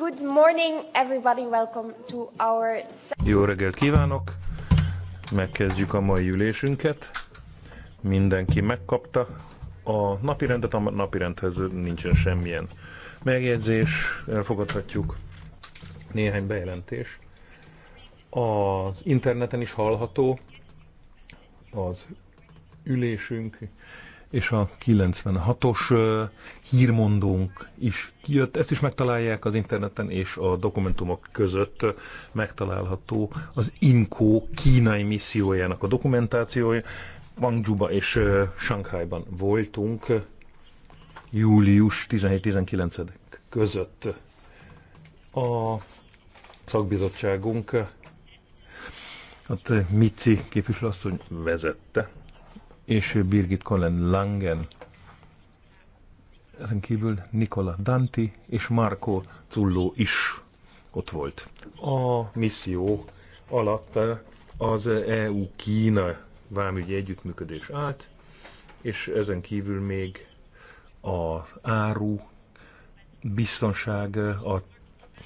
Good morning, everybody. Welcome to our... Jó reggelt kívánok! Megkezdjük a mai ülésünket. Mindenki megkapta a napirendet, a napirendhez nincsen semmilyen megjegyzés, elfogadhatjuk néhány bejelentés. Az interneten is hallható az ülésünk, és a 96-os hírmondónk is kijött. Ezt is megtalálják az interneten, és a dokumentumok között megtalálható az INCO kínai missziójának a dokumentációja. Wangzhouba és Shanghaiban voltunk július 17-19 között. A szakbizottságunk, hát Mici képviselő asszony vezette és Birgit Colin Langen. Ezen kívül Nikola Danti és Marco Zullo is ott volt. A misszió alatt az EU-Kína vámügyi együttműködés állt, és ezen kívül még az áru, biztonság, a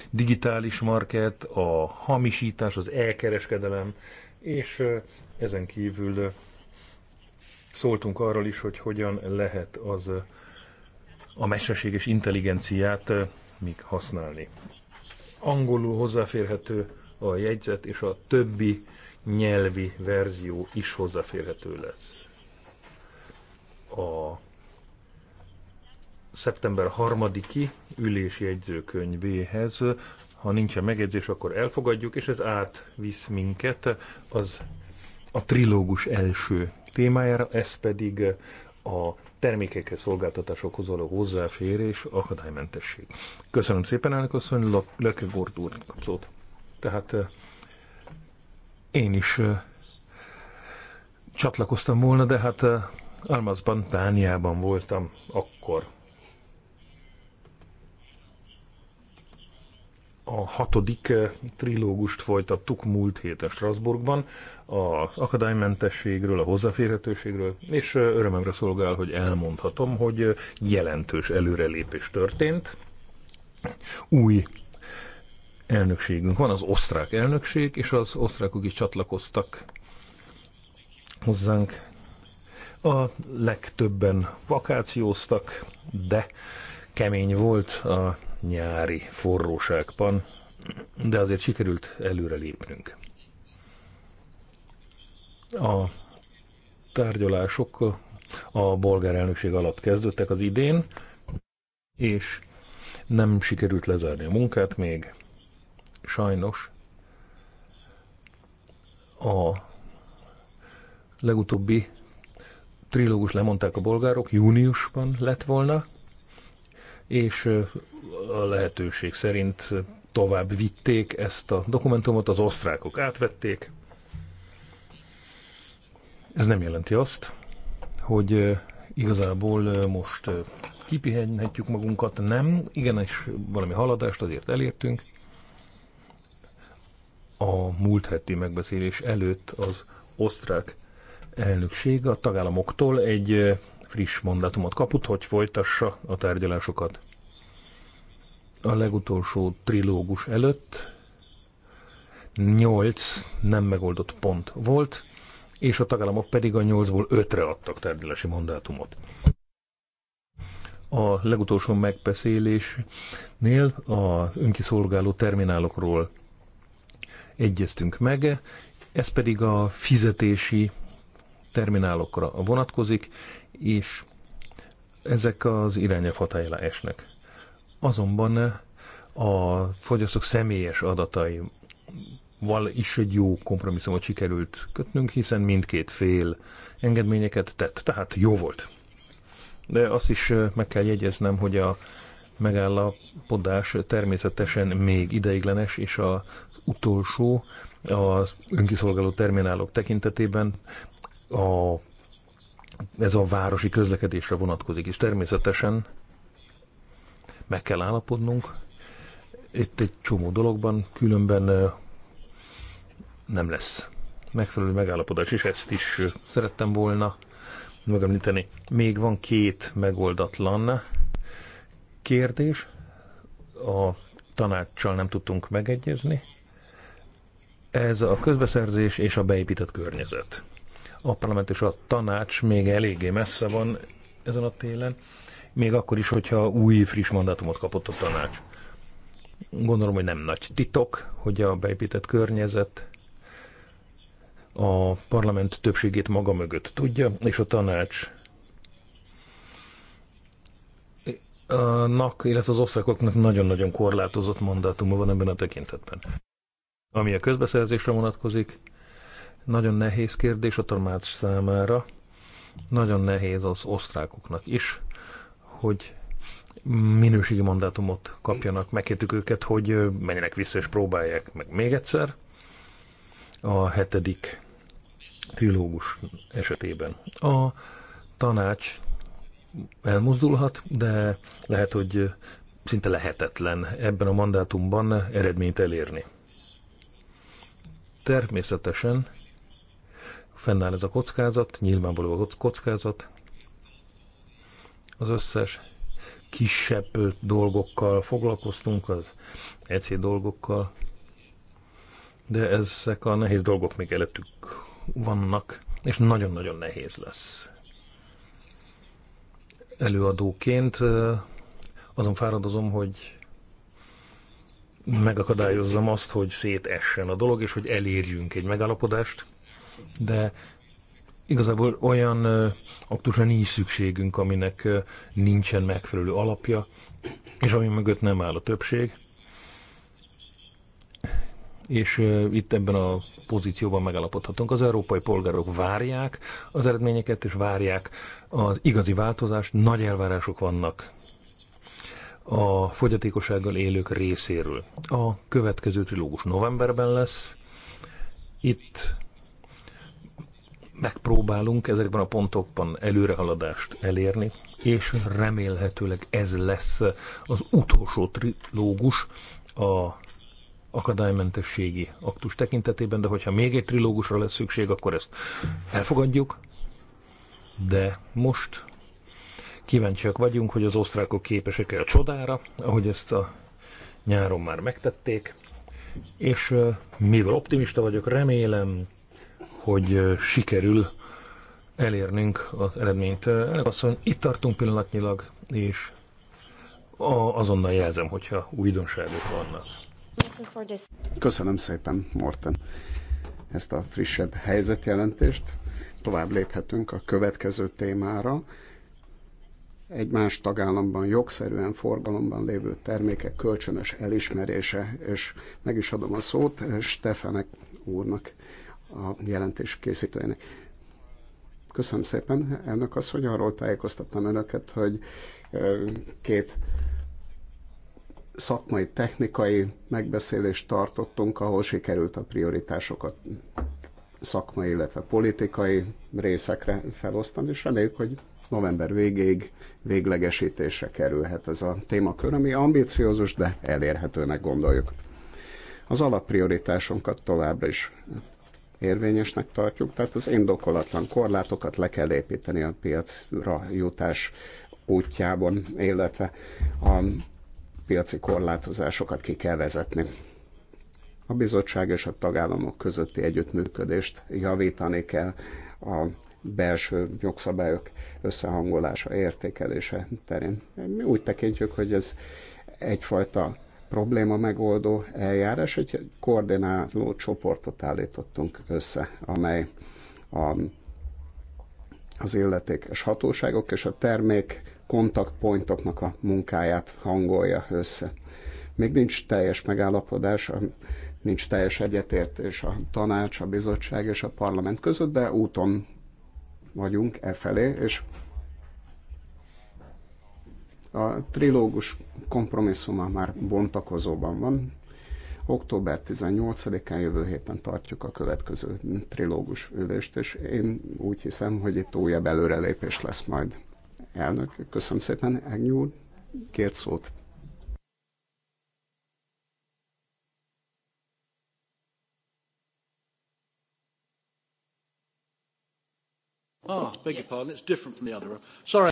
digitális market, a hamisítás, az elkereskedelem, és ezen kívül Szóltunk arról is, hogy hogyan lehet az a mesterséges intelligenciát még használni. Angolul hozzáférhető a jegyzet, és a többi nyelvi verzió is hozzáférhető lesz. A szeptember 3-i ülési jegyzőkönyvéhez, ha nincsen megjegyzés, akkor elfogadjuk, és ez átvisz minket az a trilógus első témájára, ez pedig eh, a termékekhez, szolgáltatásokhoz való hozzáférés, akadálymentesség. Köszönöm szépen, elnök asszony, Leke Gordúr kapszót. Tehát eh, én is eh, csatlakoztam volna, de hát Almazban, Dániában voltam akkor. a hatodik eh, trilógust folytattuk múlt héten Strasbourgban, az akadálymentességről, a hozzáférhetőségről, és eh, örömemre szolgál, hogy elmondhatom, hogy eh, jelentős előrelépés történt. Új elnökségünk van, az osztrák elnökség, és az osztrákok is csatlakoztak hozzánk. A legtöbben vakációztak, de kemény volt a nyári forróságban, de azért sikerült előre lépnünk. A tárgyalások a bolgár elnökség alatt kezdődtek az idén, és nem sikerült lezárni a munkát még. Sajnos a legutóbbi trilógus lemondták a bolgárok, júniusban lett volna, és a lehetőség szerint tovább vitték ezt a dokumentumot, az osztrákok átvették. Ez nem jelenti azt, hogy igazából most kipihenhetjük magunkat, nem, igen és valami haladást azért elértünk. A múlt heti megbeszélés előtt az osztrák elnökség a tagállamoktól egy friss mandátumot kapott, hogy folytassa a tárgyalásokat. A legutolsó trilógus előtt nyolc nem megoldott pont volt, és a tagállamok pedig a nyolcból ötre adtak tárgyalási mandátumot. A legutolsó megbeszélésnél az önkiszolgáló terminálokról egyeztünk meg, ez pedig a fizetési terminálokra vonatkozik, és ezek az irányelv hatájára esnek. Azonban a fogyasztók személyes adatai val is egy jó kompromisszumot sikerült kötnünk, hiszen mindkét fél engedményeket tett, tehát jó volt. De azt is meg kell jegyeznem, hogy a megállapodás természetesen még ideiglenes, és az utolsó az önkiszolgáló terminálok tekintetében a ez a városi közlekedésre vonatkozik, és természetesen meg kell állapodnunk itt egy csomó dologban, különben nem lesz megfelelő megállapodás, és ezt is szerettem volna megemlíteni. Még van két megoldatlan kérdés, a tanácssal nem tudtunk megegyezni, ez a közbeszerzés és a beépített környezet a parlament és a tanács még eléggé messze van ezen a télen, még akkor is, hogyha új, friss mandátumot kapott a tanács. Gondolom, hogy nem nagy titok, hogy a beépített környezet a parlament többségét maga mögött tudja, és a tanács nak, illetve az osztrákoknak nagyon-nagyon korlátozott mandátuma van ebben a tekintetben. Ami a közbeszerzésre vonatkozik, nagyon nehéz kérdés a tanács számára, nagyon nehéz az osztrákoknak is, hogy minőségi mandátumot kapjanak. Megkértük őket, hogy menjenek vissza és próbálják meg még egyszer a hetedik trilógus esetében. A tanács elmozdulhat, de lehet, hogy szinte lehetetlen ebben a mandátumban eredményt elérni. Természetesen fennáll ez a kockázat, nyilvánvaló a kockázat. Az összes kisebb dolgokkal foglalkoztunk, az EC dolgokkal, de ezek a nehéz dolgok még előttük vannak, és nagyon-nagyon nehéz lesz. Előadóként azon fáradozom, hogy megakadályozzam azt, hogy szétessen a dolog, és hogy elérjünk egy megállapodást, de igazából olyan aktusra nincs szükségünk, aminek nincsen megfelelő alapja, és ami mögött nem áll a többség. És itt ebben a pozícióban megállapodhatunk. Az európai polgárok várják az eredményeket, és várják az igazi változást, nagy elvárások vannak a fogyatékossággal élők részéről. A következő trilógus novemberben lesz. Itt megpróbálunk ezekben a pontokban előrehaladást elérni, és remélhetőleg ez lesz az utolsó trilógus a akadálymentességi aktus tekintetében, de hogyha még egy trilógusra lesz szükség, akkor ezt elfogadjuk, de most kíváncsiak vagyunk, hogy az osztrákok képesek-e a csodára, ahogy ezt a nyáron már megtették, és mivel optimista vagyok, remélem, hogy sikerül elérnünk az eredményt. Ennek asszony, itt tartunk pillanatnyilag, és azonnal jelzem, hogyha újdonságok vannak. Köszönöm szépen, Morten, ezt a frissebb helyzetjelentést. Tovább léphetünk a következő témára. Egy más tagállamban jogszerűen forgalomban lévő termékek kölcsönös elismerése, és meg is adom a szót Stefanek úrnak a jelentés készítőjének. Köszönöm szépen, elnök asszony, arról tájékoztattam önöket, hogy két szakmai, technikai megbeszélést tartottunk, ahol sikerült a prioritásokat szakmai, illetve politikai részekre felosztani, és reméljük, hogy november végéig véglegesítésre kerülhet ez a témakör, ami ambiciózus, de elérhetőnek gondoljuk. Az alapprioritásunkat továbbra is érvényesnek tartjuk, tehát az indokolatlan korlátokat le kell építeni a piacra jutás útjában, illetve a piaci korlátozásokat ki kell vezetni. A bizottság és a tagállamok közötti együttműködést javítani kell a belső jogszabályok összehangolása, értékelése terén. Mi úgy tekintjük, hogy ez egyfajta probléma megoldó eljárás, egy koordináló csoportot állítottunk össze, amely a, az illetékes hatóságok és a termék kontaktpontoknak a munkáját hangolja össze. Még nincs teljes megállapodás, nincs teljes egyetértés a tanács, a bizottság és a parlament között, de úton vagyunk e felé, és a trilógus kompromisszuma már bontakozóban van. Október 18-án jövő héten tartjuk a következő trilógus ülést, és én úgy hiszem, hogy itt újabb előrelépés lesz majd. Elnök, köszönöm szépen, Ágnyú úr, kért szót. Ah, beg your pardon, it's different from the other one. Sorry.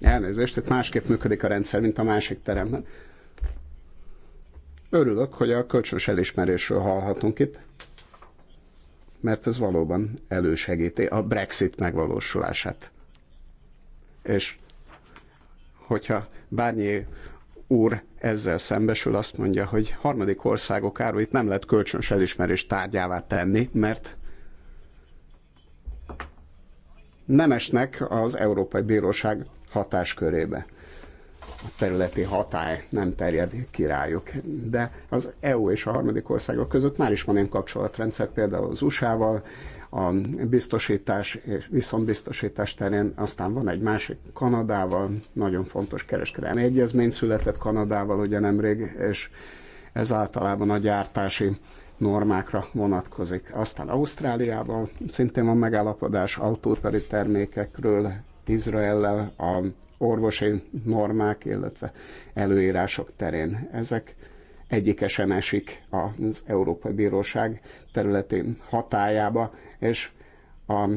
Elnézést, tehát másképp működik a rendszer, mint a másik teremben. Örülök, hogy a kölcsönös elismerésről hallhatunk itt, mert ez valóban elősegíti a Brexit megvalósulását. És hogyha bárnyi úr ezzel szembesül, azt mondja, hogy harmadik országok áruit nem lehet kölcsönös elismerés tárgyává tenni, mert nem esnek az Európai Bíróság hatáskörébe. A területi hatály nem terjed ki rájuk. De az EU és a harmadik országok között már is van ilyen kapcsolatrendszer, például az USA-val, a biztosítás és viszonbiztosítás terén, aztán van egy másik Kanadával, nagyon fontos kereskedelmi egyezmény született Kanadával ugye nemrég, és ez általában a gyártási normákra vonatkozik. Aztán Ausztráliában szintén van megállapodás autóipari termékekről, Izraellel a orvosi normák, illetve előírások terén. Ezek egyike sem esik az Európai Bíróság területén hatájába, és a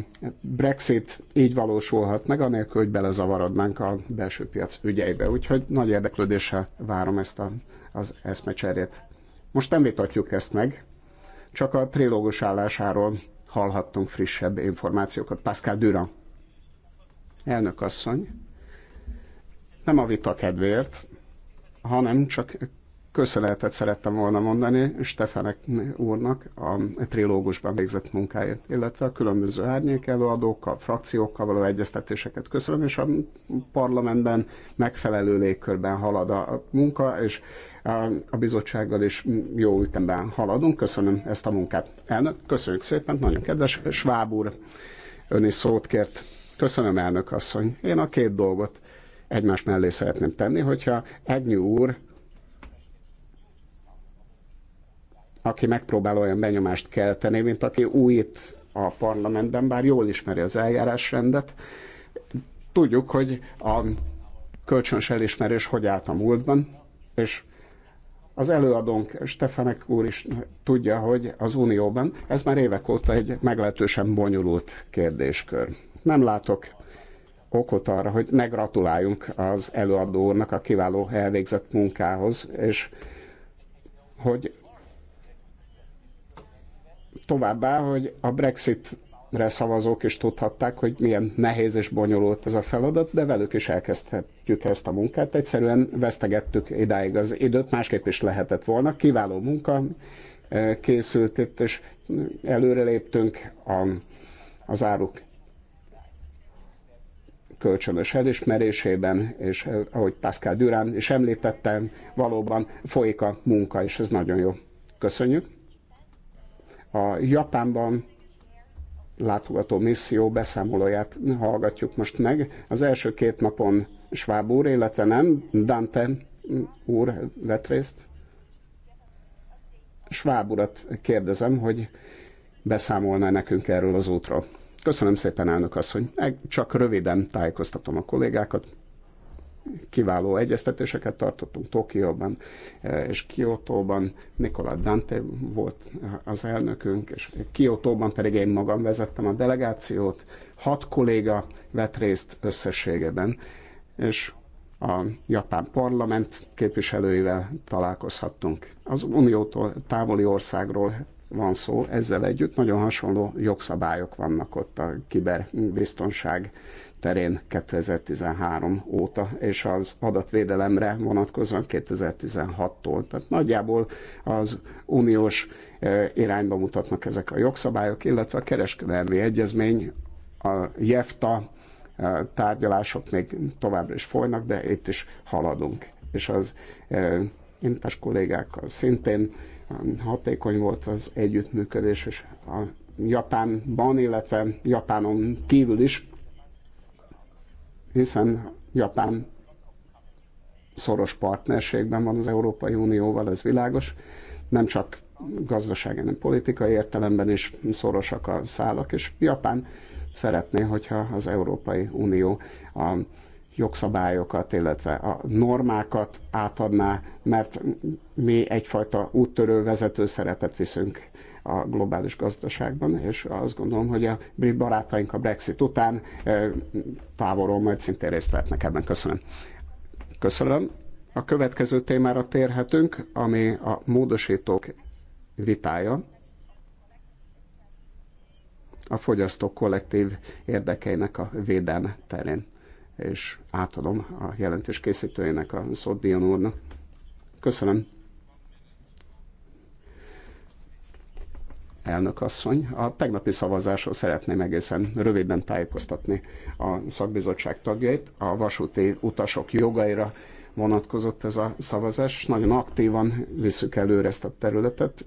Brexit így valósulhat meg, anélkül, hogy belezavarodnánk a belső piac ügyeibe. Úgyhogy nagy érdeklődéssel várom ezt a, az eszmecserét. Most nem vitatjuk ezt meg, csak a trilógus állásáról hallhattunk frissebb információkat. Pascal Durand. Elnök asszony, nem a vita kedvéért, hanem csak köszönetet szerettem volna mondani Stefanek úrnak a trilógusban végzett munkáért, illetve a különböző árnyék előadókkal, frakciókkal való egyeztetéseket köszönöm, és a parlamentben megfelelő légkörben halad a munka, és a bizottsággal is jó ütemben haladunk. Köszönöm ezt a munkát. Elnök, köszönjük szépen, nagyon kedves. Schwab úr, ön is szót kért. Köszönöm, elnök asszony. Én a két dolgot egymás mellé szeretném tenni, hogyha Egnyú úr, aki megpróbál olyan benyomást kelteni, mint aki újít a parlamentben, bár jól ismeri az eljárásrendet, tudjuk, hogy a kölcsönös elismerés hogy állt a múltban, és az előadónk Stefanek úr is tudja, hogy az Unióban ez már évek óta egy meglehetősen bonyolult kérdéskör nem látok okot arra, hogy ne gratuláljunk az előadó úrnak a kiváló elvégzett munkához, és hogy továbbá, hogy a Brexitre szavazók is tudhatták, hogy milyen nehéz és bonyolult ez a feladat, de velük is elkezdhetjük ezt a munkát. Egyszerűen vesztegettük idáig az időt, másképp is lehetett volna. Kiváló munka eh, készült itt, és előreléptünk a, az áruk kölcsönös elismerésében, és eh, ahogy Pascal Durán is említette, valóban folyik a munka, és ez nagyon jó. Köszönjük! A Japánban látogató misszió beszámolóját hallgatjuk most meg. Az első két napon Schwab úr, illetve nem, Dante úr vett részt. Schwab urat kérdezem, hogy beszámolna nekünk erről az útról. Köszönöm szépen, elnök asszony. Csak röviden tájékoztatom a kollégákat. Kiváló egyeztetéseket tartottunk Tokióban eh, és Kiotóban. Nikola Dante volt az elnökünk, és Kiotóban pedig én magam vezettem a delegációt. Hat kolléga vett részt összességében, és a japán parlament képviselőivel találkozhattunk. Az uniótól távoli országról van szó, ezzel együtt nagyon hasonló jogszabályok vannak ott a kiberbiztonság terén 2013 óta, és az adatvédelemre vonatkozóan 2016-tól. Tehát nagyjából az uniós irányba mutatnak ezek a jogszabályok, illetve a kereskedelmi egyezmény, a JEFTA tárgyalások még továbbra is folynak, de itt is haladunk. És az intes kollégákkal szintén hatékony volt az együttműködés, és a Japánban, illetve Japánon kívül is, hiszen Japán szoros partnerségben van az Európai Unióval, ez világos. Nem csak gazdasági, hanem politikai értelemben is szorosak a szálak, és Japán szeretné, hogyha az Európai Unió a jogszabályokat, illetve a normákat átadná, mert mi egyfajta úttörő vezető szerepet viszünk a globális gazdaságban, és azt gondolom, hogy a brit barátaink a Brexit után távolról majd szintén részt vehetnek ebben. Köszönöm. Köszönöm. A következő témára térhetünk, ami a módosítók vitája a fogyasztók kollektív érdekeinek a védelme terén és átadom a jelentés készítőjének a szót Dian úrnak. Köszönöm. Elnök asszony, a tegnapi szavazásról szeretném egészen röviden tájékoztatni a szakbizottság tagjait. A vasúti utasok jogaira vonatkozott ez a szavazás, és nagyon aktívan visszük előre ezt a területet,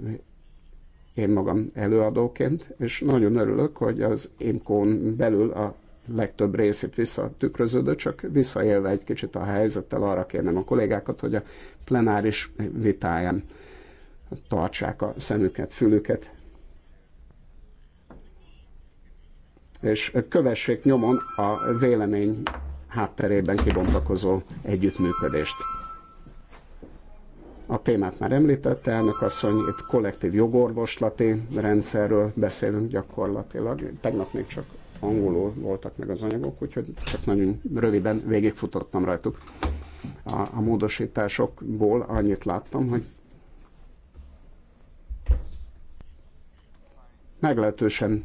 én magam előadóként, és nagyon örülök, hogy az imkon belül a legtöbb részét visszatükröződött, csak visszaélve egy kicsit a helyzettel arra kérném a kollégákat, hogy a plenáris vitáján tartsák a szemüket, fülüket, és kövessék nyomon a vélemény hátterében kibontakozó együttműködést. A témát már említette elnök asszony, itt kollektív jogorvoslati rendszerről beszélünk gyakorlatilag. Tegnap még csak angolul voltak meg az anyagok, úgyhogy csak nagyon röviden végigfutottam rajtuk. A, a módosításokból annyit láttam, hogy meglehetősen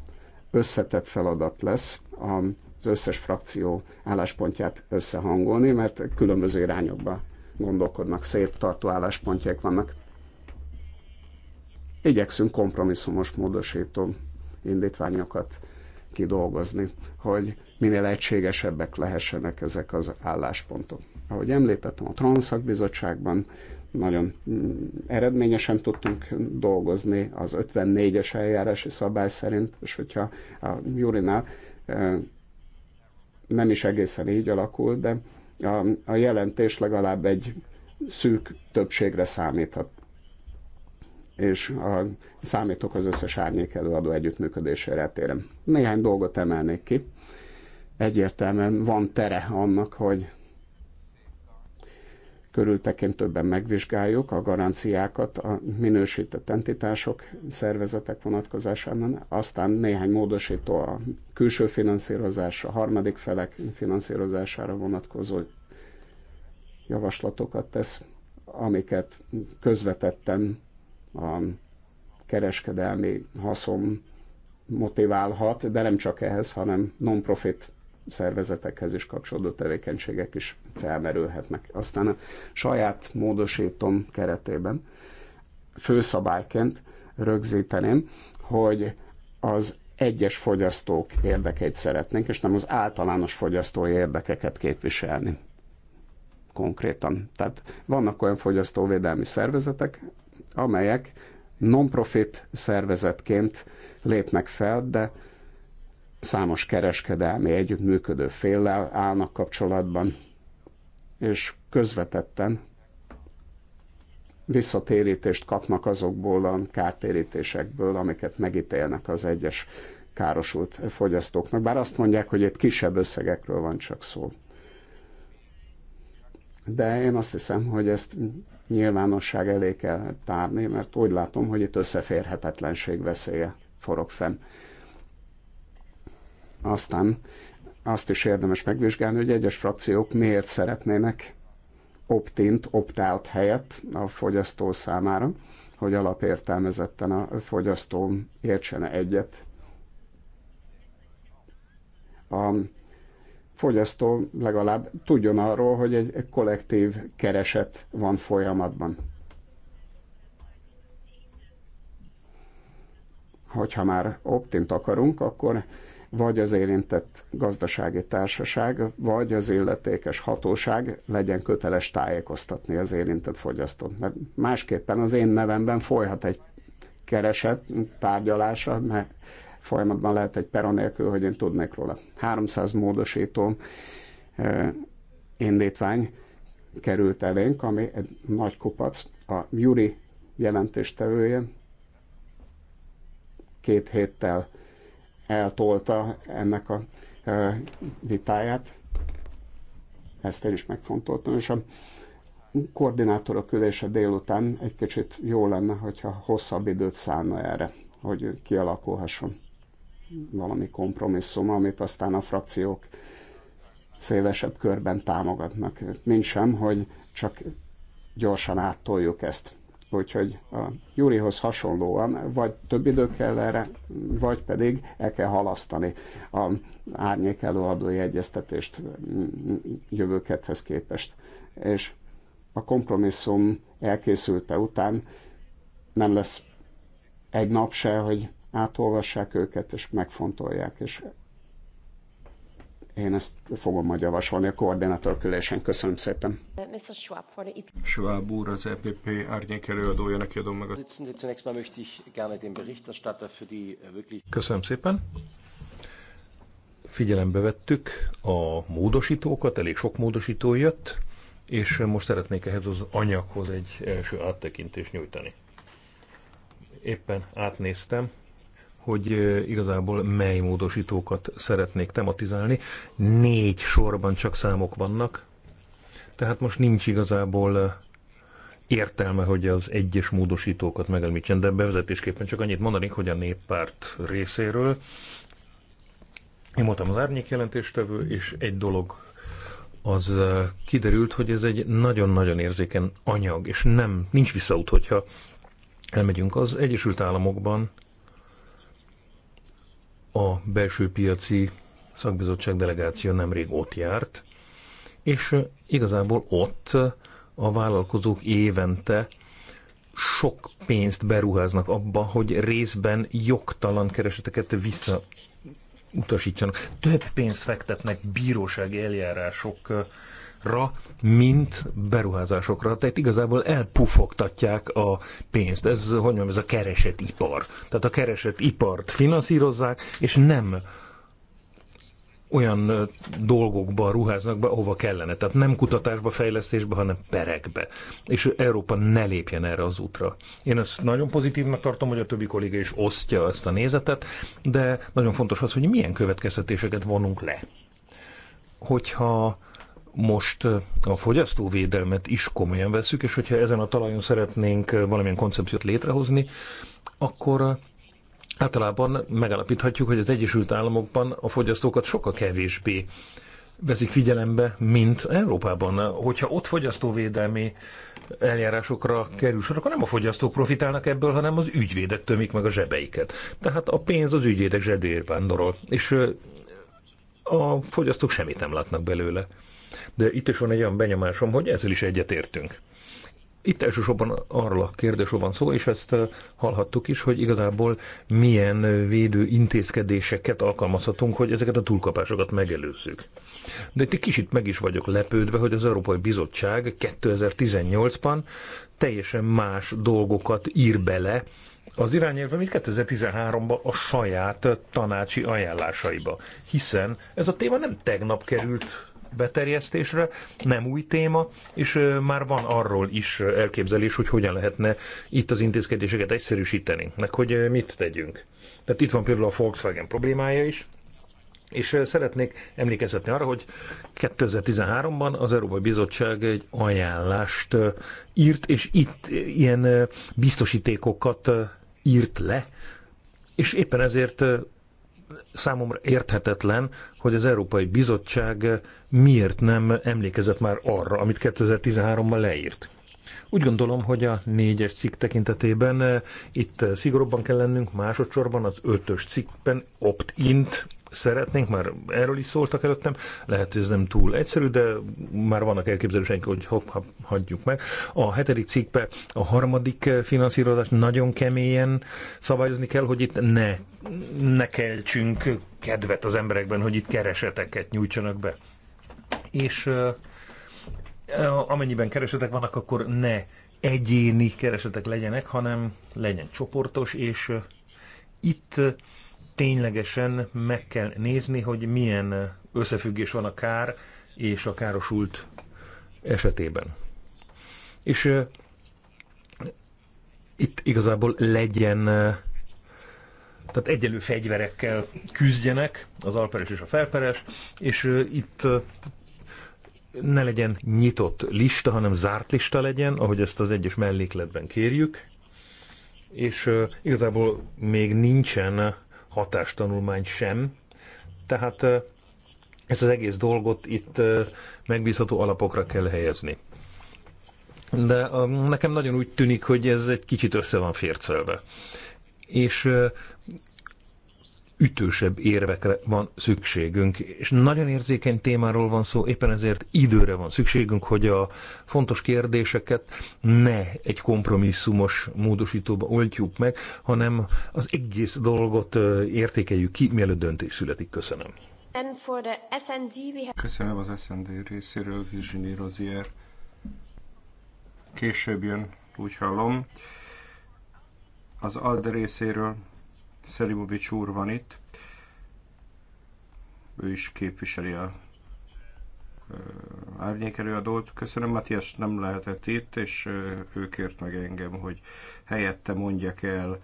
összetett feladat lesz az összes frakció álláspontját összehangolni, mert különböző irányokba gondolkodnak, széttartó álláspontják vannak. Igyekszünk kompromisszumos módosító indítványokat kidolgozni, hogy minél egységesebbek lehessenek ezek az álláspontok. Ahogy említettem, a Transzakbizottságban nagyon mm, eredményesen tudtunk dolgozni az 54-es eljárási szabály szerint, és hogyha a Jurinál e, nem is egészen így alakult, de a, a jelentés legalább egy szűk többségre számíthat és a, számítok az összes árnyék előadó együttműködésére hát térem. Néhány dolgot emelnék ki. Egyértelműen van tere annak, hogy körültekintőbben megvizsgáljuk a garanciákat a minősített entitások, szervezetek vonatkozásában, aztán néhány módosító a külső finanszírozásra, a harmadik felek finanszírozására vonatkozó javaslatokat tesz, amiket közvetetten a kereskedelmi haszon motiválhat, de nem csak ehhez, hanem non-profit szervezetekhez is kapcsolódó tevékenységek is felmerülhetnek. Aztán a saját módosítom keretében főszabályként rögzíteném, hogy az egyes fogyasztók érdekeit szeretnénk, és nem az általános fogyasztói érdekeket képviselni konkrétan. Tehát vannak olyan fogyasztóvédelmi szervezetek, amelyek non-profit szervezetként lépnek fel, de számos kereskedelmi együttműködő féllel állnak kapcsolatban, és közvetetten visszatérítést kapnak azokból a kártérítésekből, amiket megítélnek az egyes károsult fogyasztóknak, bár azt mondják, hogy itt kisebb összegekről van csak szó. De én azt hiszem, hogy ezt nyilvánosság elé kell tárni, mert úgy látom, hogy itt összeférhetetlenség veszélye forog fenn. Aztán azt is érdemes megvizsgálni, hogy egyes frakciók miért szeretnének optint, optált helyet a fogyasztó számára, hogy alapértelmezetten a fogyasztó értsene egyet a fogyasztó legalább tudjon arról, hogy egy kollektív kereset van folyamatban. Hogyha már optint akarunk, akkor vagy az érintett gazdasági társaság, vagy az illetékes hatóság legyen köteles tájékoztatni az érintett fogyasztót. Mert másképpen az én nevemben folyhat egy kereset tárgyalása, mert folyamatban lehet egy pera nélkül, hogy én tudnék róla. 300 módosító eh, indítvány került elénk, ami egy nagy kupac. A Juri jelentéstevője két héttel eltolta ennek a eh, vitáját. Ezt én is megfontoltam, és a koordinátorok ülése délután egy kicsit jó lenne, hogyha hosszabb időt szállna erre, hogy kialakulhasson valami kompromisszum, amit aztán a frakciók szélesebb körben támogatnak. Mint sem, hogy csak gyorsan áttoljuk ezt. Úgyhogy a Júrihoz hasonlóan vagy több idő kell erre, vagy pedig el kell halasztani a árnyék előadói egyeztetést jövőkethez képest. És a kompromisszum elkészülte után nem lesz egy nap se, hogy átolvassák őket, és megfontolják, és én ezt fogom majd javasolni a koordinátor külésen. Köszönöm szépen. Mr. Schwab, e Schwab úr, az EPP árnyék előadója, neki adom meg a... Äh, Köszönöm szépen. Figyelembe vettük a módosítókat, elég sok módosító jött, és most szeretnék ehhez az anyaghoz egy első áttekintést nyújtani. Éppen átnéztem hogy igazából mely módosítókat szeretnék tematizálni. Négy sorban csak számok vannak, tehát most nincs igazából értelme, hogy az egyes módosítókat megelmítsen, de bevezetésképpen csak annyit mondanék, hogy a néppárt részéről én voltam az árnyék jelentéstevő, és egy dolog az kiderült, hogy ez egy nagyon-nagyon érzéken anyag, és nem, nincs visszaút, hogyha elmegyünk az Egyesült Államokban, a belső piaci szakbizottság delegáció nemrég ott járt, és igazából ott a vállalkozók évente sok pénzt beruháznak abba, hogy részben jogtalan kereseteket utasítsanak. Több pénzt fektetnek bírósági eljárások ra, mint beruházásokra. Tehát igazából elpufogtatják a pénzt. Ez, hogy mondjam, ez a keresetipar. Tehát a keresetipart finanszírozzák, és nem olyan dolgokba ruháznak be, ahova kellene. Tehát nem kutatásba, fejlesztésbe, hanem perekbe. És Európa ne lépjen erre az útra. Én ezt nagyon pozitívnak tartom, hogy a többi kolléga is osztja ezt a nézetet, de nagyon fontos az, hogy milyen következtetéseket vonunk le. Hogyha most a fogyasztóvédelmet is komolyan veszük, és hogyha ezen a talajon szeretnénk valamilyen koncepciót létrehozni, akkor általában megállapíthatjuk, hogy az Egyesült Államokban a fogyasztókat sokkal kevésbé veszik figyelembe, mint Európában. Hogyha ott fogyasztóvédelmi eljárásokra kerül sor, akkor nem a fogyasztók profitálnak ebből, hanem az ügyvédek tömik meg a zsebeiket. Tehát a pénz az ügyvédek zsebér vándorol, és a fogyasztók semmit nem látnak belőle. De itt is van egy olyan benyomásom, hogy ezzel is egyetértünk. Itt elsősorban arról a kérdésről van szó, és ezt eh, hallhattuk is, hogy igazából milyen védő intézkedéseket alkalmazhatunk, hogy ezeket a túlkapásokat megelőzzük. De itt egy kicsit meg is vagyok lepődve, hogy az Európai Bizottság 2018-ban teljesen más dolgokat ír bele az irányelve, mint 2013-ban a saját tanácsi ajánlásaiba. Hiszen ez a téma nem tegnap került beterjesztésre, nem új téma, és már van arról is elképzelés, hogy hogyan lehetne itt az intézkedéseket egyszerűsíteni, meg hogy mit tegyünk. Tehát itt van például a Volkswagen problémája is, és szeretnék emlékezetni arra, hogy 2013-ban az Európai Bizottság egy ajánlást írt, és itt ilyen biztosítékokat írt le, és éppen ezért számomra érthetetlen, hogy az Európai Bizottság miért nem emlékezett már arra, amit 2013-ban leírt. Úgy gondolom, hogy a négyes cikk tekintetében eh, itt eh, szigorúbban kell lennünk, másodszorban az ötös cikkben opt-int szeretnénk, már erről is szóltak előttem, lehet, hogy ez nem túl egyszerű, de már vannak elképzeléseink, hogy hopp, ha, hagyjuk meg. A hetedik cikkbe a harmadik eh, finanszírozás nagyon keményen szabályozni kell, hogy itt ne, ne keltsünk kedvet az emberekben, hogy itt kereseteket nyújtsanak be. És Eh, amennyiben keresetek vannak, akkor ne egyéni keresetek legyenek, hanem legyen csoportos, és eh, itt eh, ténylegesen meg kell nézni, hogy milyen összefüggés van a kár és a károsult esetében. És itt igazából legyen, tehát egyenlő fegyverekkel küzdjenek az alperes és a felperes, és itt ne legyen nyitott lista, hanem zárt lista legyen, ahogy ezt az egyes mellékletben kérjük, és igazából még nincsen hatástanulmány sem, tehát ezt az egész dolgot itt megbízható alapokra kell helyezni. De uh, nekem nagyon úgy tűnik, hogy ez egy kicsit össze van fércelve. És ütősebb érvekre van szükségünk, és nagyon érzékeny témáról van szó, éppen ezért időre van szükségünk, hogy a fontos kérdéseket ne egy kompromisszumos módosítóba oltjuk meg, hanem az egész dolgot értékeljük ki, mielőtt döntés születik. Köszönöm. Köszönöm az SND részéről, Virginie Rozier. Később jön, úgy hallom. Az ALDE részéről Szelimovics úr van itt. Ő is képviseli a árnyékelőadót. Köszönöm, Matthias nem lehetett itt, és ő kért meg engem, hogy helyette mondjak el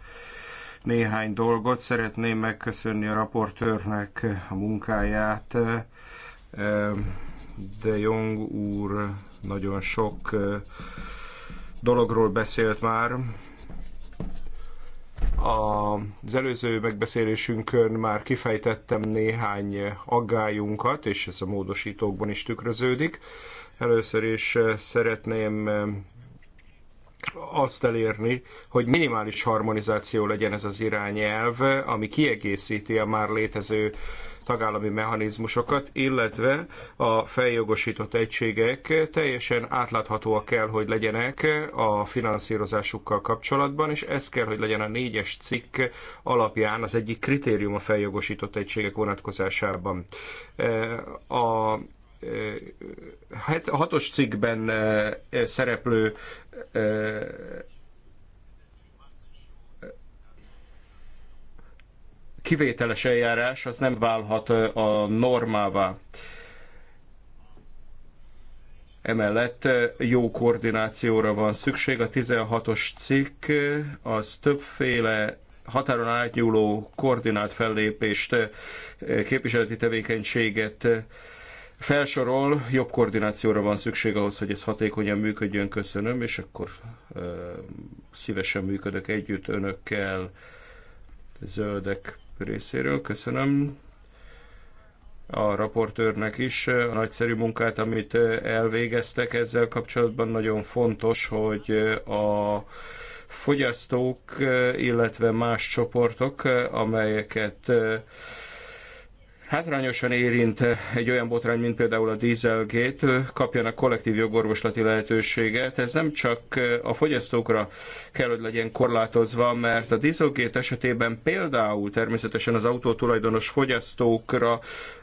néhány dolgot. Szeretném megköszönni a raportőrnek a munkáját. De Jong úr nagyon sok dologról beszélt már, az előző megbeszélésünkön már kifejtettem néhány aggályunkat, és ez a módosítókban is tükröződik. Először is eh, szeretném eh, azt elérni, hogy minimális harmonizáció legyen ez az irányelv, ami kiegészíti a már létező tagállami mechanizmusokat, illetve a feljogosított egységek teljesen átláthatóak kell, hogy legyenek a finanszírozásukkal kapcsolatban, és ez kell, hogy legyen a négyes cikk alapján az egyik kritérium a feljogosított egységek vonatkozásában. Eh, a eh, a hatos cikkben eh, szereplő kivételes eljárás az nem válhat a normává. Emellett jó koordinációra van szükség. A 16-os cikk az többféle határon átnyúló koordinált fellépést, képviseleti tevékenységet felsorol, jobb koordinációra van szükség ahhoz, hogy ez hatékonyan működjön, köszönöm, és akkor szívesen működök együtt önökkel, zöldek részéről. Köszönöm a raportőrnek is a nagyszerű munkát, amit elvégeztek ezzel kapcsolatban. Nagyon fontos, hogy a fogyasztók, illetve más csoportok, amelyeket hátrányosan érint egy olyan botrány, mint például a dieselgét, kapjanak kollektív jogorvoslati lehetőséget. Ez nem csak a fogyasztókra kell, hogy legyen korlátozva, mert a dieselgét esetében például természetesen az autótulajdonos fogyasztókra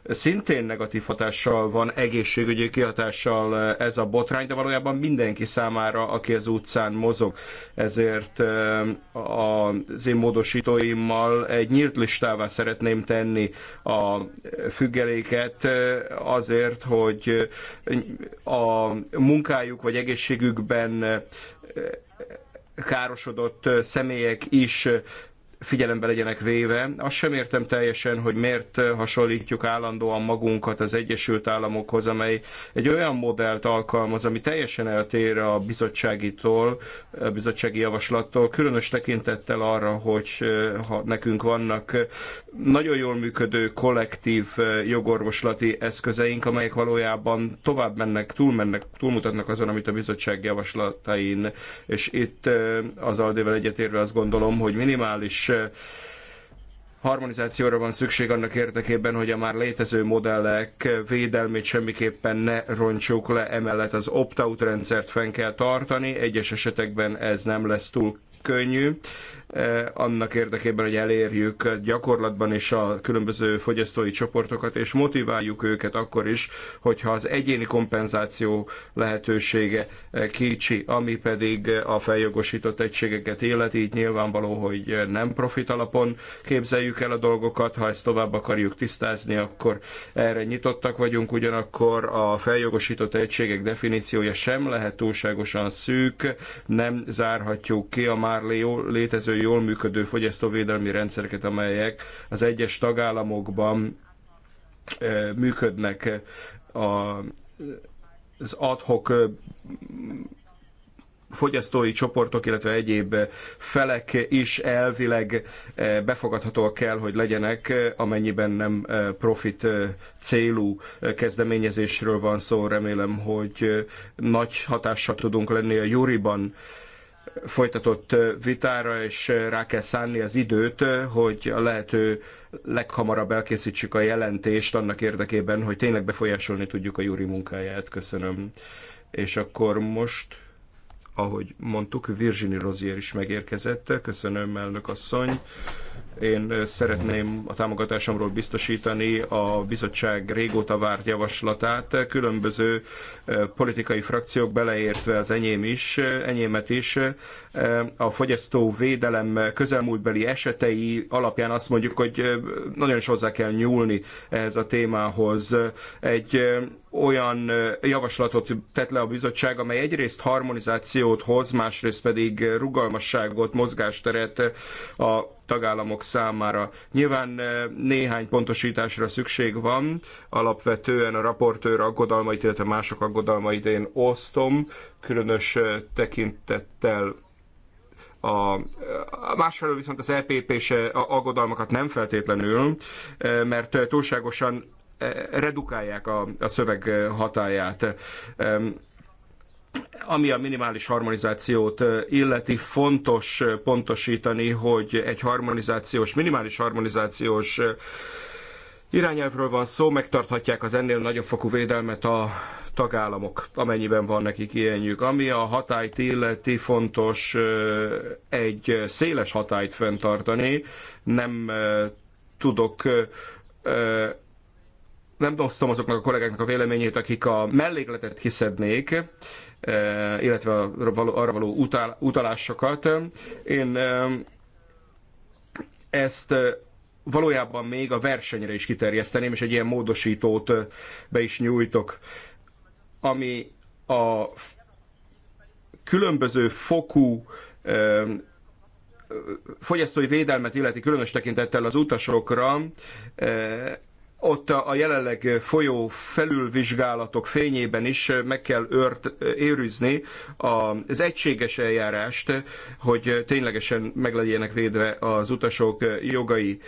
szintén negatív hatással van, egészségügyi kihatással ez a botrány, de valójában mindenki számára, aki az utcán mozog. Ezért eh, az én módosítóimmal egy nyílt listává szeretném tenni a függeléket azért, hogy a munkájuk vagy egészségükben károsodott személyek is figyelembe legyenek véve. Azt sem értem teljesen, hogy miért hasonlítjuk állandóan magunkat az Egyesült Államokhoz, amely egy olyan modellt alkalmaz, ami teljesen eltér a bizottságitól, a bizottsági javaslattól, különös tekintettel arra, hogy eh, ha nekünk vannak nagyon jól működő kollektív eh, jogorvoslati eszközeink, amelyek valójában tovább mennek, túlmennek, túlmutatnak azon, amit a bizottság javaslatain, és itt eh, az Aldével egyetérve azt gondolom, hogy minimális harmonizációra van szükség annak érdekében, hogy a már létező modellek védelmét semmiképpen ne rontsuk le, emellett az opt-out rendszert fenn kell tartani, egyes esetekben ez nem lesz túl könnyű. Eh, annak érdekében, hogy elérjük gyakorlatban is a különböző fogyasztói csoportokat, és motiváljuk őket akkor is, hogyha az egyéni kompenzáció lehetősége eh, kicsi, ami pedig a feljogosított egységeket illeti, így nyilvánvaló, hogy nem profit alapon képzeljük el a dolgokat, ha ezt tovább akarjuk tisztázni, akkor erre nyitottak vagyunk, ugyanakkor a feljogosított egységek definíciója sem lehet túlságosan szűk, nem zárhatjuk ki a már létező különböző jól működő fogyasztóvédelmi rendszereket, amelyek az egyes tagállamokban működnek a, az adhok fogyasztói csoportok, illetve egyéb felek is elvileg befogadhatóak kell, hogy legyenek, amennyiben nem profit célú kezdeményezésről van szó. Remélem, hogy nagy hatással tudunk lenni a Juriban folytatott vitára, és rá kell szánni az időt, hogy a lehető leghamarabb elkészítsük a jelentést annak érdekében, hogy tényleg befolyásolni tudjuk a Júri munkáját. Köszönöm. És akkor most, ahogy mondtuk, Virginie Rozier is megérkezett. Köszönöm, elnök asszony. Én szeretném a támogatásomról biztosítani a bizottság régóta várt javaslatát. Különböző politikai frakciók beleértve az enyém is, enyémet is, a fogyasztóvédelem közelmúltbeli esetei alapján azt mondjuk, hogy nagyon is hozzá kell nyúlni ehhez a témához. Egy olyan javaslatot tett le a bizottság, amely egyrészt harmonizációt hoz, másrészt pedig rugalmasságot, mozgásteret a tagállamok számára. Nyilván néhány pontosításra szükség van, alapvetően a raportőr aggodalmait, illetve mások aggodalmait én osztom, különös tekintettel a, másfelől viszont az EPP se aggodalmakat nem feltétlenül, mert túlságosan redukálják a, a szöveg hatáját. Ami a minimális harmonizációt illeti, fontos pontosítani, hogy egy harmonizációs, minimális harmonizációs irányelvről van szó, megtarthatják az ennél nagyobb fokú védelmet a tagállamok, amennyiben van nekik ilyenjük. Ami a hatályt illeti, fontos egy széles hatályt fenntartani. Nem tudok nem osztom azoknak a kollégáknak a véleményét, akik a mellékletet hiszednék, eh, illetve arra való utalásokat. Én eh, ezt eh, valójában még a versenyre is kiterjeszteném, és egy ilyen módosítót be is nyújtok, ami a különböző fokú fogyasztói védelmet illeti különös tekintettel az utasokra, ott a jelenleg folyó felülvizsgálatok fényében is meg kell ört, őrizni az egységes eljárást, hogy ténylegesen meg legyenek védve az utasok jogai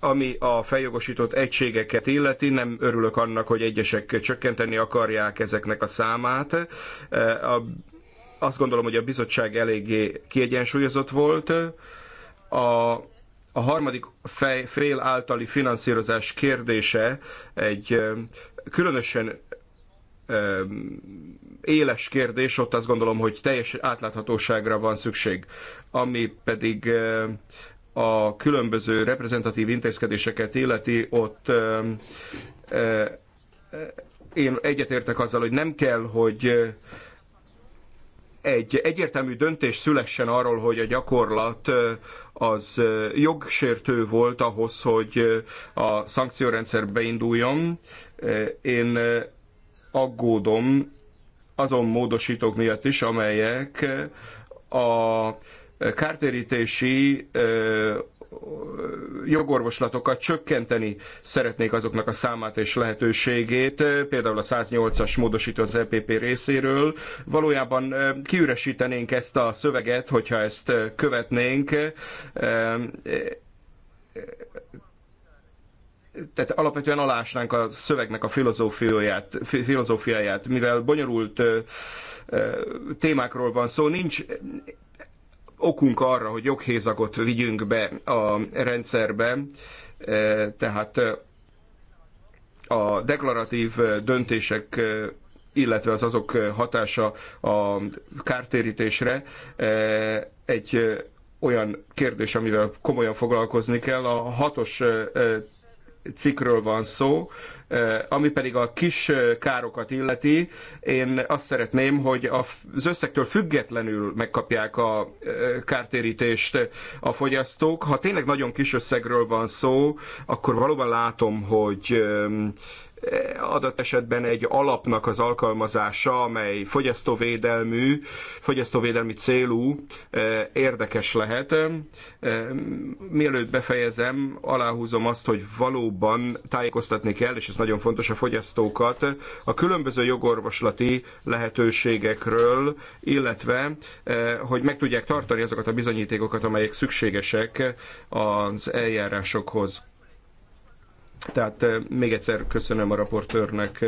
ami a feljogosított egységeket illeti, nem örülök annak, hogy egyesek csökkenteni akarják ezeknek a számát. A, azt gondolom, hogy a bizottság eléggé kiegyensúlyozott volt. A a harmadik fej, fél általi finanszírozás kérdése egy különösen éles kérdés, ott azt gondolom, hogy teljes átláthatóságra van szükség, ami pedig a különböző reprezentatív intézkedéseket illeti, ott én egyetértek azzal, hogy nem kell, hogy egy egyértelmű döntés szülessen arról, hogy a gyakorlat az jogsértő volt ahhoz, hogy a szankciórendszer beinduljon. Én aggódom azon módosítók miatt is, amelyek a kártérítési jogorvoslatokat csökkenteni szeretnék azoknak a számát és lehetőségét, például a 108-as módosító az EPP részéről. Valójában kiüresítenénk ezt a szöveget, hogyha ezt követnénk tehát alapvetően alásnánk a szövegnek a filozófiáját, filozófiáját mivel bonyolult témákról van szó, nincs okunk arra, hogy joghézagot vigyünk be a rendszerbe, e, tehát e, a deklaratív döntések e, illetve az azok hatása a kártérítésre egy olyan kérdés, amivel komolyan foglalkozni kell. A hatos cikkről van szó, eh, ami pedig a kis eh, károkat illeti, én azt szeretném, hogy az összegtől függetlenül megkapják a eh, kártérítést a fogyasztók. Ha tényleg nagyon kis összegről van szó, akkor valóban látom, hogy adott esetben egy alapnak az alkalmazása, amely fogyasztóvédelmű, fogyasztóvédelmi célú eh, érdekes lehet. Eh, mielőtt befejezem, aláhúzom azt, hogy valóban tájékoztatni kell, és ez nagyon fontos a fogyasztókat, a különböző jogorvoslati lehetőségekről, illetve eh, hogy meg tudják tartani azokat a bizonyítékokat, amelyek szükségesek az eljárásokhoz tehát még egyszer köszönöm a raportőrnek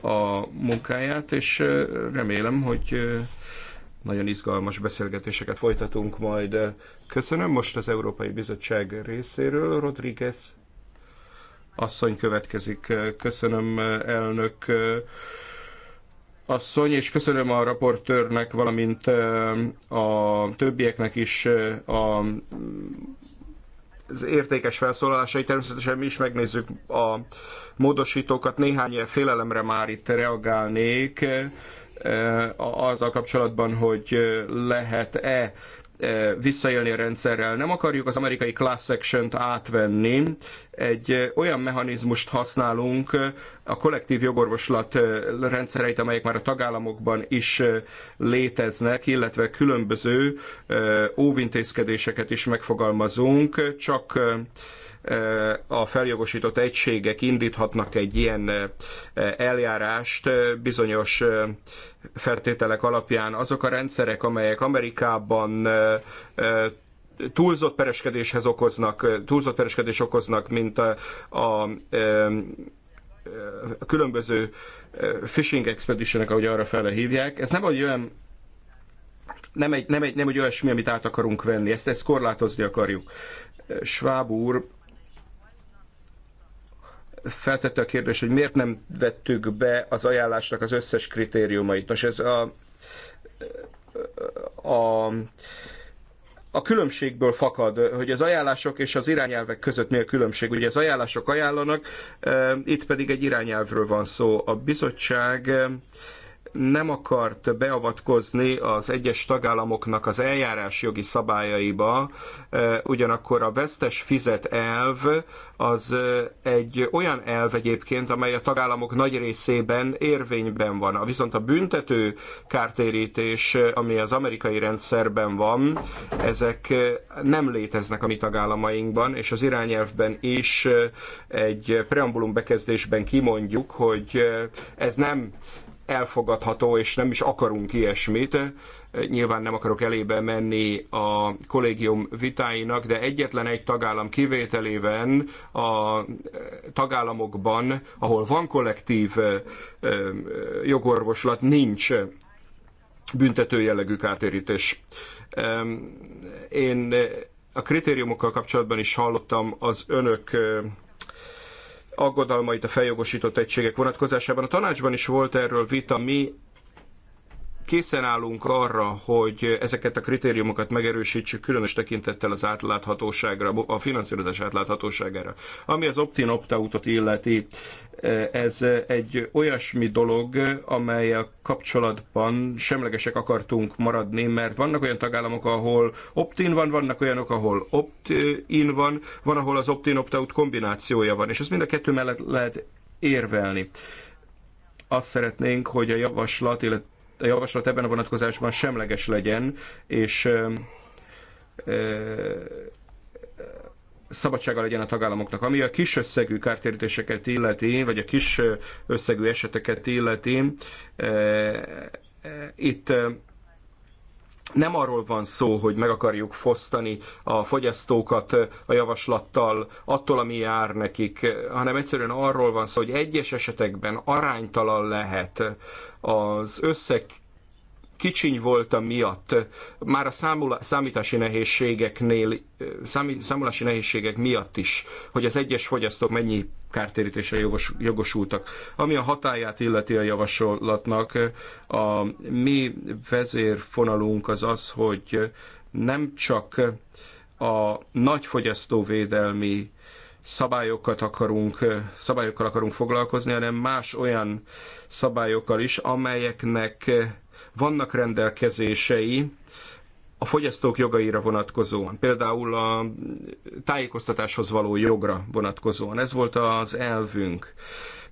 a munkáját, és remélem, hogy nagyon izgalmas beszélgetéseket folytatunk majd. Köszönöm most az Európai Bizottság részéről. Rodríguez asszony következik. Köszönöm, elnök asszony, és köszönöm a raportőrnek, valamint a többieknek is a az értékes felszólalásai. Természetesen mi is megnézzük a módosítókat. Néhány ilyen félelemre már itt reagálnék eh, azzal kapcsolatban, hogy eh, lehet-e Eh, visszaélni a rendszerrel. Nem akarjuk az amerikai class action-t átvenni. Egy eh, olyan mechanizmust használunk, eh, a kollektív jogorvoslat rendszereit, amelyek már a tagállamokban is léteznek, illetve különböző óvintézkedéseket is megfogalmazunk, csak a feljogosított egységek indíthatnak egy ilyen eljárást bizonyos feltételek alapján. Azok a rendszerek, amelyek Amerikában túlzott pereskedéshez okoznak, túlzott pereskedés okoznak, mint a, a, a különböző fishing expedition ahogy arra fele hívják. Ez nem egy olyan nem egy, nem, egy, nem egy olyasmi, amit át akarunk venni, ezt, ezt korlátozni akarjuk. Schwab úr feltette a kérdést, hogy miért nem vettük be az ajánlásnak az összes kritériumait. Nos, ez a, a a különbségből fakad, hogy az ajánlások és az irányelvek között mi a különbség. Ugye az ajánlások ajánlanak, itt pedig egy irányelvről van szó. A bizottság nem akart beavatkozni az egyes tagállamoknak az eljárásjogi szabályaiba, ugyanakkor a vesztes fizet elv az egy olyan elv egyébként, amely a tagállamok nagy részében érvényben van. Viszont a büntető kártérítés, ami az amerikai rendszerben van, ezek nem léteznek a mi tagállamainkban, és az irányelvben is egy preambulum bekezdésben kimondjuk, hogy ez nem elfogadható, és nem is akarunk ilyesmit. Nyilván nem akarok elébe menni a kollégium vitáinak, de egyetlen egy tagállam kivételében a tagállamokban, ahol van kollektív jogorvoslat, nincs büntető jellegű kártérítés. Én a kritériumokkal kapcsolatban is hallottam az önök aggodalmait a feljogosított egységek vonatkozásában. A tanácsban is volt erről vita, mi Készen állunk arra, hogy ezeket a kritériumokat megerősítsük, különös tekintettel az átláthatóságra, a finanszírozás átláthatóságára. Ami az opt-in opt opt-out-ot illeti, ez egy olyasmi dolog, amely a kapcsolatban semlegesek akartunk maradni, mert vannak olyan tagállamok, ahol opt-in van, vannak olyanok, ahol opt-in van, van, ahol az opt-in opt-out kombinációja van, és ez mind a kettő mellett lehet érvelni. Azt szeretnénk, hogy a javaslat, illetve a javaslat ebben a vonatkozásban semleges legyen, és szabadsága legyen a tagállamoknak. Ami a kis összegű kártérítéseket illeti, vagy a kis összegű eseteket illeti, itt nem arról van szó, hogy meg akarjuk fosztani a fogyasztókat a javaslattal attól, ami jár nekik, hanem egyszerűen arról van szó, hogy egyes esetekben aránytalan lehet az összeg kicsiny volt miatt, már a számula, számítási nehézségeknél, számí, számolási nehézségek miatt is, hogy az egyes fogyasztók mennyi kártérítésre jogos, jogosultak. Ami a hatáját illeti a javaslatnak, a mi vezérfonalunk az az, hogy nem csak a nagy fogyasztóvédelmi szabályokat akarunk, szabályokkal akarunk foglalkozni, hanem más olyan szabályokkal is, amelyeknek vannak rendelkezései a fogyasztók jogaira vonatkozóan, például a tájékoztatáshoz való jogra vonatkozóan. Ez volt az elvünk.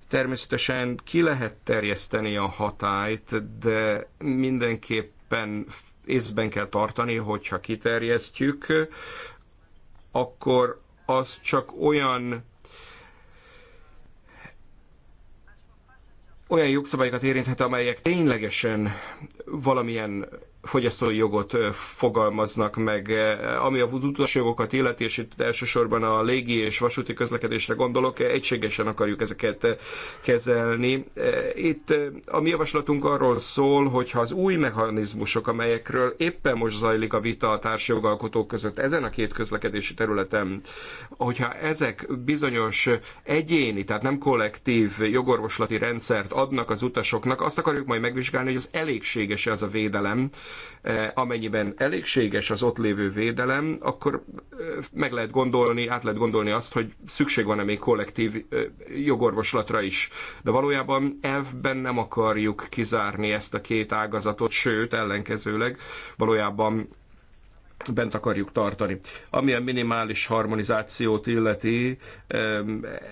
Természetesen ki lehet terjeszteni a hatályt, de mindenképpen észben kell tartani, hogyha kiterjesztjük, akkor az csak olyan olyan jogszabályokat érinthet, amelyek ténylegesen valamilyen fogyasztói jogot fogalmaznak meg. Ami a jogokat illeti, és itt elsősorban a légi és vasúti közlekedésre gondolok, egységesen akarjuk ezeket kezelni. Itt a mi javaslatunk arról szól, hogy ha az új mechanizmusok, amelyekről éppen most zajlik a vita a társjogalkotók között ezen a két közlekedési területen, hogyha ezek bizonyos egyéni, tehát nem kollektív jogorvoslati rendszert adnak az utasoknak, azt akarjuk majd megvizsgálni, hogy az elégséges e az a védelem, E, amennyiben elégséges az ott lévő védelem, akkor e, meg lehet gondolni, át lehet gondolni azt, hogy szükség van-e még kollektív e, jogorvoslatra is. De valójában elvben nem akarjuk kizárni ezt a két ágazatot, sőt, ellenkezőleg valójában bent akarjuk tartani. Ami a minimális harmonizációt illeti,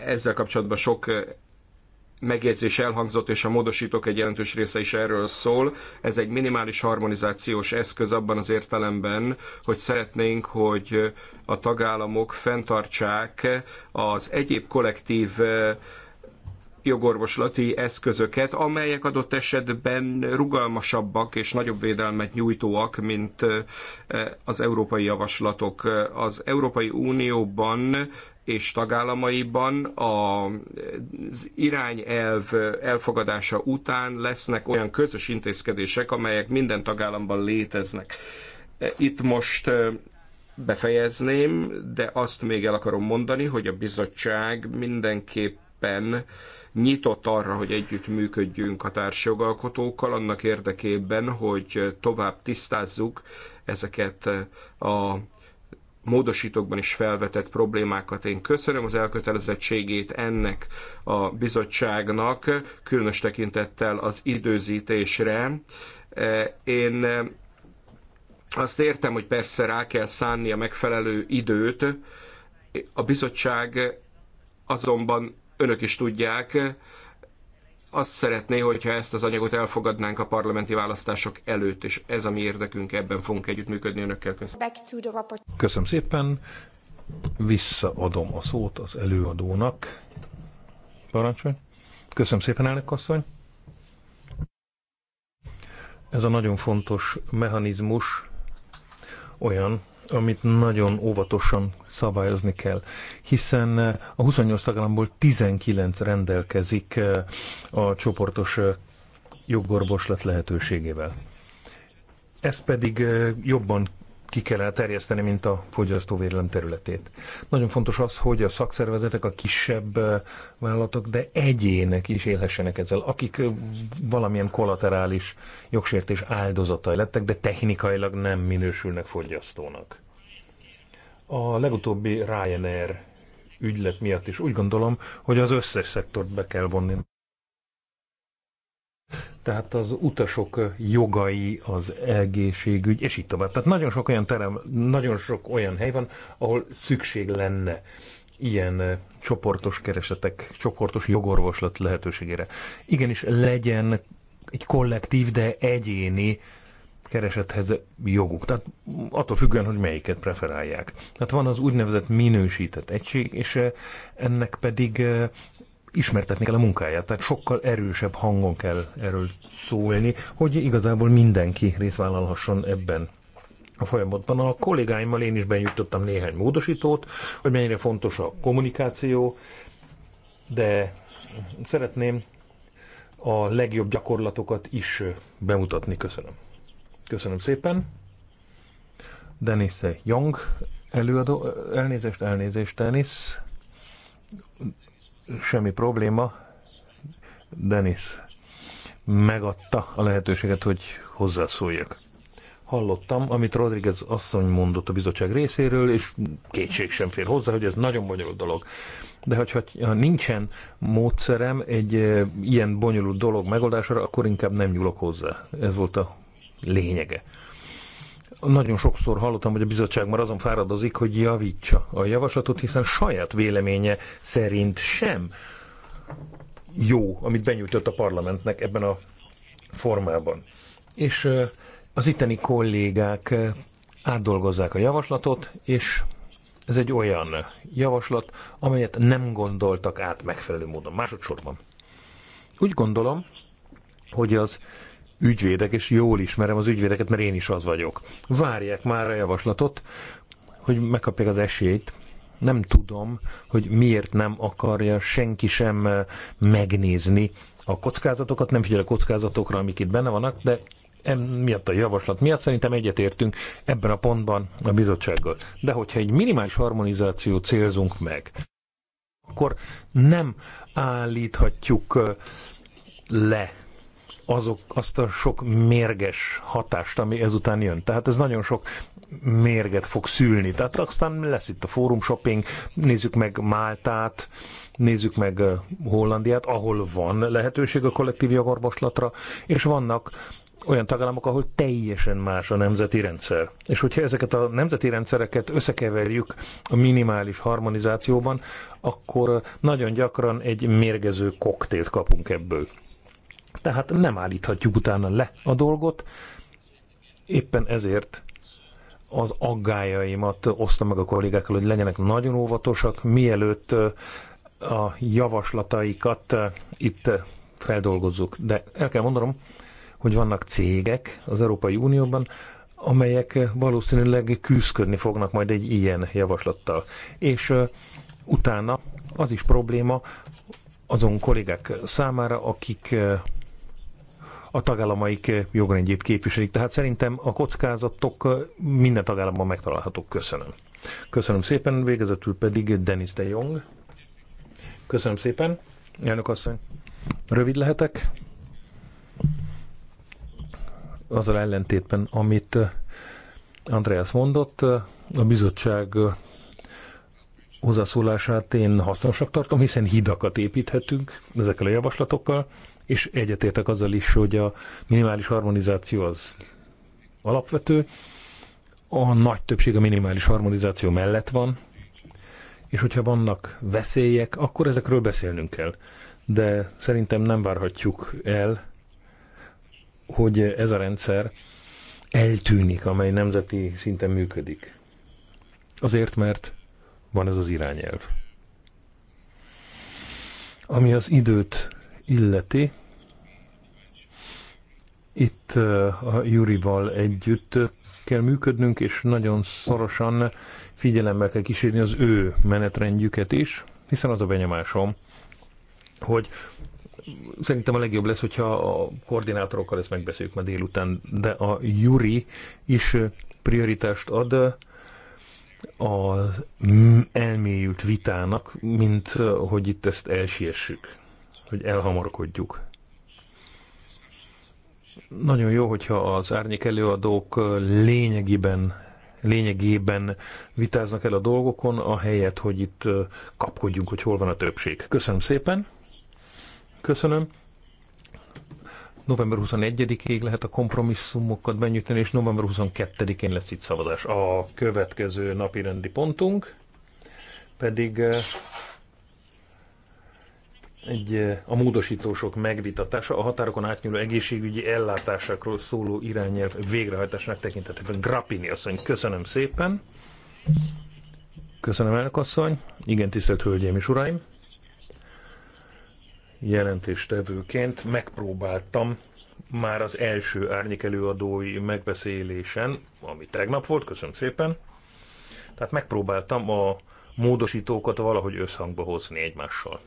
ezzel kapcsolatban sok megjegyzés elhangzott, és a módosítók egy jelentős része is erről szól. Ez egy minimális harmonizációs eszköz abban az értelemben, hogy szeretnénk, hogy a tagállamok fenntartsák az egyéb kollektív eh, jogorvoslati eszközöket, amelyek adott esetben rugalmasabbak és nagyobb védelmet nyújtóak, mint eh, az európai javaslatok. Az Európai Unióban és tagállamaiban az irányelv elfogadása után lesznek olyan közös intézkedések, amelyek minden tagállamban léteznek. Itt most befejezném, de azt még el akarom mondani, hogy a bizottság mindenképpen nyitott arra, hogy együtt működjünk a társjogalkotókkal, annak érdekében, hogy tovább tisztázzuk ezeket a módosítókban is felvetett problémákat. Én köszönöm az elkötelezettségét ennek a bizottságnak, különös tekintettel az időzítésre. E, én e, azt értem, hogy persze rá kell szánni a megfelelő időt, a bizottság azonban önök is tudják, azt szeretné, hogyha ezt az anyagot elfogadnánk a parlamenti választások előtt, és ez a mi érdekünk, ebben fogunk együttműködni önökkel. Köszönöm, szépen. Visszaadom a szót az előadónak. Parancsolj. Köszönöm szépen, elnök asszony. Ez a nagyon fontos mechanizmus olyan, amit nagyon óvatosan szabályozni kell, hiszen eh, a 28 tagállamból 19 rendelkezik eh, a csoportos eh, jogorvoslat lehetőségével. Ez pedig jobban ki kellene terjeszteni, mint a fogyasztóvédelem területét. Nagyon fontos az, hogy a szakszervezetek, a kisebb vállalatok, de egyének is élhessenek ezzel, akik valamilyen kollaterális jogsértés áldozatai lettek, de technikailag nem minősülnek fogyasztónak. A legutóbbi Ryanair ügylet miatt is úgy gondolom, hogy az összes szektort be kell vonni tehát az utasok jogai, az egészségügy, és így tovább. Tehát nagyon sok olyan terem, nagyon sok olyan hely van, ahol szükség lenne ilyen csoportos keresetek, csoportos jogorvoslat lehetőségére. Igenis legyen egy kollektív, de egyéni keresethez joguk. Tehát attól függően, hogy melyiket preferálják. Tehát van az úgynevezett minősített egység, és ennek pedig ismertetni kell a munkáját, tehát sokkal erősebb hangon kell erről szólni, hogy igazából mindenki részt vállalhasson ebben a folyamatban. A kollégáimmal én is benyújtottam néhány módosítót, hogy mennyire fontos a kommunikáció, de szeretném a legjobb gyakorlatokat is bemutatni. Köszönöm. Köszönöm szépen. Denise Young előadó, elnézést, elnézést, Denis semmi probléma. Denis megadta a lehetőséget, hogy hozzászóljak. Hallottam, amit Rodriguez asszony mondott a bizottság részéről, és kétség sem fér hozzá, hogy ez nagyon bonyolult dolog. De hogyha ha nincsen módszerem egy e, ilyen bonyolult dolog megoldására, akkor inkább nem nyúlok hozzá. Ez volt a lényege. Nagyon sokszor hallottam, hogy a bizottság már azon fáradozik, hogy javítsa a javaslatot, hiszen saját véleménye szerint sem jó, amit benyújtott a parlamentnek ebben a formában. És az itteni kollégák átdolgozzák a javaslatot, és ez egy olyan javaslat, amelyet nem gondoltak át megfelelő módon. Másodszorban. Úgy gondolom, hogy az ügyvédek, és jól ismerem az ügyvédeket, mert én is az vagyok. Várják már a javaslatot, hogy megkapják az esélyt. Nem tudom, hogy miért nem akarja senki sem eh, megnézni a kockázatokat, nem figyel a kockázatokra, amik itt benne vannak, de miatt a javaslat miatt szerintem egyetértünk ebben a pontban a bizottsággal. De hogyha egy minimális harmonizációt célzunk meg, akkor nem állíthatjuk eh, le azok, azt a sok mérges hatást, ami ezután jön. Tehát ez nagyon sok mérget fog szülni. Tehát aztán lesz itt a fórum shopping, nézzük meg Máltát, nézzük meg Hollandiát, ahol van lehetőség a kollektív jogorvoslatra, és vannak olyan tagállamok, ahol teljesen más a nemzeti rendszer. És hogyha ezeket a nemzeti rendszereket összekeverjük a minimális harmonizációban, akkor nagyon gyakran egy mérgező koktélt kapunk ebből. Tehát nem állíthatjuk utána le a dolgot. Éppen ezért az aggájaimat osztom meg a kollégákkal, hogy legyenek nagyon óvatosak, mielőtt a javaslataikat itt feldolgozzuk. De el kell mondanom, hogy vannak cégek az Európai Unióban, amelyek valószínűleg küzdködni fognak majd egy ilyen javaslattal. És utána az is probléma azon kollégák számára, akik a tagállamaik eh, jogrendjét képviselik. Tehát szerintem a kockázatok eh, minden tagállamban megtalálhatók. Köszönöm. Köszönöm szépen, végezetül pedig Denis de Jong. Köszönöm szépen, elnök asszony. Rövid lehetek. Azzal ellentétben, amit eh, Andreas mondott, a bizottság hozzászólását én hasznosak tartom, hiszen hidakat építhetünk ezekkel a javaslatokkal, és egyetértek azzal is, hogy a minimális harmonizáció az alapvető, a nagy többség a minimális harmonizáció mellett van, és hogyha vannak veszélyek, akkor ezekről beszélnünk kell. De szerintem nem várhatjuk el, hogy ez a rendszer eltűnik, amely nemzeti szinten működik. Azért, mert van ez az irányelv. Ami az időt illeti, itt a Jurival együtt kell működnünk, és nagyon szorosan figyelemmel kell kísérni az ő menetrendjüket is, hiszen az a benyomásom, hogy szerintem a legjobb lesz, hogyha a koordinátorokkal ezt megbeszéljük ma délután, de a Juri is prioritást ad az elmélyült vitának, mint hogy itt ezt elsiessük hogy elhamarkodjuk. Nagyon jó, hogyha az árnyék előadók lényegében lényegében vitáznak el a dolgokon, ahelyett, hogy itt kapkodjunk, hogy hol van a többség. Köszönöm szépen. Köszönöm. November 21-ig lehet a kompromisszumokat benyújtani, és november 22-én lesz itt szavazás. A következő napi rendi pontunk pedig egy, a módosítósok megvitatása a határokon átnyúló egészségügyi ellátásokról szóló irányelv végrehajtásának tekintetében. Grappini asszony, köszönöm szépen. Köszönöm, elnök asszony. Igen, tisztelt hölgyeim és uraim. Jelentéstevőként megpróbáltam már az első árnyék előadói megbeszélésen, ami tegnap volt, köszönöm szépen. Tehát megpróbáltam a módosítókat valahogy összhangba hozni egymással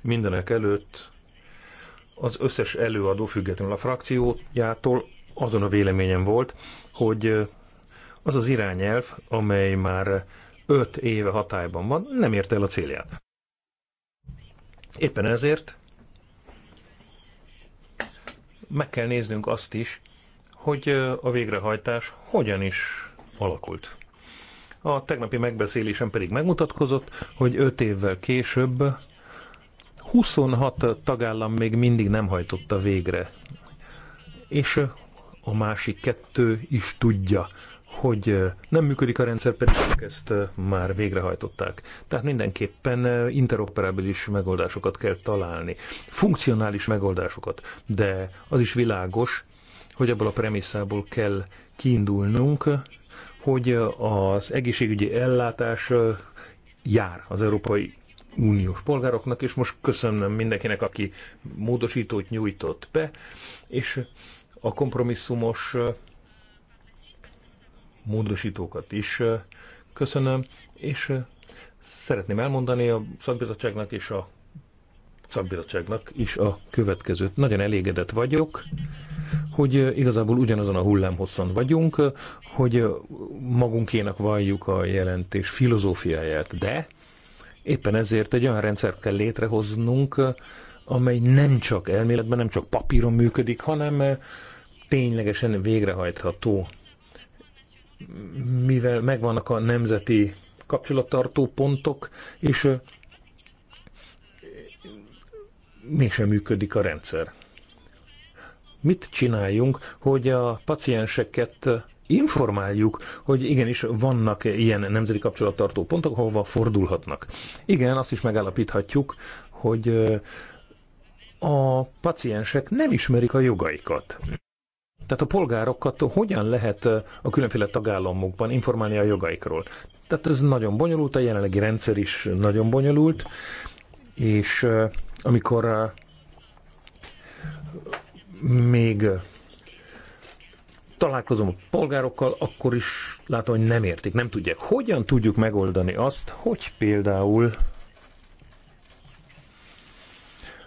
mindenek előtt az összes előadó függetlenül a frakciójától azon a véleményem volt, hogy az az irányelv, amely már öt éve hatályban van, nem ért el a célját. Éppen ezért meg kell néznünk azt is, hogy a végrehajtás hogyan is alakult. A tegnapi megbeszélésen pedig megmutatkozott, hogy öt évvel később 26 tagállam még mindig nem hajtotta végre, és a másik kettő is tudja, hogy nem működik a rendszer, pedig ők ezt már végrehajtották. Tehát mindenképpen interoperabilis megoldásokat kell találni, funkcionális megoldásokat, de az is világos, hogy abból a premisszából kell kiindulnunk, hogy az egészségügyi ellátás jár az Európai uniós polgároknak, és most köszönöm mindenkinek, aki módosítót nyújtott be, és a kompromisszumos módosítókat is köszönöm, és szeretném elmondani a szakbizottságnak és a szakbizottságnak is a következőt. Nagyon elégedett vagyok, hogy igazából ugyanazon a hullámhosszon vagyunk, hogy magunkénak valljuk a jelentés filozófiáját, de Éppen ezért egy olyan rendszert kell létrehoznunk, amely nem csak elméletben, nem csak papíron működik, hanem eh, ténylegesen végrehajtható. Mivel megvannak a nemzeti kapcsolattartó pontok, és eh, mégsem működik a rendszer. Mit csináljunk, hogy a pacienseket informáljuk, hogy igenis vannak ilyen nemzeti kapcsolattartó pontok, ahova fordulhatnak. Igen, azt is megállapíthatjuk, hogy a paciensek nem ismerik a jogaikat. Tehát a polgárokat hogyan lehet a különféle tagállamokban informálni a jogaikról? Tehát ez nagyon bonyolult, a jelenlegi rendszer is nagyon bonyolult, és amikor még találkozom a polgárokkal, akkor is látom, hogy nem értik, nem tudják. Hogyan tudjuk megoldani azt, hogy például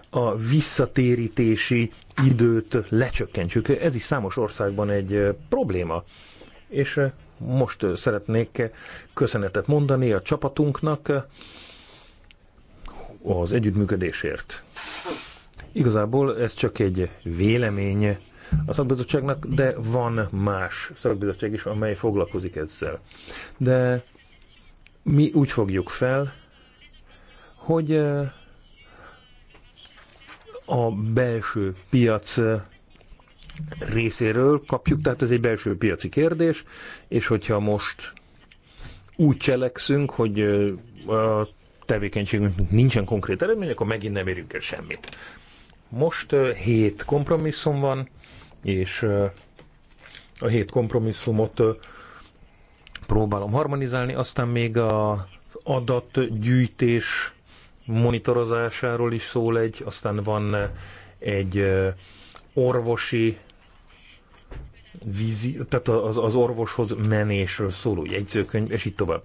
a visszatérítési időt lecsökkentjük. Ez is számos országban egy eh, probléma. És eh, most eh, szeretnék köszönetet mondani a csapatunknak az együttműködésért. Igazából ez csak egy vélemény a szakbizottságnak, de van más szakbizottság is, amely foglalkozik ezzel. De mi úgy fogjuk fel, hogy eh, a belső piac részéről kapjuk, tehát ez egy belső piaci kérdés, és hogyha most úgy cselekszünk, hogy eh, a tevékenységünk nincsen konkrét eredmény, akkor megint nem érünk el semmit. Most eh, hét kompromisszum van, és a hét kompromisszumot próbálom harmonizálni, aztán még a adatgyűjtés monitorozásáról is szól egy, aztán van egy orvosi vízi, tehát az, az orvoshoz menésről szóló jegyzőkönyv, és így tovább.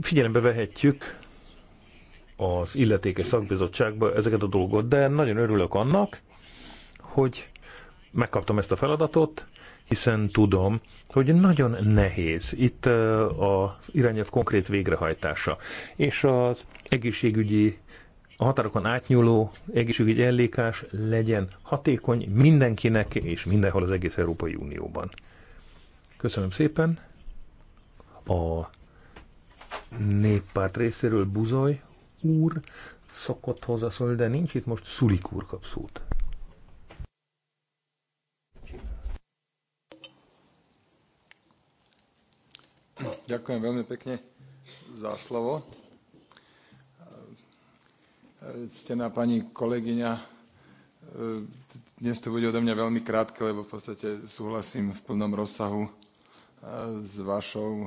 Figyelembe vehetjük az illetékes szakbizottságba ezeket a dolgot, de nagyon örülök annak, hogy megkaptam ezt a feladatot, hiszen tudom, hogy nagyon nehéz itt az irányelv konkrét végrehajtása. És az egészségügyi a határokon átnyúló egészségügyi ellékás legyen hatékony mindenkinek és mindenhol az egész Európai Unióban. Köszönöm szépen. A néppárt részéről Buzoly úr szokott hozzászólni, de nincs itt most Szulik úr kap szót. Ďakujem veľmi pekne za slovo. Ctená pani kolegyňa, dnes to bude odo mňa veľmi krátke, lebo v podstate súhlasím v plnom rozsahu eh, s vašou,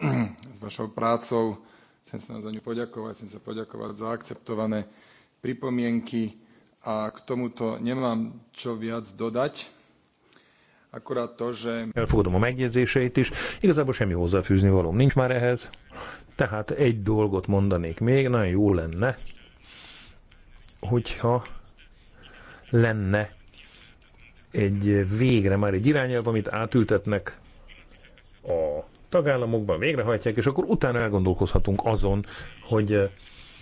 eh, s vašou prácou. Chcem sa za ňu poďakovať, chcem sa poďakovať za akceptované pripomienky a k tomuto nemám čo viac dodať Elfogadom a megjegyzéseit is. Igazából semmi hozzáfűzni valóm nincs már ehhez. Tehát egy dolgot mondanék még, nagyon jó lenne, hogyha lenne egy végre már egy irányelv, amit átültetnek a tagállamokban, végrehajtják, és akkor utána elgondolkozhatunk azon, hogy eh,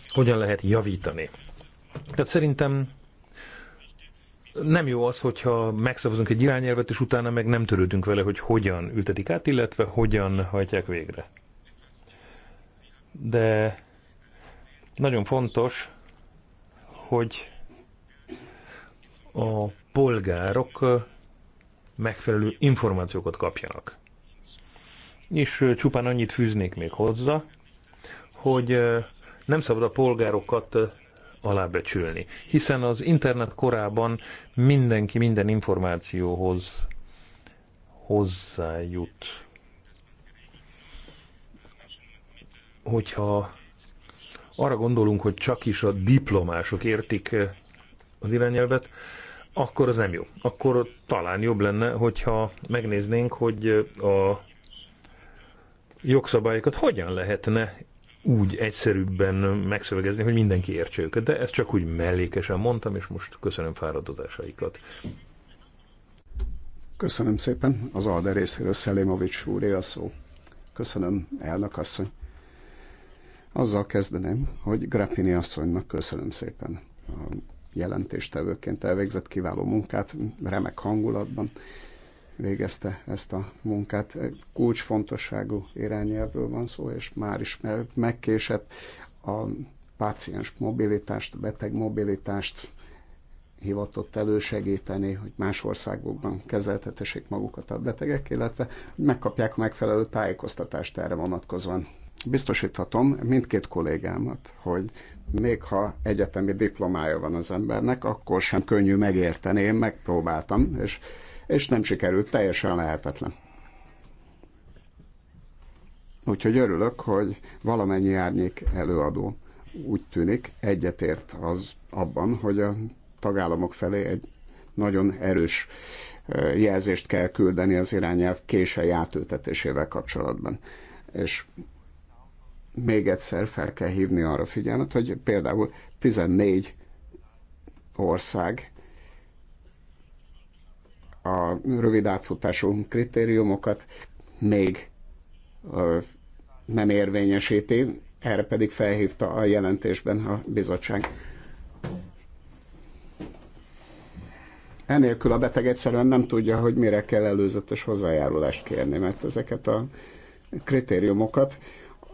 hogyan lehet javítani. Tehát szerintem nem jó az, hogyha megszavazunk egy irányelvet, és utána meg nem törődünk vele, hogy hogyan ültetik át, illetve hogyan hajtják végre. De nagyon fontos, hogy a polgárok megfelelő információkat kapjanak. És csupán annyit fűznék még hozzá, hogy nem szabad a polgárokat alábecsülni, hiszen az internet korában mindenki minden információhoz hozzájut. Hogyha arra gondolunk, hogy csak is a diplomások értik az irányelvet, akkor az nem jó. Akkor talán jobb lenne, hogyha megnéznénk, hogy a jogszabályokat hogyan lehetne úgy egyszerűbben megszövegezni, hogy mindenki értse őket, de ezt csak úgy mellékesen mondtam, és most köszönöm fáradozásaikat. Köszönöm szépen. Az Alder részéről Szelémovics úré a szó. Köszönöm, elnök asszony. Azzal kezdeném, hogy Grappini asszonynak köszönöm szépen a jelentéstevőként elvégzett kiváló munkát, remek hangulatban, végezte ezt a munkát. Kulcsfontosságú irányelvről van szó, és már is megkésett a páciens mobilitást, a beteg mobilitást hivatott elősegíteni, hogy más országokban kezeltetessék magukat a betegek, illetve megkapják a megfelelő tájékoztatást erre vonatkozóan. Biztosíthatom mindkét kollégámat, hogy még ha egyetemi diplomája van az embernek, akkor sem könnyű megérteni. Én megpróbáltam, és és nem sikerült, teljesen lehetetlen. Úgyhogy örülök, hogy valamennyi árnyék előadó úgy tűnik egyetért az abban, hogy a tagállamok felé egy nagyon erős jelzést kell küldeni az irányelv késői átültetésével kapcsolatban. És még egyszer fel kell hívni arra figyelmet, hogy például 14 ország a rövid átfutású kritériumokat még nem érvényesíti, erre pedig felhívta a jelentésben a bizottság. Enélkül a beteg egyszerűen nem tudja, hogy mire kell előzetes hozzájárulást kérni, mert ezeket a kritériumokat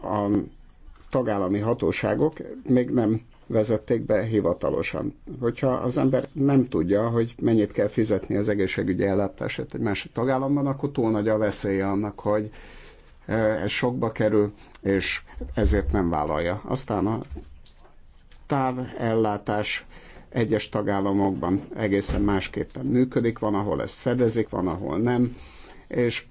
a tagállami hatóságok még nem vezették be hivatalosan. Hogyha az ember nem tudja, hogy mennyit kell fizetni az egészségügyi ellátását egy másik tagállamban, akkor túl nagy a veszélye annak, hogy e, ez sokba kerül, és ezért nem vállalja. Aztán a távellátás egyes tagállamokban egészen másképpen működik, van, ahol ezt fedezik, van, ahol nem, és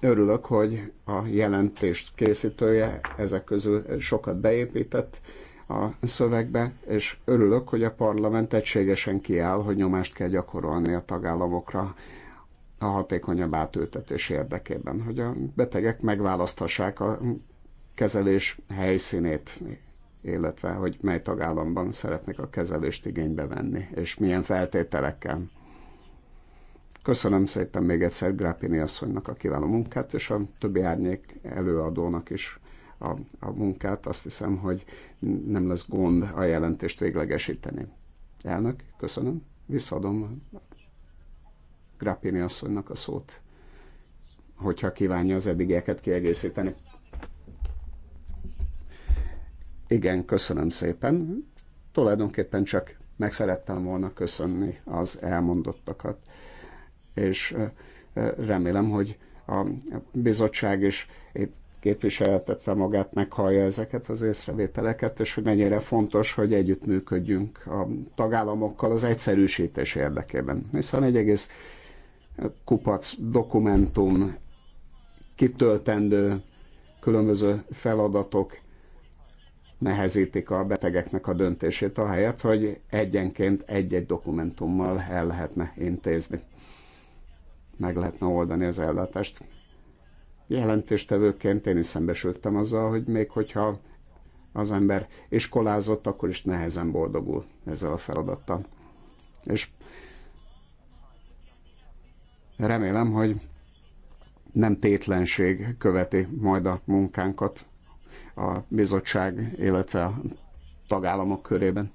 örülök, hogy a jelentést készítője ezek közül sokat beépített, a szövegbe, és örülök, hogy a parlament egységesen kiáll, hogy nyomást kell gyakorolni a tagállamokra a hatékonyabb átültetés érdekében, hogy a betegek megválaszthassák a kezelés helyszínét, illetve hogy mely tagállamban szeretnék a kezelést igénybe venni, és milyen feltételekkel. Köszönöm szépen még egyszer Grápini asszonynak a kiváló munkát, és a többi árnyék előadónak is a, a munkát, azt hiszem, hogy nem lesz gond a jelentést véglegesíteni. Elnök, köszönöm. Visszadom Grappini asszonynak a szót, hogyha kívánja az eddigieket kiegészíteni. Igen, köszönöm szépen. Tulajdonképpen csak meg szerettem volna köszönni az elmondottakat, és eh, eh, remélem, hogy a bizottság is képviseltetve magát meghallja ezeket az észrevételeket, és hogy mennyire fontos, hogy együttműködjünk a tagállamokkal az egyszerűsítés érdekében. Hiszen egy egész kupac dokumentum kitöltendő különböző feladatok nehezítik a betegeknek a döntését, ahelyett, hogy egyenként egy-egy dokumentummal el lehetne intézni. Meg lehetne oldani az ellátást jelentéstevőként én is szembesültem azzal, hogy még hogyha az ember iskolázott, akkor is nehezen boldogul ezzel a feladattal. És remélem, hogy nem tétlenség követi majd a munkánkat a bizottság, illetve a tagállamok körében.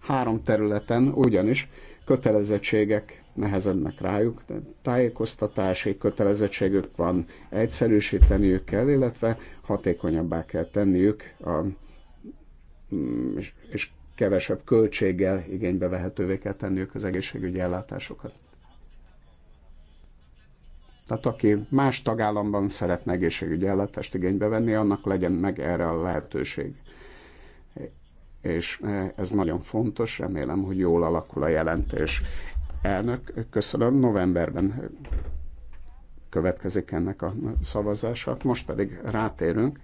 Három területen ugyanis kötelezettségek nehezednek rájuk, de tájékoztatási kötelezettségük van, egyszerűsíteniük kell, illetve hatékonyabbá kell tenniük, a, mm, és kevesebb költséggel igénybe vehetővé kell tenniük az egészségügyi ellátásokat. Tehát aki más tagállamban szeretne egészségügyi ellátást igénybe venni, annak legyen meg erre a lehetőség. És eh, ez nagyon fontos, remélem, hogy jól alakul a jelentés. Elnök, köszönöm. Novemberben következik ennek a szavazása. Most pedig rátérünk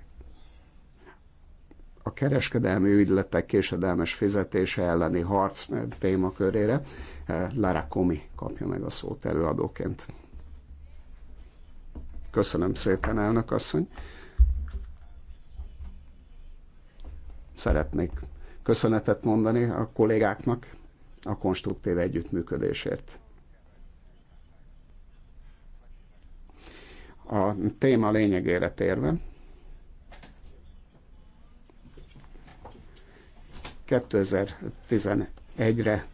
a kereskedelmi ügyletek késedelmes fizetése elleni harc témakörére. Lara Komi kapja meg a szót előadóként. Köszönöm szépen, elnök asszony. Szeretnék köszönetet mondani a kollégáknak a konstruktív együttműködésért. A téma lényegére térve, 2011-re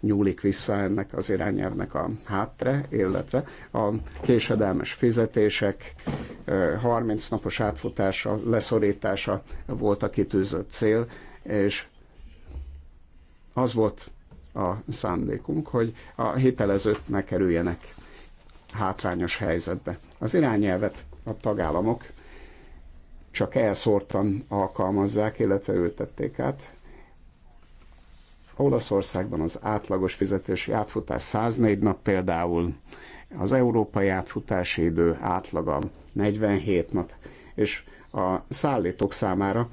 nyúlik vissza ennek az irányelvnek a hátre, illetve a késedelmes fizetések, 30 napos átfutása, leszorítása volt a kitűzött cél, és az volt a szándékunk, hogy a hitelezőt ne kerüljenek hátrányos helyzetbe. Az irányelvet a tagállamok csak elszórtan alkalmazzák, illetve ültették át. Olaszországban az átlagos fizetési átfutás 104 nap például, az európai átfutási idő átlaga 47 nap, és a szállítók számára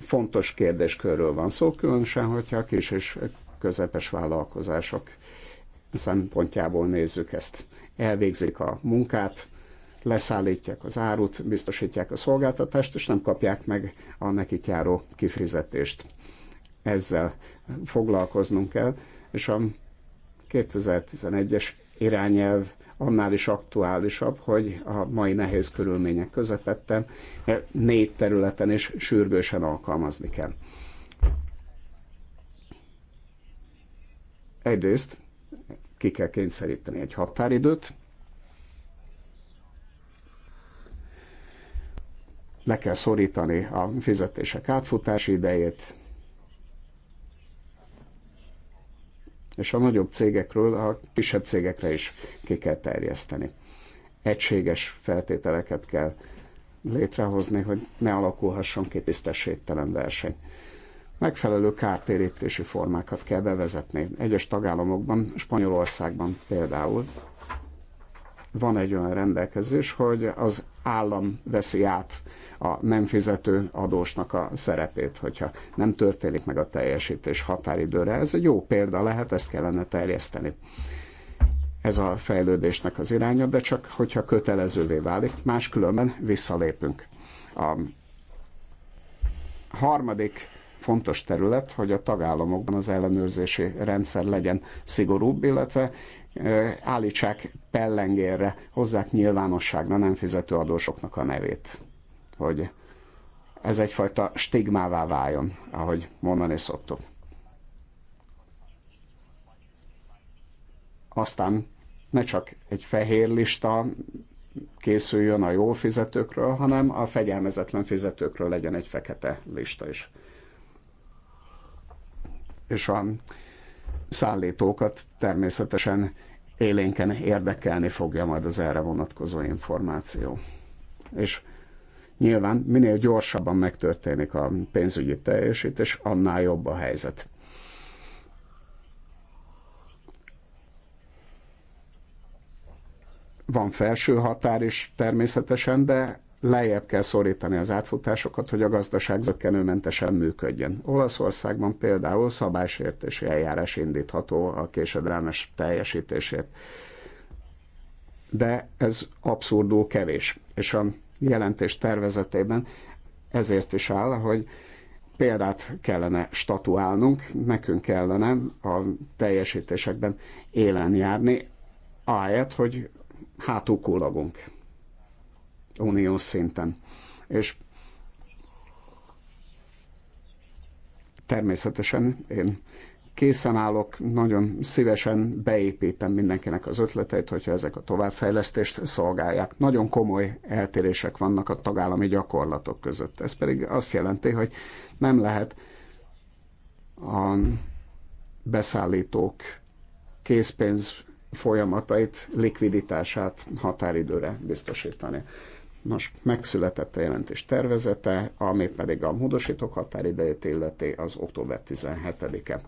fontos kérdéskörről van szó, különösen, hogyha a kis és közepes vállalkozások szempontjából nézzük ezt. Elvégzik a munkát, leszállítják az árut, biztosítják a szolgáltatást, és nem kapják meg a nekik járó kifizetést. Ezzel foglalkoznunk kell, és a 2011-es irányelv annál is aktuálisabb, hogy a mai nehéz körülmények közepette négy területen is sürgősen alkalmazni kell. Egyrészt ki kell kényszeríteni egy határidőt, le kell szorítani a fizetések átfutási idejét, és a nagyobb cégekről a kisebb cégekre is ki kell terjeszteni. Egységes feltételeket kell létrehozni, hogy ne alakulhasson ki tisztességtelen verseny megfelelő kártérítési formákat kell bevezetni. Egyes tagállamokban, Spanyolországban például van egy olyan rendelkezés, hogy az állam veszi át a nem fizető adósnak a szerepét, hogyha nem történik meg a teljesítés határidőre. Ez egy jó példa lehet, ezt kellene terjeszteni. Ez a fejlődésnek az iránya, de csak hogyha kötelezővé válik, máskülönben visszalépünk. A harmadik fontos terület, hogy a tagállamokban az ellenőrzési rendszer legyen szigorúbb, illetve állítsák pellengérre, hozzák nyilvánosságra nem fizető adósoknak a nevét, hogy ez egyfajta stigmává váljon, ahogy mondani szoktuk. Aztán ne csak egy fehér lista készüljön a jó fizetőkről, hanem a fegyelmezetlen fizetőkről legyen egy fekete lista is és a szállítókat természetesen élénken érdekelni fogja majd az erre vonatkozó információ. És nyilván minél gyorsabban megtörténik a pénzügyi teljesítés, annál jobb a helyzet. Van felső határ is természetesen, de lejjebb kell szorítani az átfutásokat, hogy a gazdaság zökkenőmentesen működjön. Olaszországban például szabálysértési eljárás indítható a késedelmes teljesítését. De ez abszurdul kevés. És a jelentés tervezetében ezért is áll, hogy példát kellene statuálnunk, nekünk kellene a teljesítésekben élen járni, ahelyett, hogy hátukólagunk uniós szinten. És természetesen én készen állok, nagyon szívesen beépítem mindenkinek az ötleteit, hogyha ezek a továbbfejlesztést szolgálják. Nagyon komoly eltérések vannak a tagállami gyakorlatok között. Ez pedig azt jelenti, hogy nem lehet a beszállítók készpénz folyamatait, likviditását határidőre biztosítani most megszületett a jelentés tervezete, ami pedig a módosítók határidejét illeti az október 17-e.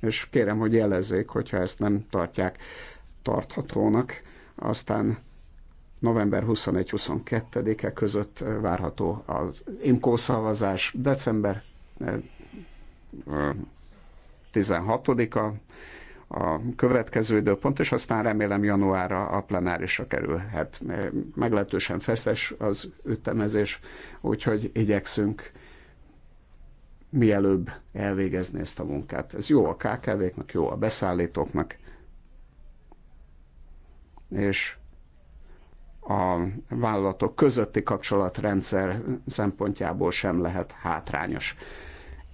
És kérem, hogy jelezzék, hogyha ezt nem tartják tarthatónak, aztán november 21-22-e között várható az IMCO szavazás, december 16-a, eh, a következő időpont, és aztán remélem januárra a plenárisra kerülhet. Meglehetősen feszes az ütemezés, úgyhogy igyekszünk mielőbb elvégezni ezt a munkát. Ez jó a KKV-knak, jó a beszállítóknak, és a vállalatok közötti kapcsolatrendszer szempontjából sem lehet hátrányos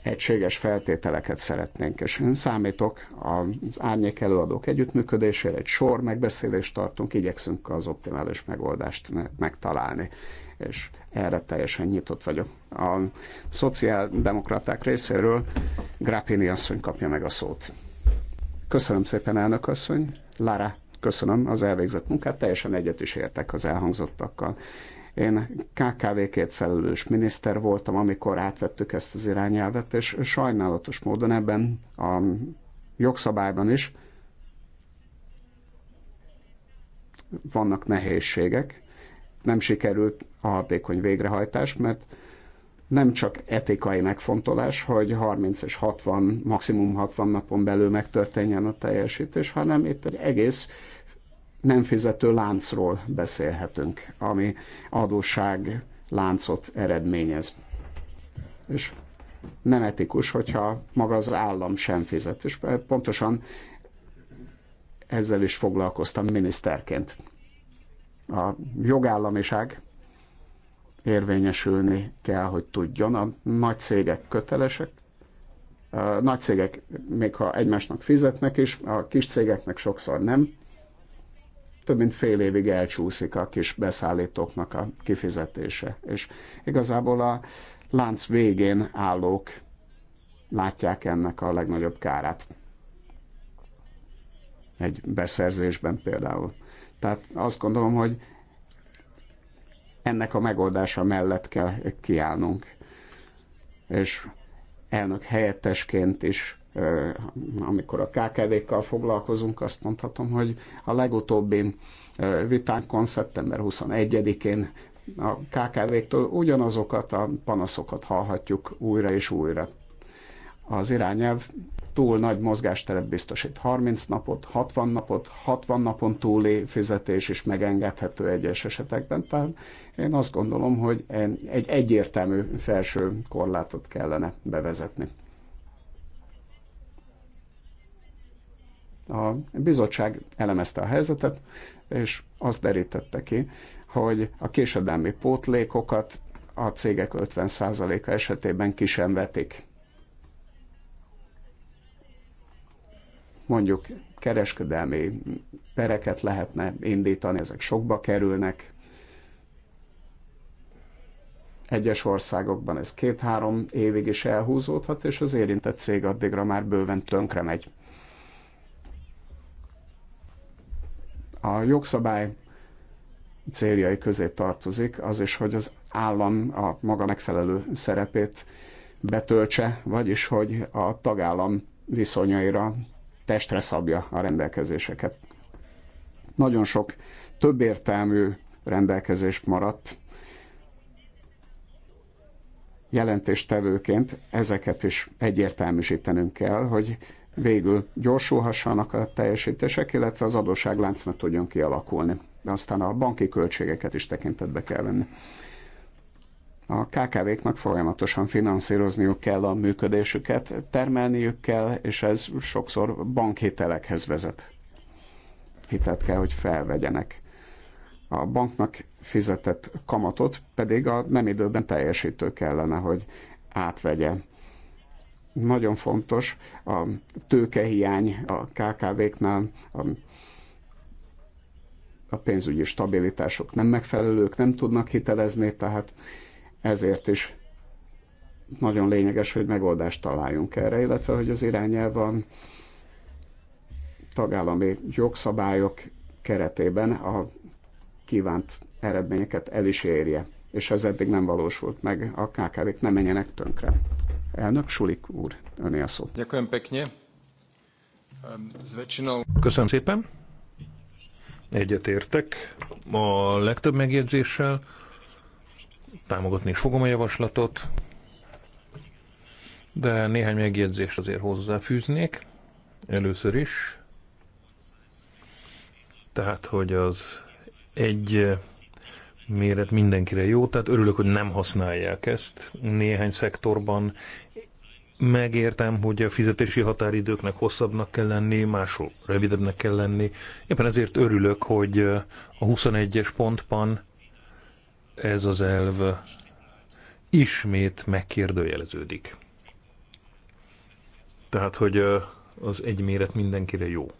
egységes feltételeket szeretnénk, és én számítok az árnyék előadók együttműködésére, egy sor megbeszélést tartunk, igyekszünk az optimális megoldást megtalálni, és erre teljesen nyitott vagyok. A szociáldemokraták részéről Grappini asszony kapja meg a szót. Köszönöm szépen, elnök asszony. Lara, köszönöm az elvégzett munkát, teljesen egyet is értek az elhangzottakkal, én KKV-két felelős miniszter voltam, amikor átvettük ezt az irányelvet, és sajnálatos módon ebben a jogszabályban is vannak nehézségek. Nem sikerült a hatékony végrehajtás, mert nem csak etikai megfontolás, hogy 30 és 60, maximum 60 napon belül megtörténjen a teljesítés, hanem itt egy egész nem fizető láncról beszélhetünk, ami adósság láncot eredményez. És nem etikus, hogyha maga az állam sem fizet. És pontosan ezzel is foglalkoztam miniszterként. A jogállamiság érvényesülni kell, hogy tudjon. A nagy cégek kötelesek, a nagy cégek, még ha egymásnak fizetnek is, a kis cégeknek sokszor nem, több mint fél évig elcsúszik a kis beszállítóknak a kifizetése. És igazából a lánc végén állók látják ennek a legnagyobb kárát. Egy beszerzésben például. Tehát azt gondolom, hogy ennek a megoldása mellett kell kiállnunk. És elnök helyettesként is amikor a KKV-kkal foglalkozunk, azt mondhatom, hogy a legutóbbi vitánkon szeptember 21-én a kkv ktől ugyanazokat a panaszokat hallhatjuk újra és újra. Az irányelv túl nagy mozgásteret biztosít. 30 napot, 60 napot, 60 napon túli fizetés is megengedhető egyes esetekben. Tehát én azt gondolom, hogy egy egyértelmű felső korlátot kellene bevezetni. A bizottság elemezte a helyzetet, és azt derítette ki, hogy a késedelmi pótlékokat a cégek 50%-a esetében ki sem vetik. Mondjuk kereskedelmi pereket lehetne indítani, ezek sokba kerülnek. Egyes országokban ez két-három évig is elhúzódhat, és az érintett cég addigra már bőven tönkre megy. A jogszabály céljai közé tartozik az is, hogy az állam a maga megfelelő szerepét betöltse, vagyis hogy a tagállam viszonyaira testre szabja a rendelkezéseket. Nagyon sok több értelmű rendelkezés maradt. Jelentéstevőként ezeket is egyértelműsítenünk kell, hogy végül gyorsulhassanak a teljesítések, illetve az adósságlánc ne tudjon kialakulni. De aztán a banki költségeket is tekintetbe kell venni. A KKV-knak folyamatosan finanszírozniuk kell a működésüket, termelniük kell, és ez sokszor bankhitelekhez vezet. Hitelt kell, hogy felvegyenek. A banknak fizetett kamatot pedig a nem időben teljesítő kellene, hogy átvegye nagyon fontos a tőkehiány a KKV-knál, a, a pénzügyi stabilitások nem megfelelők, nem tudnak hitelezni, tehát ezért is nagyon lényeges, hogy megoldást találjunk erre, illetve hogy az irányelv a tagállami jogszabályok keretében a kívánt eredményeket el is érje, és ez eddig nem valósult meg, a KKV-k nem menjenek tönkre. Elnök Sulik úr, önél a szó. Ehm, Köszönöm szépen. Egyetértek a legtöbb megjegyzéssel. Támogatni is fogom a javaslatot, de néhány megjegyzést azért hozzáfűznék. Először is. Tehát, hogy az egy méret mindenkire jó, tehát örülök, hogy nem használják ezt néhány szektorban, megértem, hogy a fizetési határidőknek hosszabbnak kell lenni, máshol rövidebbnek kell lenni. Éppen ezért örülök, hogy a 21-es pontban ez az elv ismét megkérdőjeleződik. Tehát, hogy az egy méret mindenkire jó.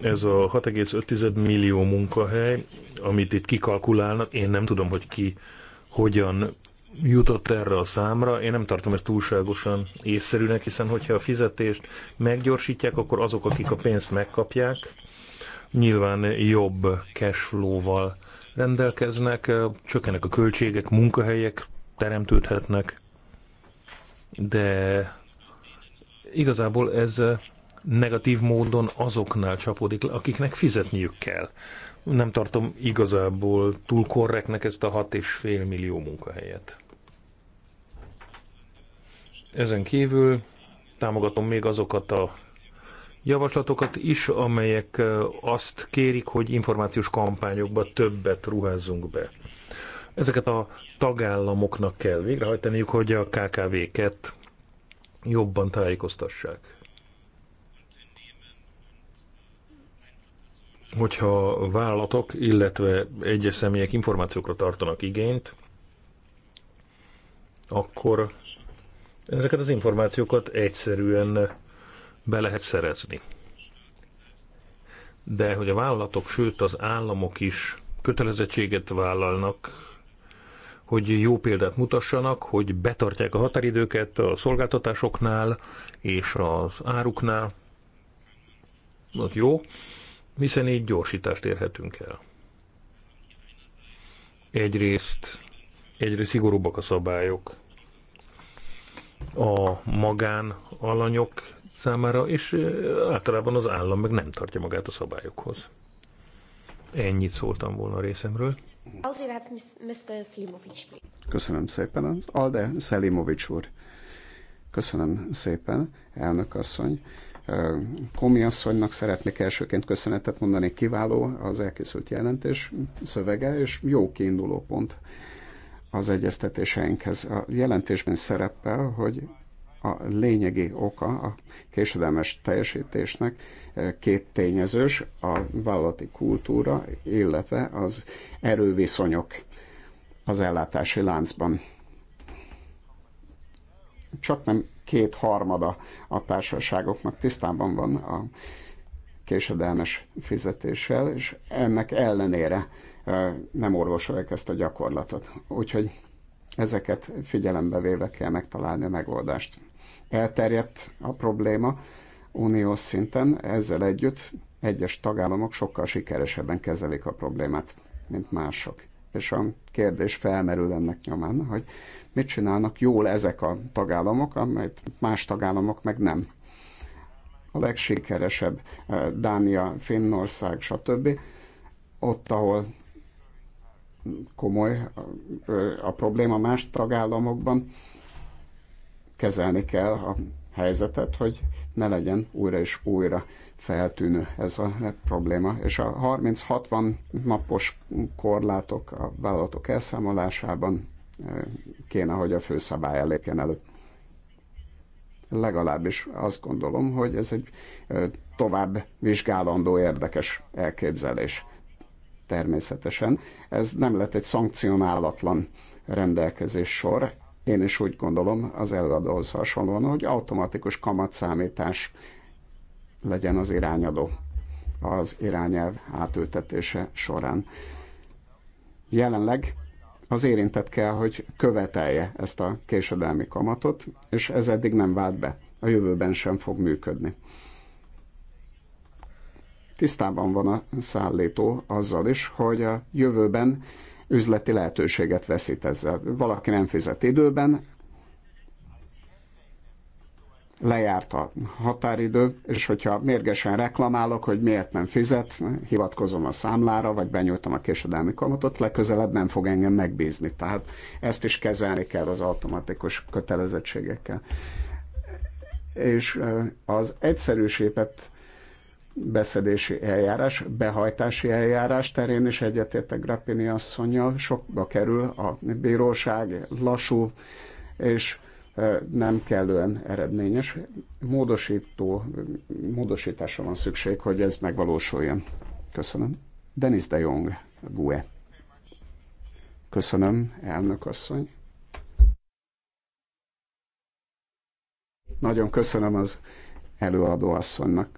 Ez a 6,5 millió munkahely, amit itt kikalkulálnak, én nem tudom, hogy ki hogyan jutott erre a számra. Én nem tartom ezt túlságosan észszerűnek, hiszen hogyha a fizetést meggyorsítják, akkor azok, akik a pénzt megkapják, nyilván jobb cashflow-val rendelkeznek, csökkenek a költségek, munkahelyek teremtődhetnek, de igazából ez negatív módon azoknál csapódik le, akiknek fizetniük kell nem tartom igazából túl korrektnek ezt a 6,5 millió munkahelyet. Ezen kívül támogatom még azokat a javaslatokat is, amelyek azt kérik, hogy információs kampányokba többet ruházzunk be. Ezeket a tagállamoknak kell végrehajtaniuk, hogy a KKV-ket jobban tájékoztassák. hogyha vállalatok, illetve egyes személyek információkra tartanak igényt, akkor ezeket az információkat egyszerűen be lehet szerezni. De hogy a vállalatok, sőt az államok is kötelezettséget vállalnak, hogy jó példát mutassanak, hogy betartják a határidőket a szolgáltatásoknál és az áruknál, az jó, hiszen így gyorsítást érhetünk el. Egyrészt egyre szigorúbbak a szabályok a magán alanyok számára, és általában az állam meg nem tartja magát a szabályokhoz. Ennyit szóltam volna a részemről. Köszönöm szépen Alde Szelimovics úr. Köszönöm szépen, elnök asszony. Komi asszonynak szeretnék elsőként köszönetet mondani, kiváló az elkészült jelentés szövege, és jó kiinduló pont az egyeztetéseinkhez. A jelentésben szerepel, hogy a lényegi oka a késedelmes teljesítésnek két tényezős, a vállalati kultúra, illetve az erőviszonyok az ellátási láncban. Csak nem kétharmada a társaságoknak tisztában van a késedelmes fizetéssel, és ennek ellenére nem orvosolják ezt a gyakorlatot. Úgyhogy ezeket figyelembe véve kell megtalálni a megoldást. Elterjedt a probléma uniós szinten, ezzel együtt egyes tagállamok sokkal sikeresebben kezelik a problémát, mint mások és a kérdés felmerül ennek nyomán, hogy mit csinálnak jól ezek a tagállamok, amelyet más tagállamok meg nem. A legsikeresebb eh, Dánia, Finnország, stb. Ott, ahol komoly eh, a probléma más tagállamokban, kezelni kell a helyzetet, hogy ne legyen újra és újra feltűnő ez a probléma. És a 30-60 napos korlátok a vállalatok elszámolásában eh, kéne, hogy a főszabály lépjen elő. Legalábbis azt gondolom, hogy ez egy eh, tovább vizsgálandó érdekes elképzelés természetesen. Ez nem lett egy szankcionálatlan rendelkezés sor. Én is úgy gondolom az előadóhoz hasonlóan, hogy automatikus kamatszámítás legyen az irányadó az irányelv átültetése során. Jelenleg az érintett kell, hogy követelje ezt a késedelmi kamatot, és ez eddig nem vált be. A jövőben sem fog működni. Tisztában van a szállító azzal is, hogy a jövőben üzleti lehetőséget veszít ezzel. Valaki nem fizet időben, lejárt a határidő, és hogyha mérgesen reklamálok, hogy miért nem fizet, hivatkozom a számlára, vagy benyújtom a késedelmi kamatot, legközelebb nem fog engem megbízni. Tehát ezt is kezelni kell az automatikus kötelezettségekkel. És az egyszerűsített beszedési eljárás, behajtási eljárás terén is egyetértek Grappini asszonyjal, sokba kerül a bíróság, lassú, és nem kellően eredményes. Módosító, módosításra van szükség, hogy ez megvalósuljon. Köszönöm. Denis de Jong, Bue. Köszönöm, elnök asszony. Nagyon köszönöm az előadó asszonynak.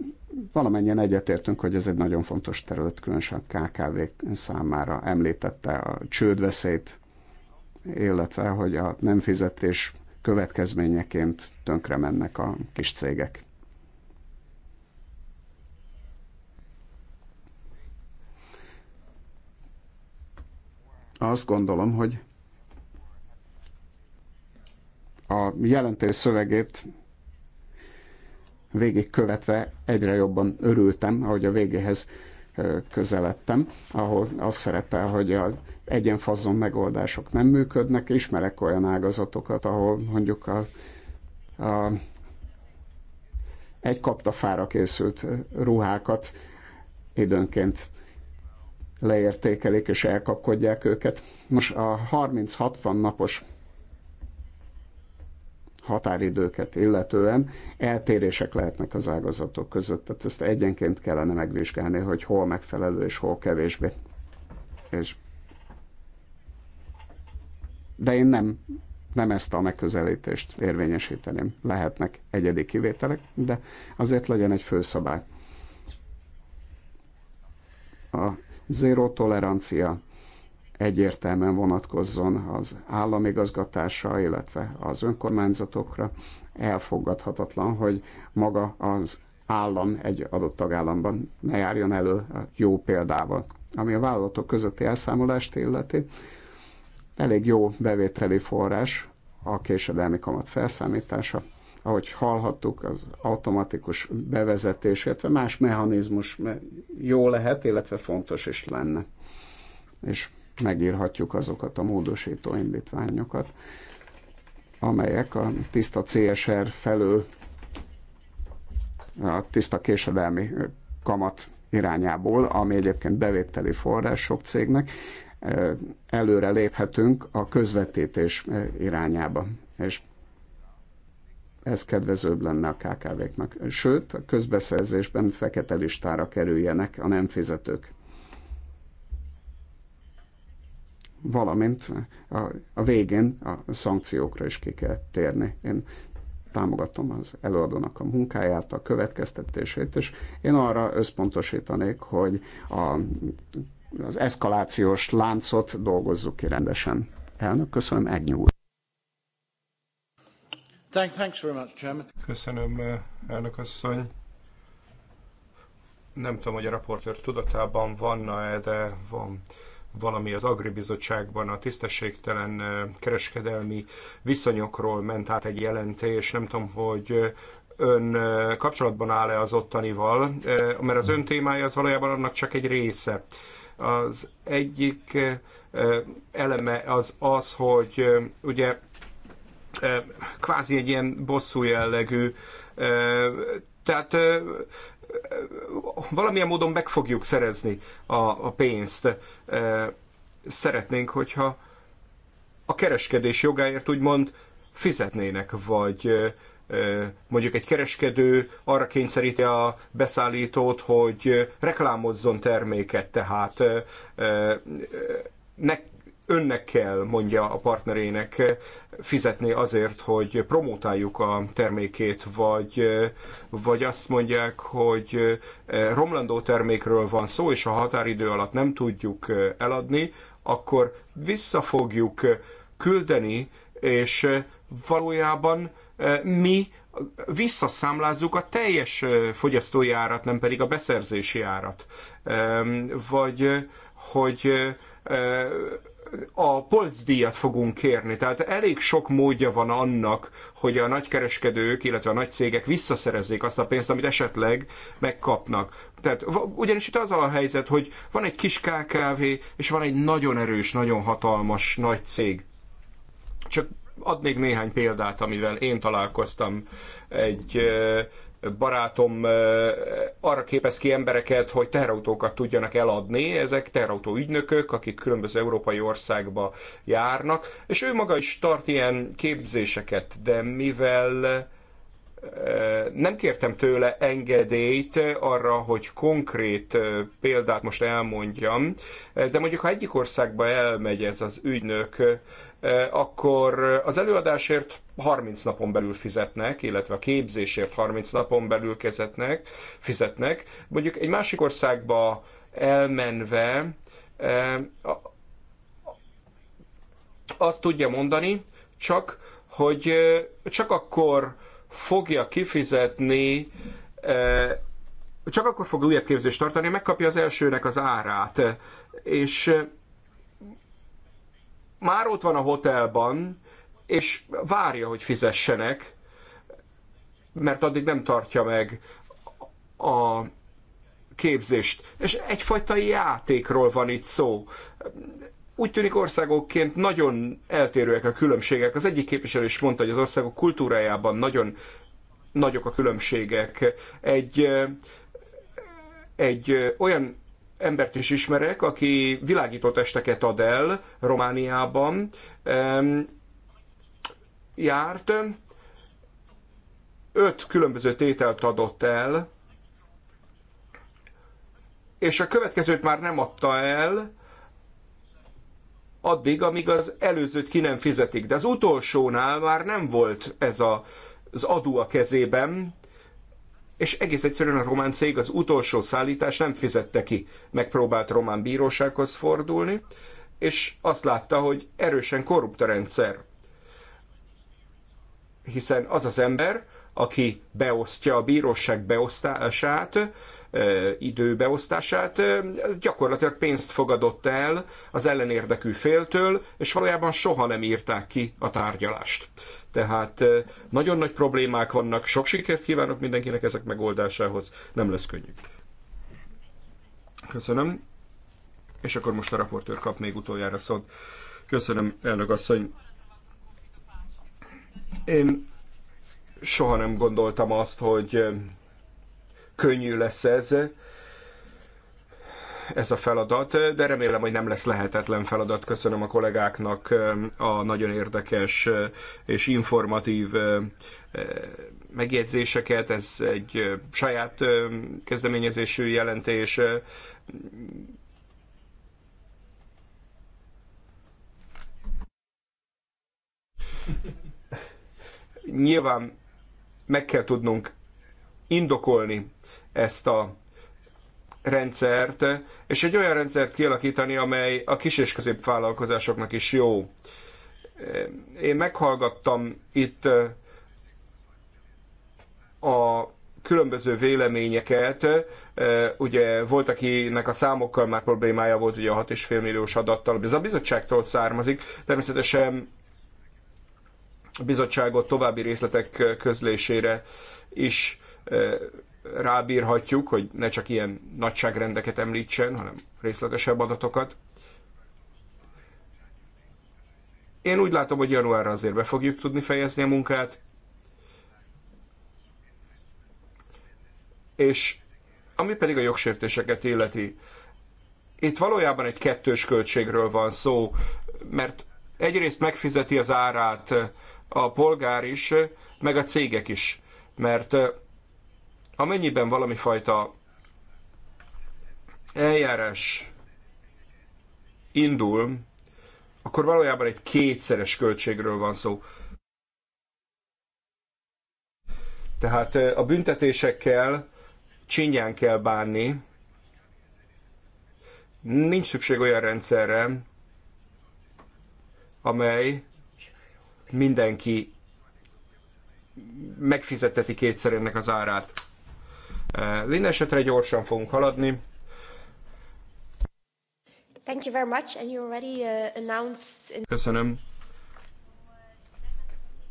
Valamennyien egyetértünk, hogy ez egy nagyon fontos terület, különösen kkv számára említette a csődveszélyt, illetve hogy a nem fizetés következményeként tönkre mennek a kis cégek. Azt gondolom, hogy a jelentés szövegét végigkövetve egyre jobban örültem, ahogy a végéhez közeledtem, ahol az szerepel, hogy a egyenfazon megoldások nem működnek. Ismerek olyan ágazatokat, ahol mondjuk a, a egy kaptafára készült ruhákat időnként leértékelik és elkapkodják őket. Most a 30-60 napos határidőket illetően eltérések lehetnek az ágazatok között, tehát ezt egyenként kellene megvizsgálni, hogy hol megfelelő és hol kevésbé. És de én nem, nem ezt a megközelítést érvényesíteném. Lehetnek egyedi kivételek, de azért legyen egy főszabály. A zéró tolerancia egyértelműen vonatkozzon az államigazgatásra, illetve az önkormányzatokra. Elfogadhatatlan, hogy maga az állam egy adott tagállamban ne járjon elő a jó példával. Ami a vállalatok közötti elszámolást illeti, elég jó bevételi forrás a késedelmi kamat felszámítása. Ahogy hallhattuk, az automatikus bevezetés, illetve más mechanizmus jó lehet, illetve fontos is lenne. És megírhatjuk azokat a módosító indítványokat, amelyek a tiszta CSR felől a tiszta késedelmi kamat irányából, ami egyébként bevételi forrás sok cégnek, előre léphetünk a közvetítés irányába. És ez kedvezőbb lenne a KKV-knak. Sőt, a közbeszerzésben fekete listára kerüljenek a nem fizetők. Valamint a, a végén a szankciókra is ki kell térni. Én támogatom az előadónak a munkáját, a következtetését, és én arra összpontosítanék, hogy a az eszkalációs láncot dolgozzuk ki rendesen. Elnök, köszönöm, Egnyú úr. Köszönöm, eh, elnök asszony. Nem tudom, hogy a raportőr tudatában vanna-e, de van valami az Agribizottságban a tisztességtelen eh, kereskedelmi viszonyokról ment át egy jelentés. Nem tudom, hogy eh, ön kapcsolatban áll-e az ottanival, mert az ön témája az valójában annak csak egy része. Az egyik eleme az az, hogy ugye kvázi egy ilyen bosszú jellegű, tehát valamilyen módon meg fogjuk szerezni a, a pénzt. Szeretnénk, hogyha a kereskedés jogáért úgymond fizetnének, vagy mondjuk egy kereskedő arra kényszeríti a beszállítót, hogy reklámozzon terméket, tehát ne, önnek kell, mondja a partnerének fizetni azért, hogy promotáljuk a termékét, vagy, vagy azt mondják, hogy romlandó termékről van szó, és a határidő alatt nem tudjuk eladni, akkor vissza fogjuk küldeni, és valójában mi visszaszámlázzuk a teljes fogyasztói árat, nem pedig a beszerzési árat. Vagy hogy a polcdíjat fogunk kérni. Tehát elég sok módja van annak, hogy a nagykereskedők, illetve a nagy cégek visszaszerezzék azt a pénzt, amit esetleg megkapnak. Tehát ugyanis itt az a helyzet, hogy van egy kis KKV, és van egy nagyon erős, nagyon hatalmas nagy cég. Csak Adnék néhány példát, amivel én találkoztam egy barátom arra képez ki embereket, hogy teherautókat tudjanak eladni. Ezek teherautó ügynökök, akik különböző európai országba járnak, és ő maga is tart ilyen képzéseket, de mivel nem kértem tőle engedélyt arra, hogy konkrét példát most elmondjam, de mondjuk ha egyik országba elmegy ez az ügynök, Eh, akkor az előadásért 30 napon belül fizetnek, illetve a képzésért 30 napon belül kezetnek, fizetnek. Mondjuk egy másik országba elmenve eh, azt tudja mondani, csak hogy eh, csak akkor fogja kifizetni, csak akkor fog újabb képzést tartani, megkapja az elsőnek az árát. És már ott van a hotelban, és várja, hogy fizessenek, mert addig nem tartja meg a képzést. És egyfajta játékról van itt szó. Úgy tűnik országokként nagyon eltérőek a különbségek. Az egyik képviselő is mondta, hogy az országok kultúrájában nagyon nagyok a különbségek. Egy, egy olyan embert is ismerek, aki világító testeket ad el Romániában, járt, öt különböző tételt adott el, és a következőt már nem adta el, addig, amíg az előzőt ki nem fizetik. De az utolsónál már nem volt ez a, az adó a kezében, és egész egyszerűen a román cég az utolsó szállítás nem fizette ki. Megpróbált román bírósághoz fordulni, és azt látta, hogy erősen korrupt a rendszer. Hiszen az az ember, aki beosztja a bíróság beosztását, időbeosztását, ez gyakorlatilag pénzt fogadott el az ellenérdekű féltől, és valójában soha nem írták ki a tárgyalást. Tehát nagyon nagy problémák vannak, sok sikert kívánok mindenkinek ezek megoldásához, nem lesz könnyű. Köszönöm. És akkor most a raportőr kap még utoljára szót. Köszönöm, elnök asszony. Én soha nem gondoltam azt, hogy könnyű lesz ez, ez a feladat, de remélem, hogy nem lesz lehetetlen feladat. Köszönöm a kollégáknak a nagyon érdekes és informatív megjegyzéseket. Ez egy saját kezdeményezésű jelentés. Nyilván meg kell tudnunk indokolni ezt a rendszert, és egy olyan rendszert kialakítani, amely a kis és középvállalkozásoknak is jó. Én meghallgattam itt a különböző véleményeket. Ugye volt, akinek a számokkal már problémája volt, ugye a 6,5 milliós adattal, ez a bizottságtól származik. Természetesen bizottságot további részletek közlésére is eh, rábírhatjuk, hogy ne csak ilyen nagyságrendeket említsen, hanem részletesebb adatokat. Én úgy látom, hogy januárra azért be fogjuk tudni fejezni a munkát, és ami pedig a jogsértéseket illeti, itt valójában egy kettős költségről van szó, mert egyrészt megfizeti az árát a polgár is, meg a cégek is. Mert amennyiben valami fajta eljárás indul, akkor valójában egy kétszeres költségről van szó. Tehát a büntetésekkel csinyán kell bánni, nincs szükség olyan rendszerre, amely mindenki megfizetteti kétszer ennek az árát. Lin eh, esetre gyorsan fogunk haladni. Thank you very much, and you already uh, announced... In... Köszönöm.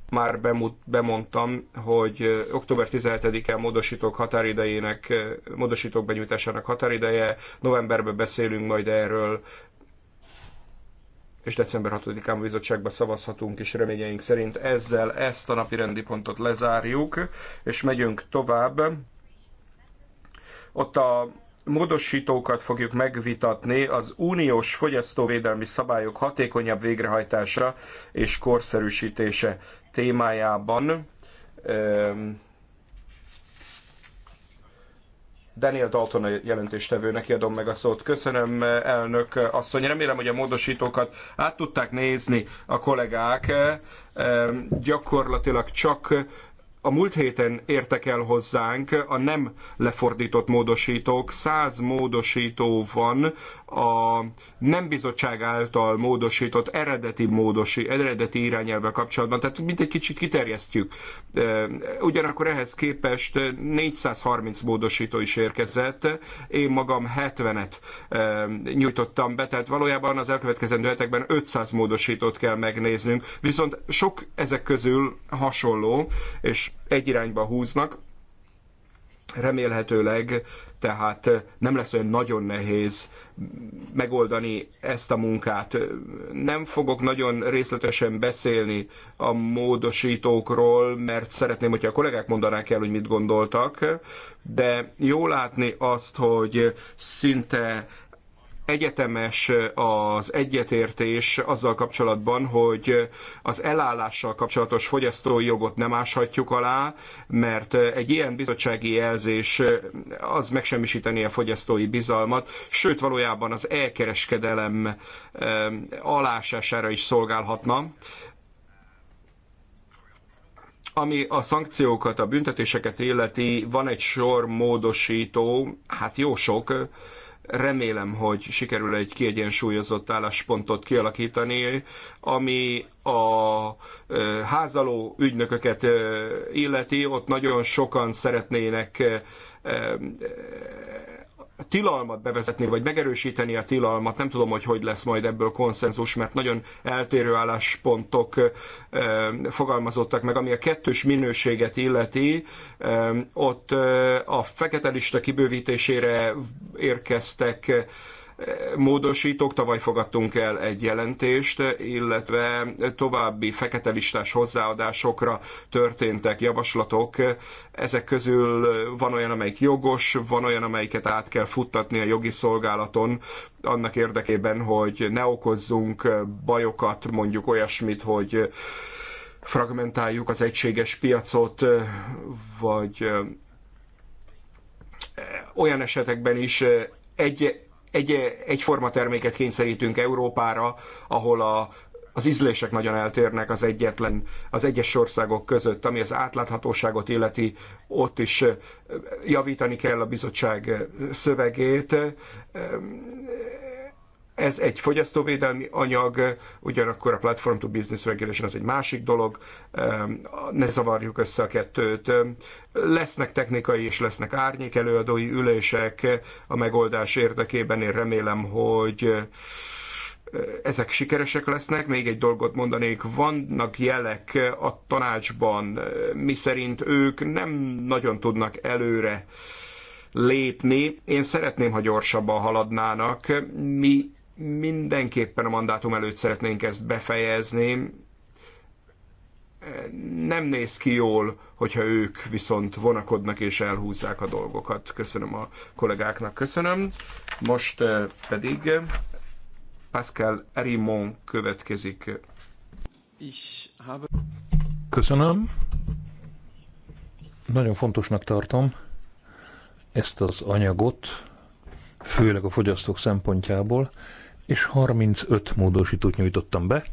Már bemut, bemondtam, hogy eh, október 17-e módosítók határidejének, módosítók benyújtásának határideje, novemberben beszélünk majd erről, és december 6-án a bizottságban szavazhatunk, és reményeink szerint ezzel ezt a napi rendi pontot lezárjuk, és megyünk tovább. Ott a módosítókat fogjuk megvitatni az uniós fogyasztóvédelmi szabályok hatékonyabb végrehajtása és korszerűsítése témájában. Daniel Dalton a neki adom meg a szót. Köszönöm, elnök asszony. Remélem, hogy a módosítókat át tudták nézni a kollégák. Gyakorlatilag csak a múlt héten értek el hozzánk a nem lefordított módosítók. Száz módosító van a nem bizottság által módosított eredeti, módosi, eredeti irányelve kapcsolatban, tehát mint egy kicsit kiterjesztjük. Ugyanakkor ehhez képest 430 módosító is érkezett, én magam 70-et nyújtottam be, tehát valójában az elkövetkezendő hetekben 500 módosítót kell megnéznünk, viszont sok ezek közül hasonló, és egy irányba húznak, remélhetőleg tehát nem lesz olyan nagyon nehéz megoldani ezt a munkát. Nem fogok nagyon részletesen beszélni a módosítókról, mert szeretném, hogyha a kollégák mondanák el, hogy mit gondoltak, de jó látni azt, hogy szinte egyetemes az egyetértés azzal kapcsolatban, hogy az elállással kapcsolatos fogyasztói jogot nem áshatjuk alá, mert egy ilyen bizottsági jelzés az megsemmisíteni a fogyasztói bizalmat, sőt valójában az elkereskedelem alásására is szolgálhatna ami a szankciókat, a büntetéseket illeti, van egy sor módosító, hát jó sok, Remélem, hogy sikerül egy kiegyensúlyozott álláspontot kialakítani, ami a házaló ügynököket illeti, ott nagyon sokan szeretnének tilalmat bevezetni, vagy megerősíteni a tilalmat, nem tudom, hogy hogy lesz majd ebből konszenzus, mert nagyon eltérő álláspontok fogalmazottak meg. Ami a kettős minőséget illeti, ott a fekete lista kibővítésére érkeztek módosítók, tavaly fogadtunk el egy jelentést, illetve további fekete listás hozzáadásokra történtek javaslatok. Ezek közül van olyan, amelyik jogos, van olyan, amelyiket át kell futtatni a jogi szolgálaton, annak érdekében, hogy ne okozzunk bajokat, mondjuk olyasmit, hogy fragmentáljuk az egységes piacot, vagy olyan esetekben is egy egy, egyforma terméket kényszerítünk Európára, ahol a, az ízlések nagyon eltérnek az egyetlen, az egyes országok között, ami az átláthatóságot illeti, ott is javítani kell a bizottság szövegét ez egy fogyasztóvédelmi anyag, ugyanakkor a Platform to Business Regulation az egy másik dolog, ehm, ne zavarjuk össze a kettőt. Lesznek technikai és lesznek árnyék előadói ülések a megoldás érdekében, én remélem, hogy eh, ezek sikeresek lesznek. Még egy dolgot mondanék, vannak jelek a tanácsban, miszerint ők nem nagyon tudnak előre lépni. Én szeretném, ha gyorsabban haladnának. Mi mindenképpen a mandátum előtt szeretnénk ezt befejezni. Nem néz ki jól, hogyha ők viszont vonakodnak és elhúzzák a dolgokat. Köszönöm a kollégáknak, köszönöm. Most eh, pedig Pascal Erimon következik. Köszönöm. Nagyon fontosnak tartom ezt az anyagot, főleg a fogyasztók szempontjából, és 35 módosítót nyújtottam be,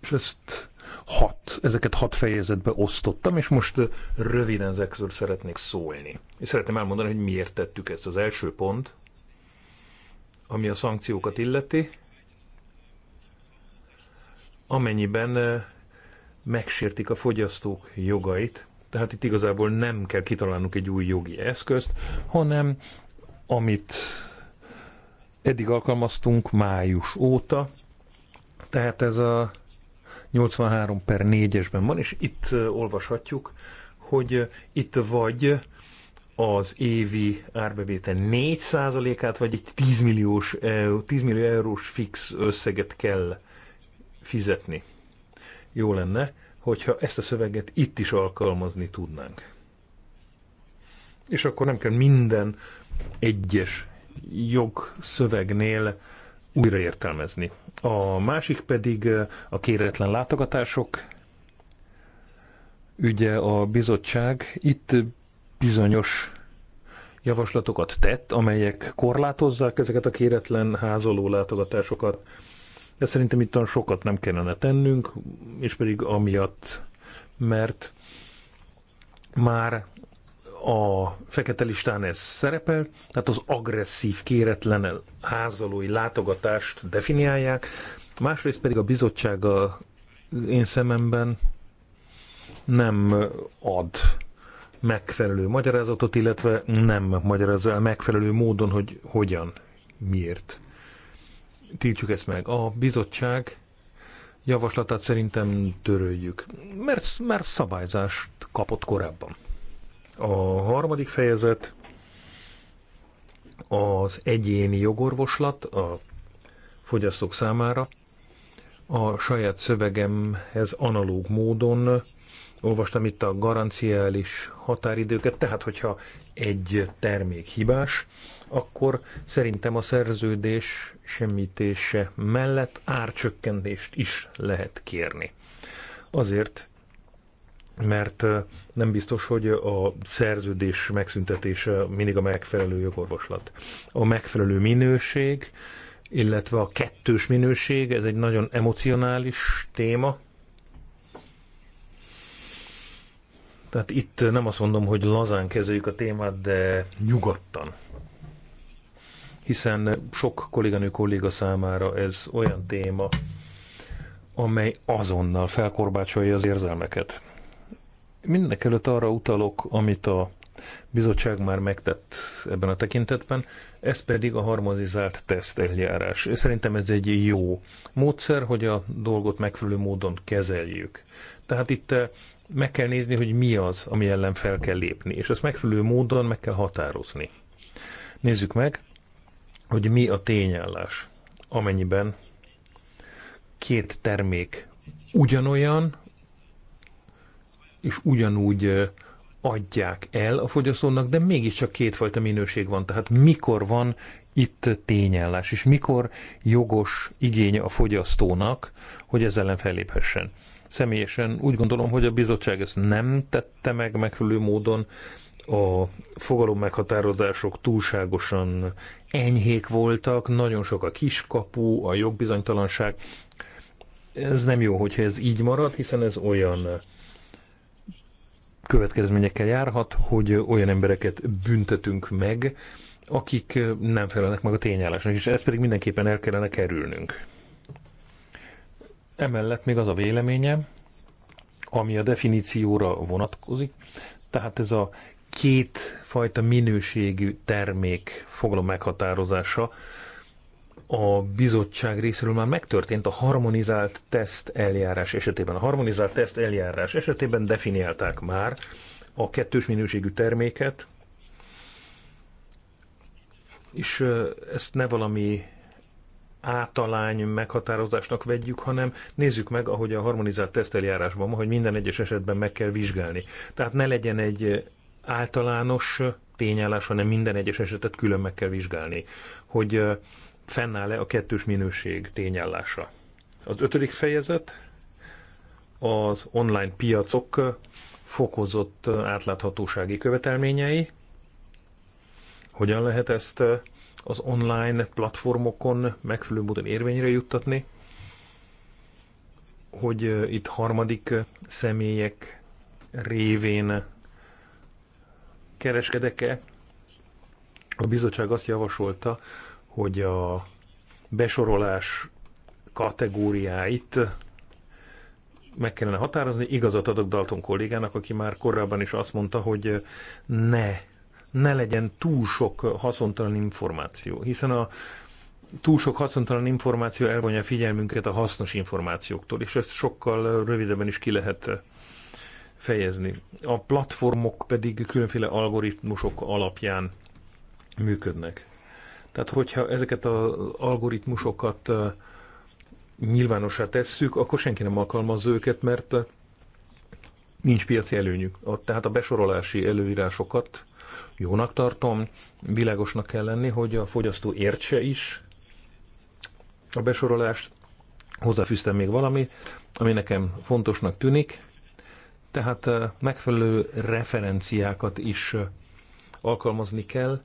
és ezt hat, ezeket hat fejezetbe osztottam, és most röviden ezekről szeretnék szólni. És szeretném elmondani, hogy miért tettük ezt. Az első pont, ami a szankciókat illeti, amennyiben megsértik a fogyasztók jogait, tehát itt igazából nem kell kitalálnunk egy új jogi eszközt, hanem amit eddig alkalmaztunk május óta, tehát ez a 83 per 4-esben van, és itt olvashatjuk, hogy itt vagy az évi árbevétel 4%-át, vagy egy 10, milliós, 10 millió eurós fix összeget kell fizetni. Jó lenne, hogyha ezt a szöveget itt is alkalmazni tudnánk. És akkor nem kell minden egyes jogszövegnél újraértelmezni. A másik pedig eh, a kéretlen látogatások. Ugye a bizottság itt bizonyos javaslatokat tett, amelyek korlátozzák ezeket a kéretlen házoló látogatásokat. De szerintem itt sokat nem kellene tennünk, és pedig amiatt, mert már a fekete listán ez szerepel, tehát az agresszív, kéretlen házalói látogatást definiálják, másrészt pedig a bizottság a én szememben nem ad megfelelő magyarázatot, illetve nem magyarázza el megfelelő módon, hogy hogyan, miért. Tiltsuk ezt meg. A bizottság javaslatát szerintem töröljük, mert mert szabályzást kapott korábban. A harmadik fejezet az egyéni jogorvoslat a fogyasztók számára. A saját szövegemhez analóg módon olvastam itt a garanciális határidőket, tehát hogyha egy termék hibás, akkor szerintem a szerződés semmitése mellett árcsökkentést is lehet kérni. Azért, mert nem biztos, hogy a szerződés megszüntetése mindig a megfelelő jogorvoslat. A megfelelő minőség, illetve a kettős minőség, ez egy nagyon emocionális téma. Tehát itt nem azt mondom, hogy lazán kezeljük a témát, de nyugodtan. Hiszen sok kolléganő kolléga számára ez olyan téma, amely azonnal felkorbácsolja az érzelmeket Mindenek előtt arra utalok, amit a bizottság már megtett ebben a tekintetben, ez pedig a harmonizált teszt eljárás. Szerintem ez egy jó módszer, hogy a dolgot megfelelő módon kezeljük. Tehát itt eh, meg kell nézni, hogy mi az, ami ellen fel kell lépni, és ezt megfelelő módon meg kell határozni. Nézzük meg, hogy mi a tényállás, amennyiben két termék ugyanolyan, is ugyanúgy adják el a fogyasztónak, de mégiscsak kétfajta minőség van. Tehát mikor van itt tényállás, és mikor jogos igénye a fogyasztónak, hogy ezzel ellen felléphessen. Személyesen úgy gondolom, hogy a bizottság ezt nem tette meg megfelelő módon, a fogalom meghatározások túlságosan enyhék voltak, nagyon sok a kiskapu, a jogbizonytalanság. Ez nem jó, hogyha ez így marad, hiszen ez olyan következményekkel járhat, hogy olyan embereket büntetünk meg, akik nem felelnek meg a tényállásnak, és ezt pedig mindenképpen el kellene kerülnünk. Emellett még az a véleményem, ami a definícióra vonatkozik, tehát ez a két fajta minőségű termék fogalom meghatározása, a bizottság részéről már megtörtént a harmonizált teszt eljárás esetében. A harmonizált teszt eljárás esetében definiálták már a kettős minőségű terméket, és ezt ne valami általány meghatározásnak vegyük, hanem nézzük meg, ahogy a harmonizált teszteljárásban van, hogy minden egyes esetben meg kell vizsgálni. Tehát ne legyen egy általános tényállás, hanem minden egyes esetet külön meg kell vizsgálni, hogy fennáll-e a kettős minőség tényállása. Az ötödik fejezet az online piacok fokozott átláthatósági követelményei. Hogyan lehet ezt az online platformokon megfelelő módon érvényre juttatni, hogy itt harmadik személyek révén kereskedek-e. A bizottság azt javasolta, hogy a besorolás kategóriáit meg kellene határozni. Igazat adok Dalton kollégának, aki már korábban is azt mondta, hogy ne, ne legyen túl sok haszontalan információ, hiszen a túl sok haszontalan információ elvonja a figyelmünket a hasznos információktól, és ezt sokkal rövidebben is ki lehet fejezni. A platformok pedig különféle algoritmusok alapján működnek. Tehát, hogyha ezeket az algoritmusokat nyilvánossá tesszük, akkor senki nem alkalmazza őket, mert nincs piaci előnyük. Tehát a besorolási előírásokat jónak tartom, világosnak kell lenni, hogy a fogyasztó értse is a besorolást. Hozzáfűztem még valami, ami nekem fontosnak tűnik, tehát megfelelő referenciákat is alkalmazni kell,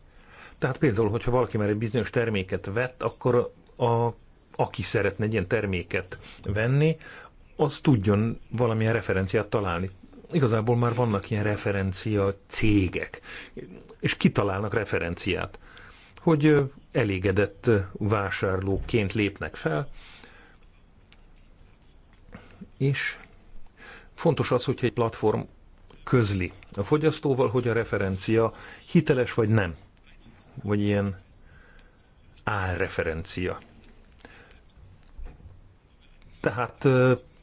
tehát például, hogyha valaki már egy bizonyos terméket vett, akkor a, aki szeretne egy ilyen terméket venni, az tudjon valamilyen referenciát találni. Igazából már vannak ilyen referencia cégek, és kitalálnak referenciát, hogy elégedett vásárlóként lépnek fel, és fontos az, hogyha egy platform közli a fogyasztóval, hogy a referencia hiteles vagy nem vagy ilyen álreferencia. Tehát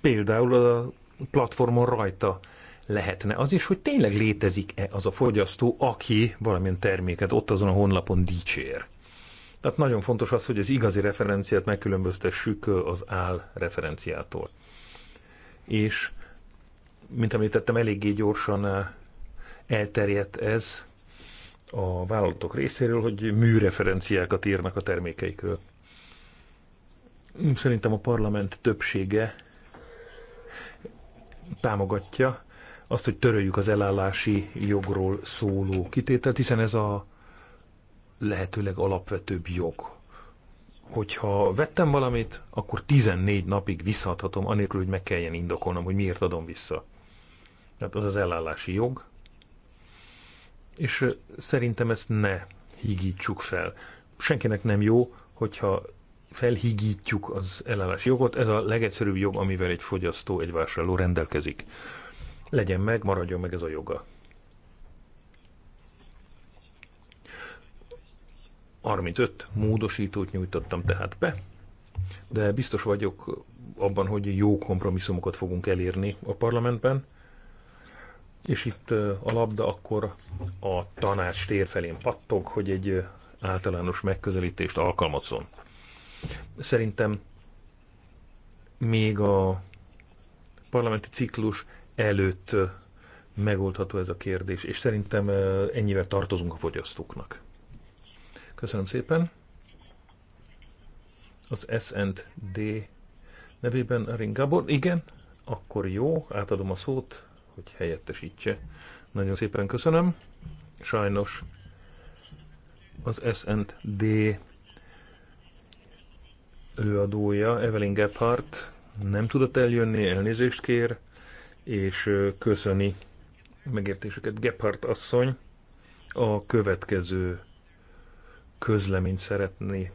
például a platformon rajta lehetne az is, hogy tényleg létezik-e az a fogyasztó, aki valamilyen terméket ott azon a honlapon dicsér. Tehát nagyon fontos az, hogy az igazi referenciát megkülönböztessük az áll referenciától. És, mint említettem, eléggé gyorsan elterjedt ez a vállalatok részéről, hogy műreferenciákat írnak a termékeikről. Szerintem a parlament többsége támogatja azt, hogy töröljük az elállási jogról szóló kitételt, hiszen ez a lehetőleg alapvetőbb jog. Hogyha vettem valamit, akkor 14 napig visszaadhatom, anélkül, hogy meg kelljen indokolnom, hogy miért adom vissza. Tehát az az elállási jog, és szerintem ezt ne higítsuk fel. Senkinek nem jó, hogyha felhigítjuk az ellenállás jogot. Ez a legegyszerűbb jog, amivel egy fogyasztó, egy vásárló rendelkezik. Legyen meg, maradjon meg ez a joga. 35 módosítót nyújtottam tehát be, de biztos vagyok abban, hogy jó kompromisszumokat fogunk elérni a parlamentben, és itt a labda akkor a tanács tér felén pattog, hogy egy általános megközelítést alkalmazzon. Szerintem még a parlamenti ciklus előtt megoldható ez a kérdés, és szerintem ennyivel tartozunk a fogyasztóknak. Köszönöm szépen. Az S&D nevében Ring Gabor. Igen, akkor jó, átadom a szót hogy helyettesítse. Nagyon szépen köszönöm. Sajnos az SND előadója, Evelyn Gephardt nem tudott eljönni, elnézést kér, és köszöni megértésüket. Gephardt asszony a következő közleményt szeretné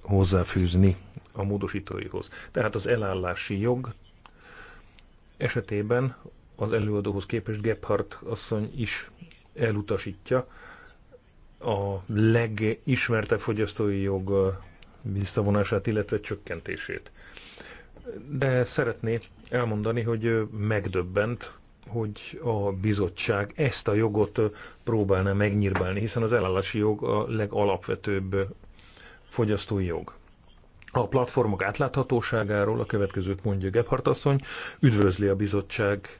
hozzáfűzni a módosítóihoz. Tehát az elállási jog esetében az előadóhoz képest Gebhardt asszony is elutasítja. A legismertebb fogyasztói jog visszavonását, illetve csökkentését. De szeretné elmondani, hogy megdöbbent, hogy a bizottság ezt a jogot próbálna megnyírbálni, hiszen az elállási jog a legalapvetőbb fogyasztói jog. A platformok átláthatóságáról a következőt mondja Gebhardt asszony, üdvözli a bizottság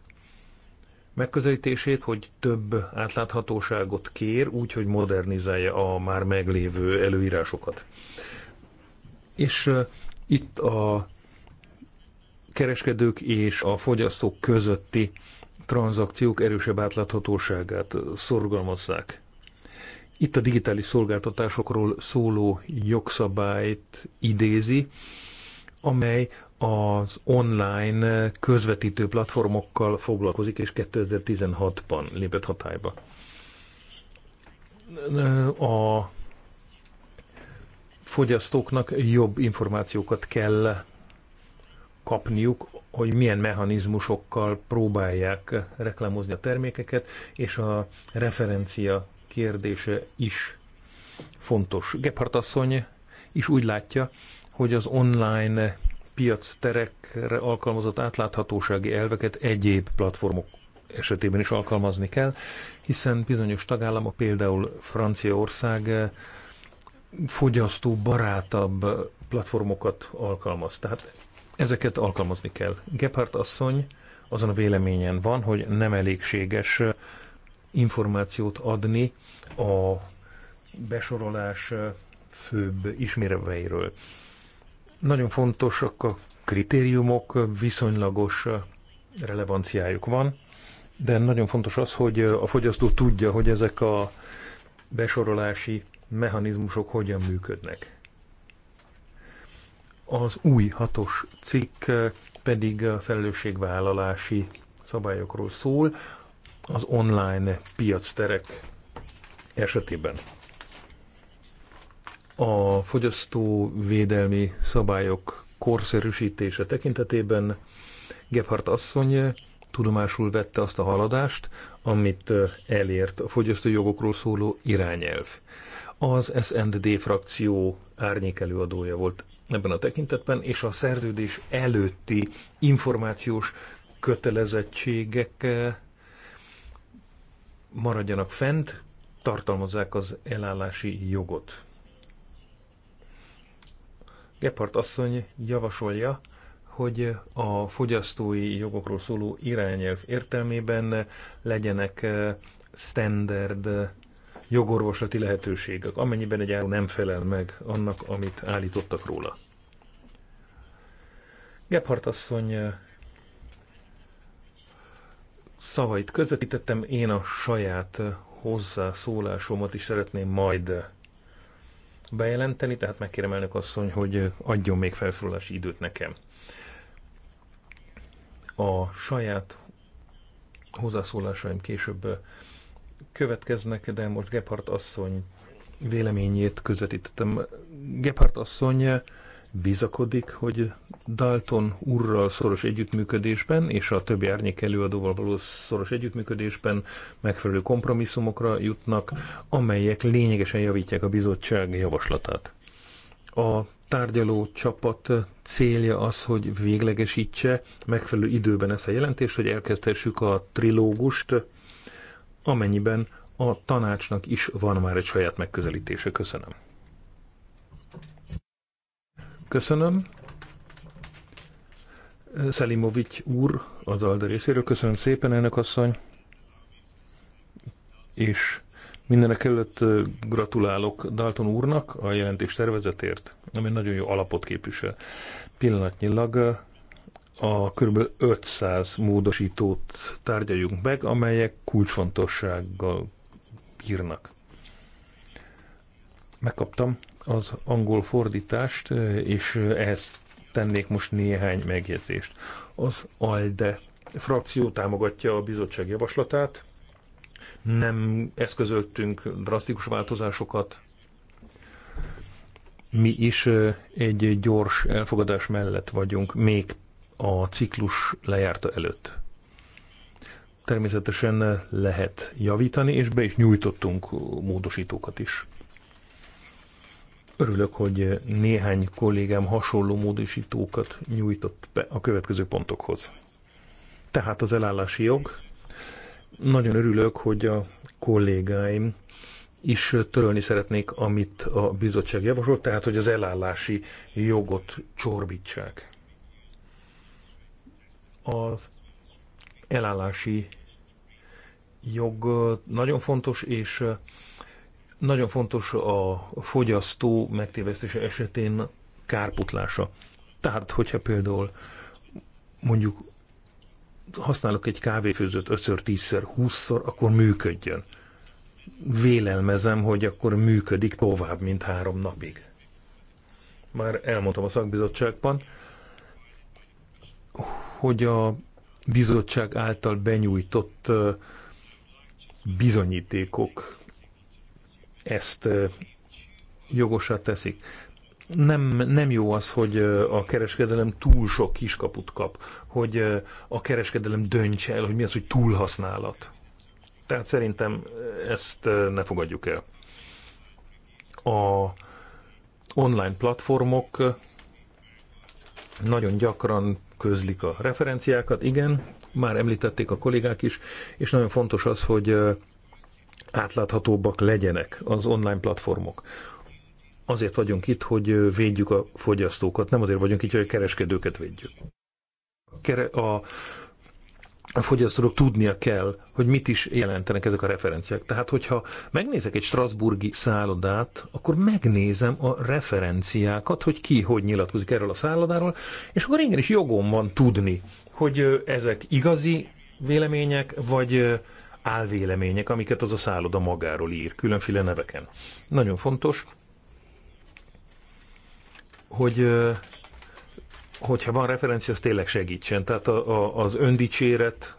megközelítését, hogy több átláthatóságot kér, úgy, hogy modernizálja a már meglévő előírásokat. És itt a kereskedők és a fogyasztók közötti tranzakciók erősebb átláthatóságát szorgalmazzák. Itt a digitális szolgáltatásokról szóló jogszabályt idézi, amely az online közvetítő platformokkal foglalkozik, és 2016-ban lépett hatályba. A fogyasztóknak jobb információkat kell kapniuk, hogy milyen mechanizmusokkal próbálják reklámozni a termékeket, és a referencia kérdése is fontos. Gebhardt asszony is úgy látja, hogy az online piac terekre alkalmazott átláthatósági elveket egyéb platformok esetében is alkalmazni kell, hiszen bizonyos tagállamok, például Franciaország eh, fogyasztó barátabb eh, platformokat alkalmaz. Tehát ezeket alkalmazni kell. Gephardt asszony azon a véleményen van, hogy nem elégséges eh, információt adni a besorolás főbb ismérveiről. Nagyon fontosak a kritériumok, viszonylagos relevanciájuk van, de nagyon fontos az, hogy a fogyasztó tudja, hogy ezek a besorolási mechanizmusok hogyan működnek. Az új hatos cikk pedig a felelősségvállalási szabályokról szól az online piacterek esetében a fogyasztóvédelmi szabályok korszerűsítése tekintetében Gebhardt asszony tudomásul vette azt a haladást, amit elért a fogyasztói jogokról szóló irányelv. Az SND frakció árnyék előadója volt ebben a tekintetben, és a szerződés előtti információs kötelezettségek eh, maradjanak fent, tartalmazzák az elállási jogot. Gephardt asszony javasolja, hogy a fogyasztói jogokról szóló irányelv értelmében legyenek eh, standard jogorvoslati lehetőségek, amennyiben egy áru nem felel meg annak, amit állítottak róla. Gephardt asszony eh, szavait közvetítettem, én a saját eh, hozzászólásomat is szeretném majd bejelenteni, tehát megkérem elnök asszony, hogy adjon még felszólalási időt nekem. A saját hozzászólásaim később következnek, de most Gephardt asszony véleményét közvetítettem. Gephardt asszony bizakodik, hogy Dalton urral szoros együttműködésben és a többi árnyék előadóval való szoros együttműködésben megfelelő kompromisszumokra jutnak, amelyek lényegesen javítják a bizottság javaslatát. A tárgyaló csapat célja az, hogy véglegesítse megfelelő időben ezt a jelentést, hogy elkezdhessük a trilógust, amennyiben a tanácsnak is van már egy saját megközelítése. Köszönöm. Köszönöm. Szelimovics úr az Alda részéről. Köszönöm szépen, elnök asszony. És mindenek előtt gratulálok Dalton úrnak a jelentés tervezetért, ami nagyon jó alapot képvisel. Pillanatnyilag a kb. 500 módosítót tárgyaljunk meg, amelyek kulcsfontossággal bírnak. Megkaptam az angol fordítást, és ehhez tennék most néhány megjegyzést. Az ALDE frakció támogatja a bizottság javaslatát, nem eszközöltünk drasztikus változásokat, mi is egy gyors elfogadás mellett vagyunk, még a ciklus lejárta előtt. Természetesen lehet javítani, és be is nyújtottunk módosítókat is. Örülök, hogy néhány kollégám hasonló módosítókat nyújtott be a következő pontokhoz. Tehát az elállási jog. Nagyon örülök, hogy a kollégáim is törölni szeretnék, amit a bizottság javasolt, tehát hogy az elállási jogot csorbítsák. Az elállási jog nagyon fontos, és nagyon fontos a fogyasztó megtévesztése esetén kárputlása. Tehát, hogyha például mondjuk használok egy kávéfőzőt 5-ször, 10-szer, 20-szor, akkor működjön. Vélelmezem, hogy akkor működik tovább, mint három napig. Már elmondtam a szakbizottságban, hogy a bizottság által benyújtott bizonyítékok ezt jogosra teszik. Nem, nem jó az, hogy a kereskedelem túl sok kiskaput kap, hogy a kereskedelem döntse el, hogy mi az, hogy túlhasználat. Tehát szerintem ezt ne fogadjuk el. A online platformok nagyon gyakran közlik a referenciákat, igen, már említették a kollégák is, és nagyon fontos az, hogy átláthatóbbak legyenek az online platformok. Azért vagyunk itt, hogy védjük a fogyasztókat, nem azért vagyunk itt, hogy a kereskedőket védjük. A a fogyasztók tudnia kell, hogy mit is jelentenek ezek a referenciák. Tehát, hogyha megnézek egy Strasburgi szállodát, akkor megnézem a referenciákat, hogy ki hogy nyilatkozik erről a szállodáról, és akkor igenis jogom van tudni, hogy ezek igazi vélemények, vagy álvélemények, amiket az a szálloda magáról ír, különféle neveken. Nagyon fontos, hogy hogyha van referencia, az tényleg segítsen. Tehát a, a, az öndicséret,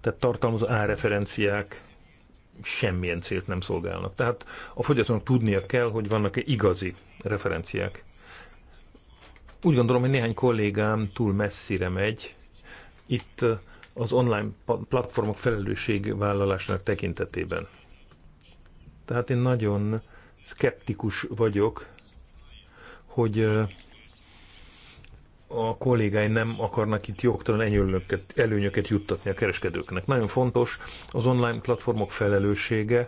tehát tartalmazó álreferenciák semmilyen célt nem szolgálnak. Tehát a fogyasztónak tudnia kell, hogy vannak-e igazi referenciák. Úgy gondolom, hogy néhány kollégám túl messzire megy. Itt az online platformok felelősségvállalásának tekintetében. Tehát én nagyon skeptikus vagyok, hogy a kollégái nem akarnak itt jogtalan előnyöket, előnyöket juttatni a kereskedőknek. Nagyon fontos az online platformok felelőssége,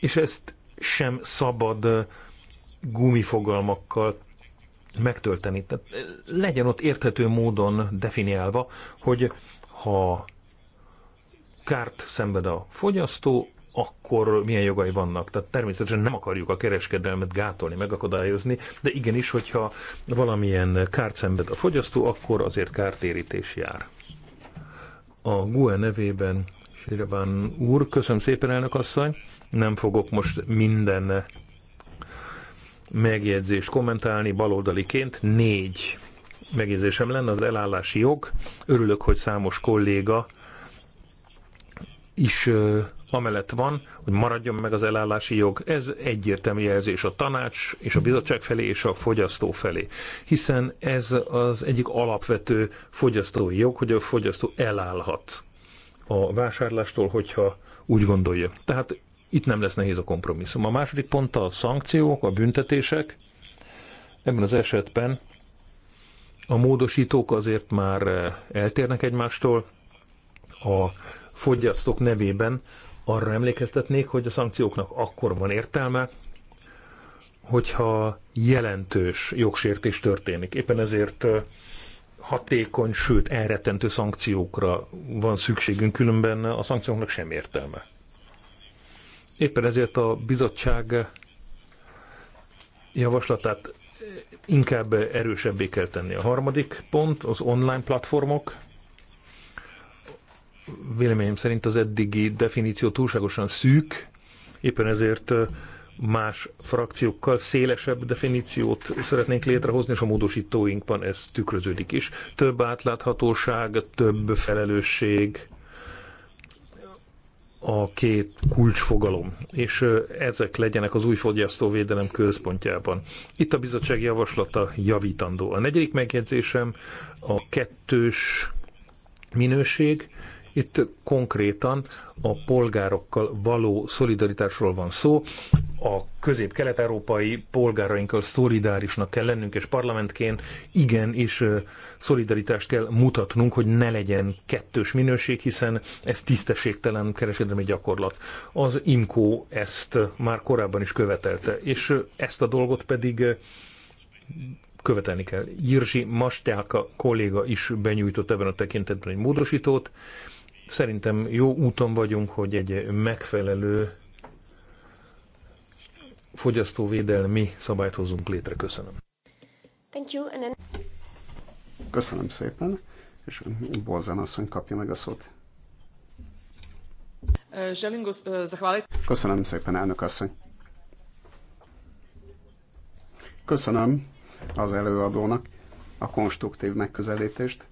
és ezt sem szabad gumifogalmakkal megtölteni. Tehát eh, legyen ott érthető módon definiálva, hogy ha kárt szenved a fogyasztó, akkor milyen jogai vannak. Tehát természetesen nem akarjuk a kereskedelmet gátolni, megakadályozni, de igenis, hogyha valamilyen kárt szenved a fogyasztó, akkor azért kártérítés jár. A GUE nevében Sirabán úr, köszönöm szépen, elnök asszony. Nem fogok most minden megjegyzést kommentálni baloldaliként. Négy megjegyzésem lenne az elállási jog. Örülök, hogy számos kolléga is ö, amellett van, hogy maradjon meg az elállási jog. Ez egyértelmű jelzés a tanács és a bizottság felé és a fogyasztó felé. Hiszen ez az egyik alapvető fogyasztói jog, hogy a fogyasztó elállhat a vásárlástól, hogyha úgy gondolja. Tehát itt nem lesz nehéz a kompromisszum. A második pont a szankciók, a büntetések. Ebben az esetben a módosítók azért már eh, eltérnek egymástól. A fogyasztók nevében arra emlékeztetnék, hogy a szankcióknak akkor van értelme, hogyha jelentős jogsértés történik. Éppen ezért eh, hatékony, sőt elrettentő szankciókra van szükségünk, különben a szankcióknak sem értelme. Éppen ezért a bizottság javaslatát inkább erősebbé kell tenni. A harmadik pont az online platformok. Véleményem szerint az eddigi definíció túlságosan szűk, éppen ezért más frakciókkal szélesebb definíciót szeretnénk létrehozni, és a módosítóinkban ez tükröződik is. Több átláthatóság, több felelősség a két kulcsfogalom, és ezek legyenek az új fogyasztóvédelem központjában. Itt a bizottság javaslata javítandó. A negyedik megjegyzésem a kettős minőség, itt konkrétan a polgárokkal való szolidaritásról van szó. A közép-kelet-európai polgárainkkal szolidárisnak kell lennünk, és parlamentként igen, és szolidaritást kell mutatnunk, hogy ne legyen kettős minőség, hiszen ez tisztességtelen kereskedelmi gyakorlat. Az IMCO ezt már korábban is követelte, és ezt a dolgot pedig követelni kell. Jirzsi Mastyáka kolléga is benyújtott ebben a tekintetben egy módosítót, Szerintem jó úton vagyunk, hogy egy megfelelő fogyasztóvédelmi szabályt hozunk létre. Köszönöm. Thank you, and then... Köszönöm szépen, és Bolzán asszony kapja meg a szót. Köszönöm szépen, elnök asszony. Köszönöm az előadónak a konstruktív megközelítést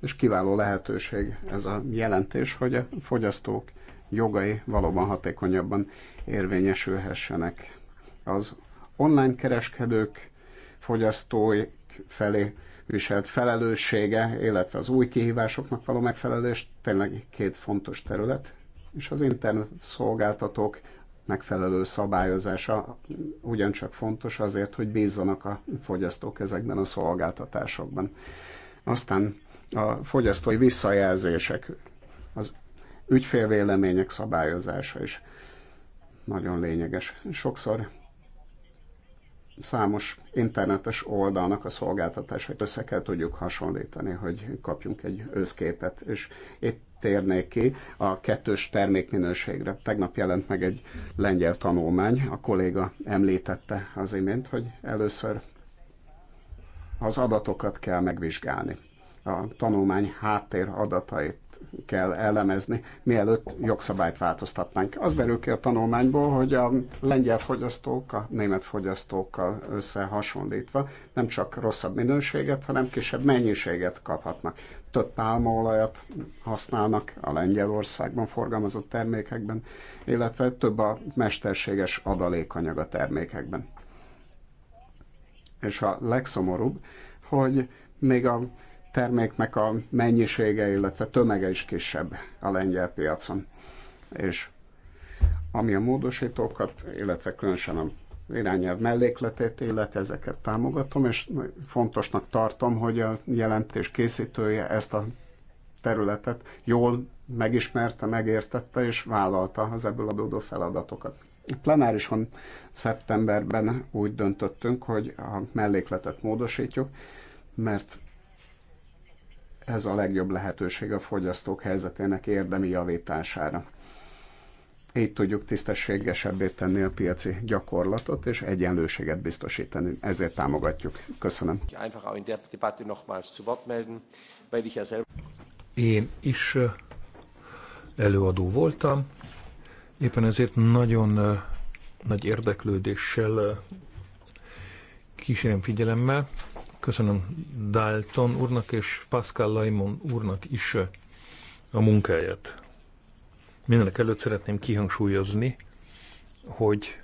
és kiváló lehetőség ez a jelentés, hogy a fogyasztók jogai valóban hatékonyabban érvényesülhessenek. Az online kereskedők fogyasztói felé viselt felelőssége, illetve az új kihívásoknak való megfelelés tényleg két fontos terület, és az internet szolgáltatók megfelelő szabályozása ugyancsak fontos azért, hogy bízzanak a fogyasztók ezekben a szolgáltatásokban. Aztán a fogyasztói visszajelzések, az ügyfélvélemények szabályozása is nagyon lényeges. Sokszor számos internetes oldalnak a szolgáltatásait össze kell tudjuk hasonlítani, hogy kapjunk egy összképet, és itt térnék ki a kettős termékminőségre. Tegnap jelent meg egy lengyel tanulmány, a kolléga említette az imént, hogy először az adatokat kell megvizsgálni a tanulmány háttér adatait kell elemezni, mielőtt jogszabályt változtatnánk. Az derül ki a tanulmányból, hogy a lengyel fogyasztók a német fogyasztókkal összehasonlítva nem csak rosszabb minőséget, hanem kisebb mennyiséget kaphatnak. Több pálmaolajat használnak a Lengyelországban forgalmazott termékekben, illetve több a mesterséges adalékanyag a termékekben. És a legszomorúbb, hogy még a terméknek a mennyisége, illetve tömege is kisebb a lengyel piacon. És ami a módosítókat, illetve különösen a irányelv mellékletét, illetve ezeket támogatom, és fontosnak tartom, hogy a jelentés készítője ezt a területet jól megismerte, megértette és vállalta az ebből adódó feladatokat. Plenárison szeptemberben úgy döntöttünk, hogy a mellékletet módosítjuk, mert ez a legjobb lehetőség a fogyasztók helyzetének érdemi javítására. Így tudjuk tisztességesebbé tenni a piaci gyakorlatot és egyenlőséget biztosítani. Ezért támogatjuk. Köszönöm. Én is előadó voltam, éppen ezért nagyon nagy érdeklődéssel kísérem figyelemmel Köszönöm Dalton úrnak és Pascal Laimon úrnak is a munkáját. Mindenek előtt szeretném kihangsúlyozni, hogy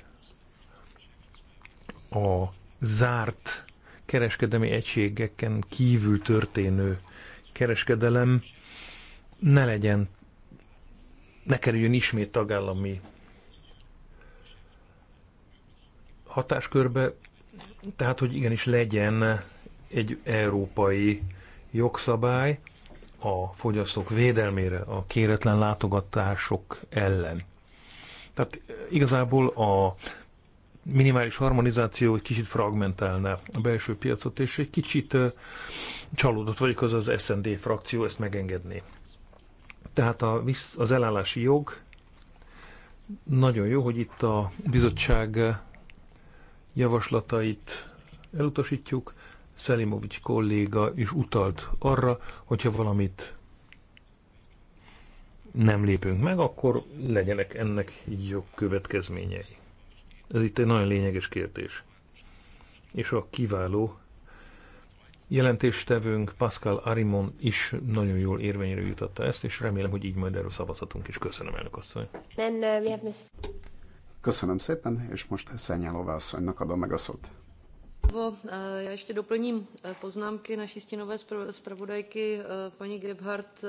a zárt kereskedelmi egységeken kívül történő kereskedelem ne legyen, ne kerüljön ismét tagállami hatáskörbe, tehát hogy igenis legyen egy európai jogszabály a fogyasztók védelmére, a kéretlen látogatások ellen. Tehát igazából a minimális harmonizáció egy kicsit fragmentálna a belső piacot, és egy kicsit csalódott vagyok, az az SND frakció ezt megengedné. Tehát a, az elállási jog nagyon jó, hogy itt a bizottság javaslatait elutasítjuk, Szelimovics kolléga is utalt arra, hogyha valamit nem lépünk meg, akkor legyenek ennek jobb következményei. Ez itt egy nagyon lényeges kérdés. És a kiváló jelentéstevőnk Pascal Arimon is nagyon jól érvényre jutatta ezt, és remélem, hogy így majd erről szavazhatunk is. Köszönöm, elnök asszony. Uh, Köszönöm szépen, és most Szennyálóvá asszonynak adom meg a szót. Eh, já ještě doplním eh, poznámky naší stínové zpravodajky eh, paní Gebhardt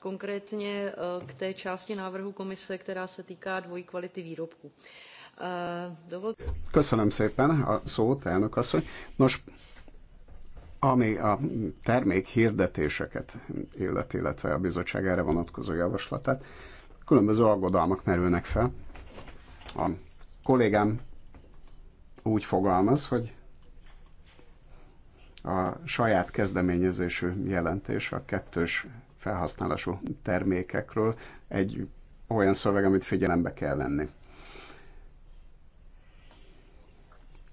konkrétně k té části návrhu komise, která se týká dvojí kvality výrobku. Dovol... Köszönöm szépen a szót, elnök asszony. Nos, ami a termék hirdetéseket illet, illetve a bizottság erre vonatkozó javaslatát, különböző aggodalmak merülnek fel. A kollégám úgy fogalmaz, hogy a saját kezdeményezésű jelentés a kettős felhasználású termékekről egy olyan szöveg, amit figyelembe kell venni.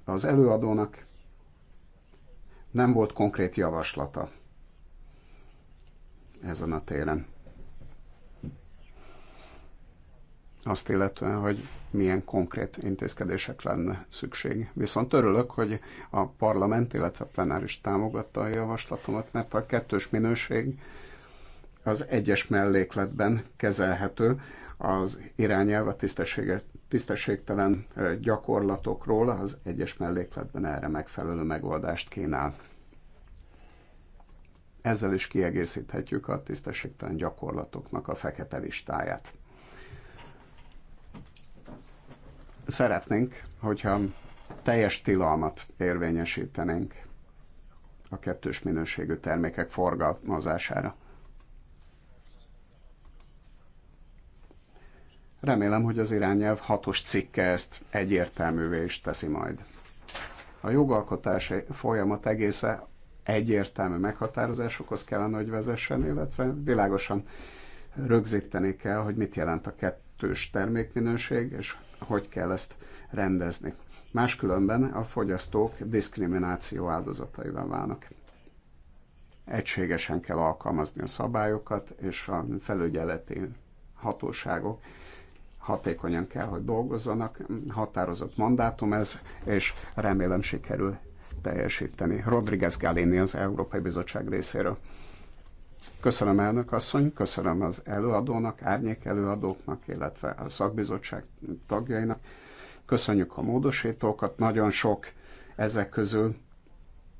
Az előadónak nem volt konkrét javaslata ezen a téren. azt illetően, hogy milyen konkrét intézkedések lenne szükség. Viszont örülök, hogy a parlament, illetve a plenáris támogatta a javaslatomat, mert a kettős minőség az egyes mellékletben kezelhető, az irányelv a tisztességtelen gyakorlatokról az egyes mellékletben erre megfelelő megoldást kínál. Ezzel is kiegészíthetjük a tisztességtelen gyakorlatoknak a fekete listáját. szeretnénk, hogyha teljes tilalmat érvényesítenénk a kettős minőségű termékek forgalmazására. Remélem, hogy az irányelv hatos cikke ezt egyértelművé is teszi majd. A jogalkotási folyamat egésze egyértelmű meghatározásokhoz kellene, hogy vezessen, illetve világosan rögzíteni kell, hogy mit jelent a kettős termékminőség, és hogy kell ezt rendezni. Máskülönben a fogyasztók diszkrimináció áldozataival válnak. Egységesen kell alkalmazni a szabályokat, és a felügyeleti hatóságok hatékonyan kell, hogy dolgozzanak. Határozott mandátum ez, és remélem sikerül teljesíteni. Rodriguez Galini az Európai Bizottság részéről. Köszönöm elnök asszony, köszönöm az előadónak, árnyék előadóknak, illetve a szakbizottság tagjainak. Köszönjük a módosítókat, nagyon sok ezek közül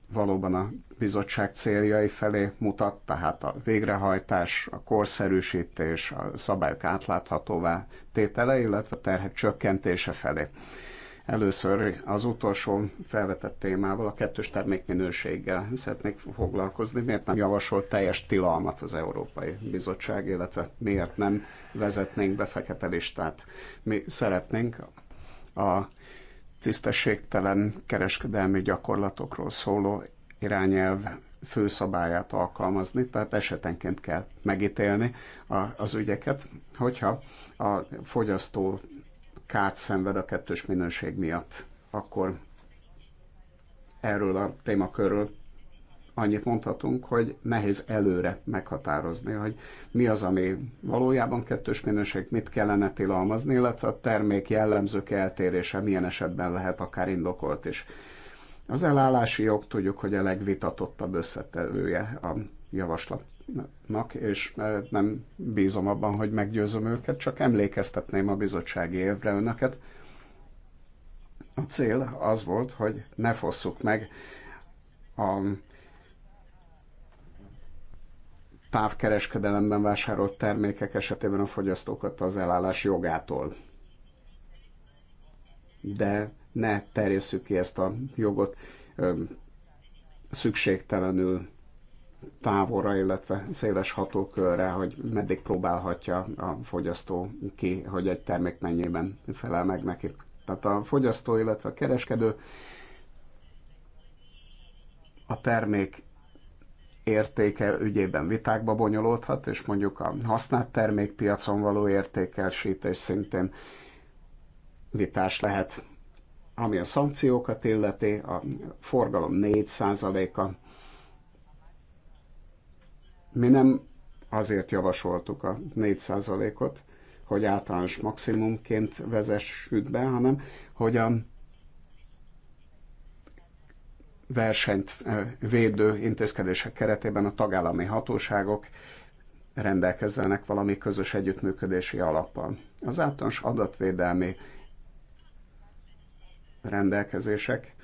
valóban a bizottság céljai felé mutat, tehát a végrehajtás, a korszerűsítés, a szabályok átláthatóvá tétele, illetve a terhek csökkentése felé. Először az utolsó felvetett témával, a kettős termékminőséggel szeretnék foglalkozni. Miért nem javasolt teljes tilalmat az Európai Bizottság, illetve miért nem vezetnénk be fekete listát? Mi szeretnénk a tisztességtelen kereskedelmi gyakorlatokról szóló irányelv főszabályát alkalmazni, tehát esetenként kell megítélni a, az ügyeket, hogyha a fogyasztó kárt szenved a kettős minőség miatt. Akkor erről a témakörről annyit mondhatunk, hogy nehéz előre meghatározni, hogy mi az, ami valójában kettős minőség, mit kellene tilalmazni, illetve a termék jellemzők eltérése milyen esetben lehet akár indokolt is. Az elállási jog tudjuk, hogy a legvitatottabb összetevője a javaslat nak, és e, nem bízom abban, hogy meggyőzöm őket, csak emlékeztetném a bizottsági évre önöket. A cél az volt, hogy ne fosszuk meg a távkereskedelemben vásárolt termékek esetében a fogyasztókat az elállás jogától. De ne terjesszük ki ezt a jogot szükségtelenül távolra, illetve széles hatókörre, hogy meddig próbálhatja a fogyasztó ki, hogy egy termék mennyiben felel meg neki. Tehát a fogyasztó, illetve a kereskedő a termék értéke ügyében vitákba bonyolódhat, és mondjuk a használt termékpiacon való értékelsítés szintén vitás lehet. Ami a szankciókat illeti, a forgalom 4%-a mi nem azért javasoltuk a 4%-ot, hogy általános maximumként vezessük be, hanem hogy a versenyt védő intézkedések keretében a tagállami hatóságok rendelkezzenek valami közös együttműködési alappal. Az általános adatvédelmi rendelkezések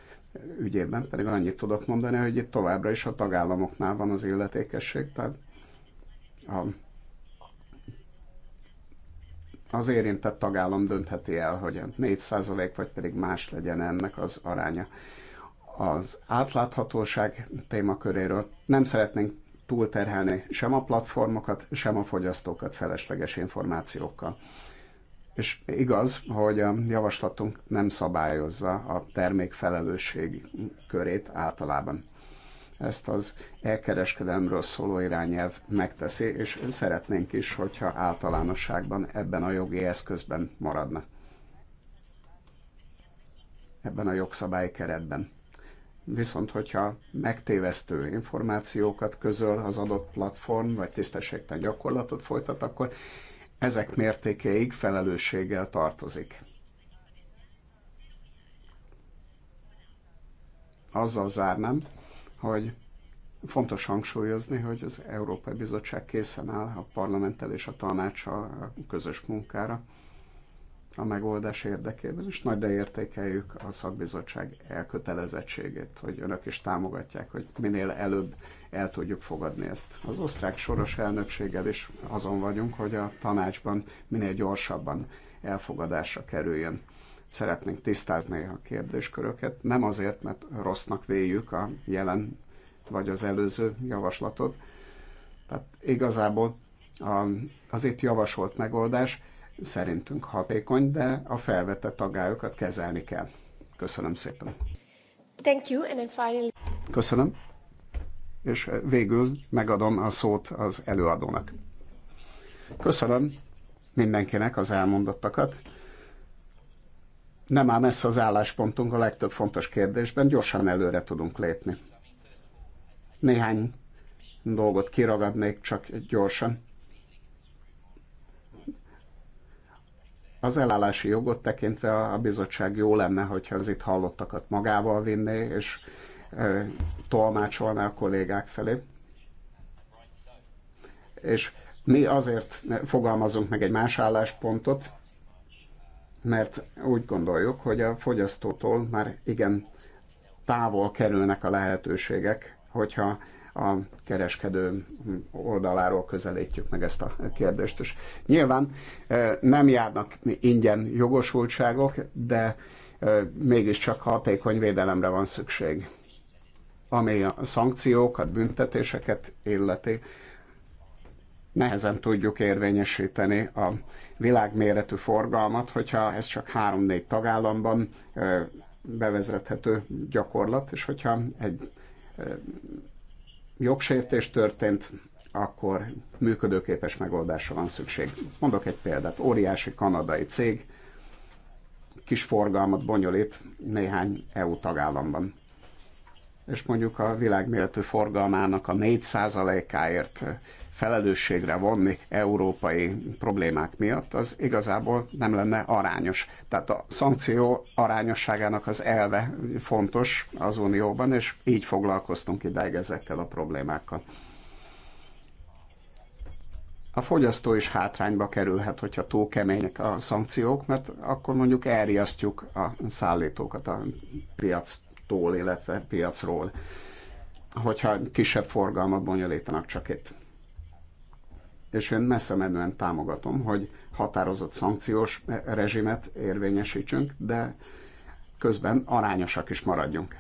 ügyében pedig annyit tudok mondani, hogy itt továbbra is a tagállamoknál van az illetékesség, tehát a, az érintett tagállam döntheti el, hogy 4% vagy pedig más legyen ennek az aránya. Az átláthatóság témaköréről nem szeretnénk túlterhelni sem a platformokat, sem a fogyasztókat felesleges információkkal. És igaz, hogy a javaslatunk nem szabályozza a termék felelősségi körét általában. Ezt az elkereskedelemről szóló irányelv megteszi, és szeretnénk is, hogyha általánosságban ebben a jogi eszközben maradna. Ebben a jogszabály keretben. Viszont, hogyha megtévesztő információkat közöl az adott platform, vagy tisztességtelen gyakorlatot folytat, akkor ezek mértékeig felelősséggel tartozik. Azzal zárnám, hogy fontos hangsúlyozni, hogy az Európai Bizottság készen áll a parlamenttel és a tanácssal a közös munkára a megoldás érdekében, és nagyra értékeljük a szakbizottság elkötelezettségét, hogy önök is támogatják, hogy minél előbb el tudjuk fogadni ezt. Az osztrák soros elnökséggel is azon vagyunk, hogy a tanácsban minél gyorsabban elfogadásra kerüljön. Szeretnénk tisztázni a kérdésköröket, nem azért, mert rossznak véljük a jelen vagy az előző javaslatot. Tehát igazából az itt javasolt megoldás szerintünk hatékony, de a felvetett agályokat kezelni kell. Köszönöm szépen. Thank you, and then finally... Köszönöm és végül megadom a szót az előadónak. Köszönöm mindenkinek az elmondottakat. Nem áll messze az álláspontunk a legtöbb fontos kérdésben, gyorsan előre tudunk lépni. Néhány dolgot kiragadnék csak gyorsan. az elállási jogot tekintve a bizottság jó lenne, hogyha az itt hallottakat magával vinné, és tolmácsolná a kollégák felé. És mi azért fogalmazunk meg egy más álláspontot, mert úgy gondoljuk, hogy a fogyasztótól már igen távol kerülnek a lehetőségek, hogyha a kereskedő oldaláról közelítjük meg ezt a kérdést. És nyilván nem járnak ingyen jogosultságok, de mégiscsak hatékony védelemre van szükség. Amely a szankciókat, büntetéseket illeti, nehezen tudjuk érvényesíteni a világméretű forgalmat, hogyha ez csak három-négy tagállamban bevezethető gyakorlat, és hogyha egy jogsértés történt, akkor működőképes megoldásra van szükség. Mondok egy példát. Óriási kanadai cég kis forgalmat bonyolít néhány EU tagállamban és mondjuk a világméretű forgalmának a 4%-áért felelősségre vonni európai problémák miatt, az igazából nem lenne arányos. Tehát a szankció arányosságának az elve fontos az Unióban, és így foglalkoztunk ideig ezekkel a problémákkal. A fogyasztó is hátrányba kerülhet, hogyha túl kemények a szankciók, mert akkor mondjuk elriasztjuk a szállítókat a piac tól, illetve piacról, hogyha kisebb forgalmat bonyolítanak csak itt. És én messze menően támogatom, hogy határozott szankciós rezsimet érvényesítsünk, de közben arányosak is maradjunk.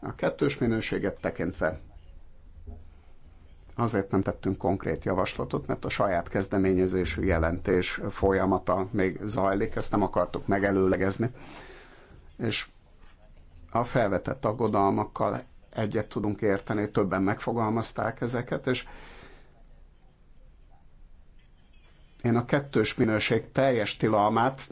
A kettős minőséget tekintve azért nem tettünk konkrét javaslatot, mert a saját kezdeményezésű jelentés folyamata még zajlik, ezt nem akartuk megelőlegezni. És a felvetett aggodalmakkal egyet tudunk érteni, többen megfogalmazták ezeket, és én a kettős minőség teljes tilalmát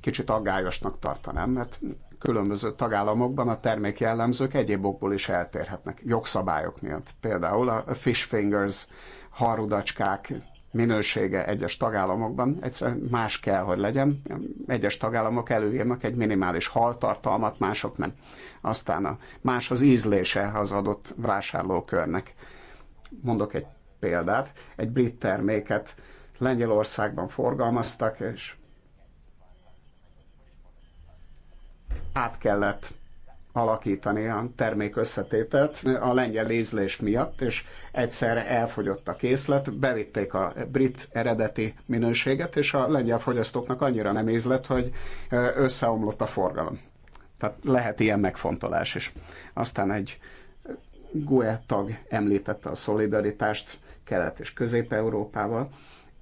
kicsit aggályosnak tartanám, mert különböző tagállamokban a termék jellemzők egyéb okból is eltérhetnek, jogszabályok miatt. Például a fish fingers, harudacskák minősége egyes tagállamokban egyszerűen más kell, hogy legyen. Egyes tagállamok előírnak egy minimális haltartalmat, mások nem. Aztán a, más az ízlése az adott vásárlókörnek. Mondok egy példát. Egy brit terméket Lengyelországban forgalmaztak, és át kellett alakítani a termék összetételt a lengyel ízlés miatt, és egyszerre elfogyott a készlet, bevitték a brit eredeti minőséget, és a lengyel fogyasztóknak annyira nem ízlett, hogy összeomlott a forgalom. Tehát lehet ilyen megfontolás is. Aztán egy GUE tag említette a szolidaritást Kelet- és Közép-Európával,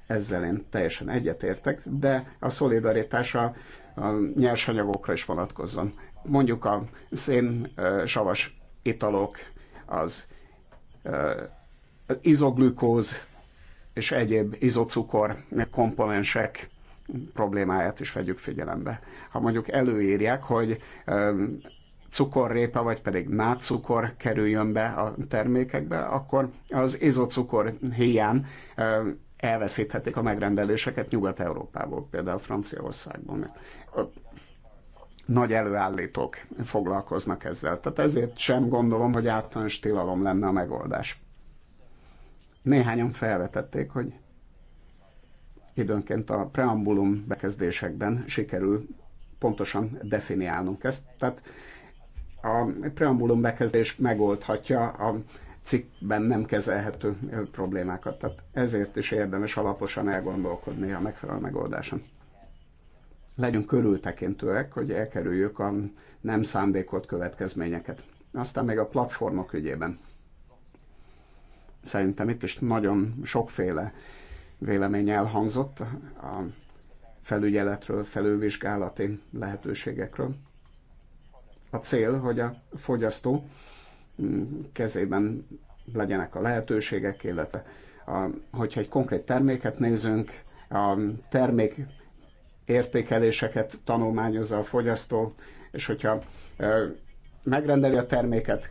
ezzel én teljesen egyetértek, de a szolidaritás a, a nyersanyagokra is vonatkozzon mondjuk a szén savas italok, az izoglükóz és egyéb izocukor komponensek problémáját is vegyük figyelembe. Ha mondjuk előírják, hogy cukorrépa, vagy pedig nátszukor kerüljön be a termékekbe, akkor az izocukor hiány elveszíthetik a megrendeléseket Nyugat-Európából, például Franciaországban nagy előállítók foglalkoznak ezzel. Tehát ezért sem gondolom, hogy általános tilalom lenne a megoldás. Néhányan felvetették, hogy időnként a preambulum bekezdésekben sikerül pontosan definiálnunk ezt. Tehát a preambulum bekezdés megoldhatja a cikkben nem kezelhető problémákat. Tehát ezért is érdemes alaposan elgondolkodni a megfelelő megoldáson legyünk körültekintőek, hogy elkerüljük a nem szándékolt következményeket. Aztán még a platformok ügyében. Szerintem itt is nagyon sokféle vélemény elhangzott a felügyeletről, felülvizsgálati lehetőségekről. A cél, hogy a fogyasztó mm, kezében legyenek a lehetőségek, illetve a, hogyha egy konkrét terméket nézünk, a termék értékeléseket tanulmányozza a fogyasztó, és hogyha megrendeli a terméket,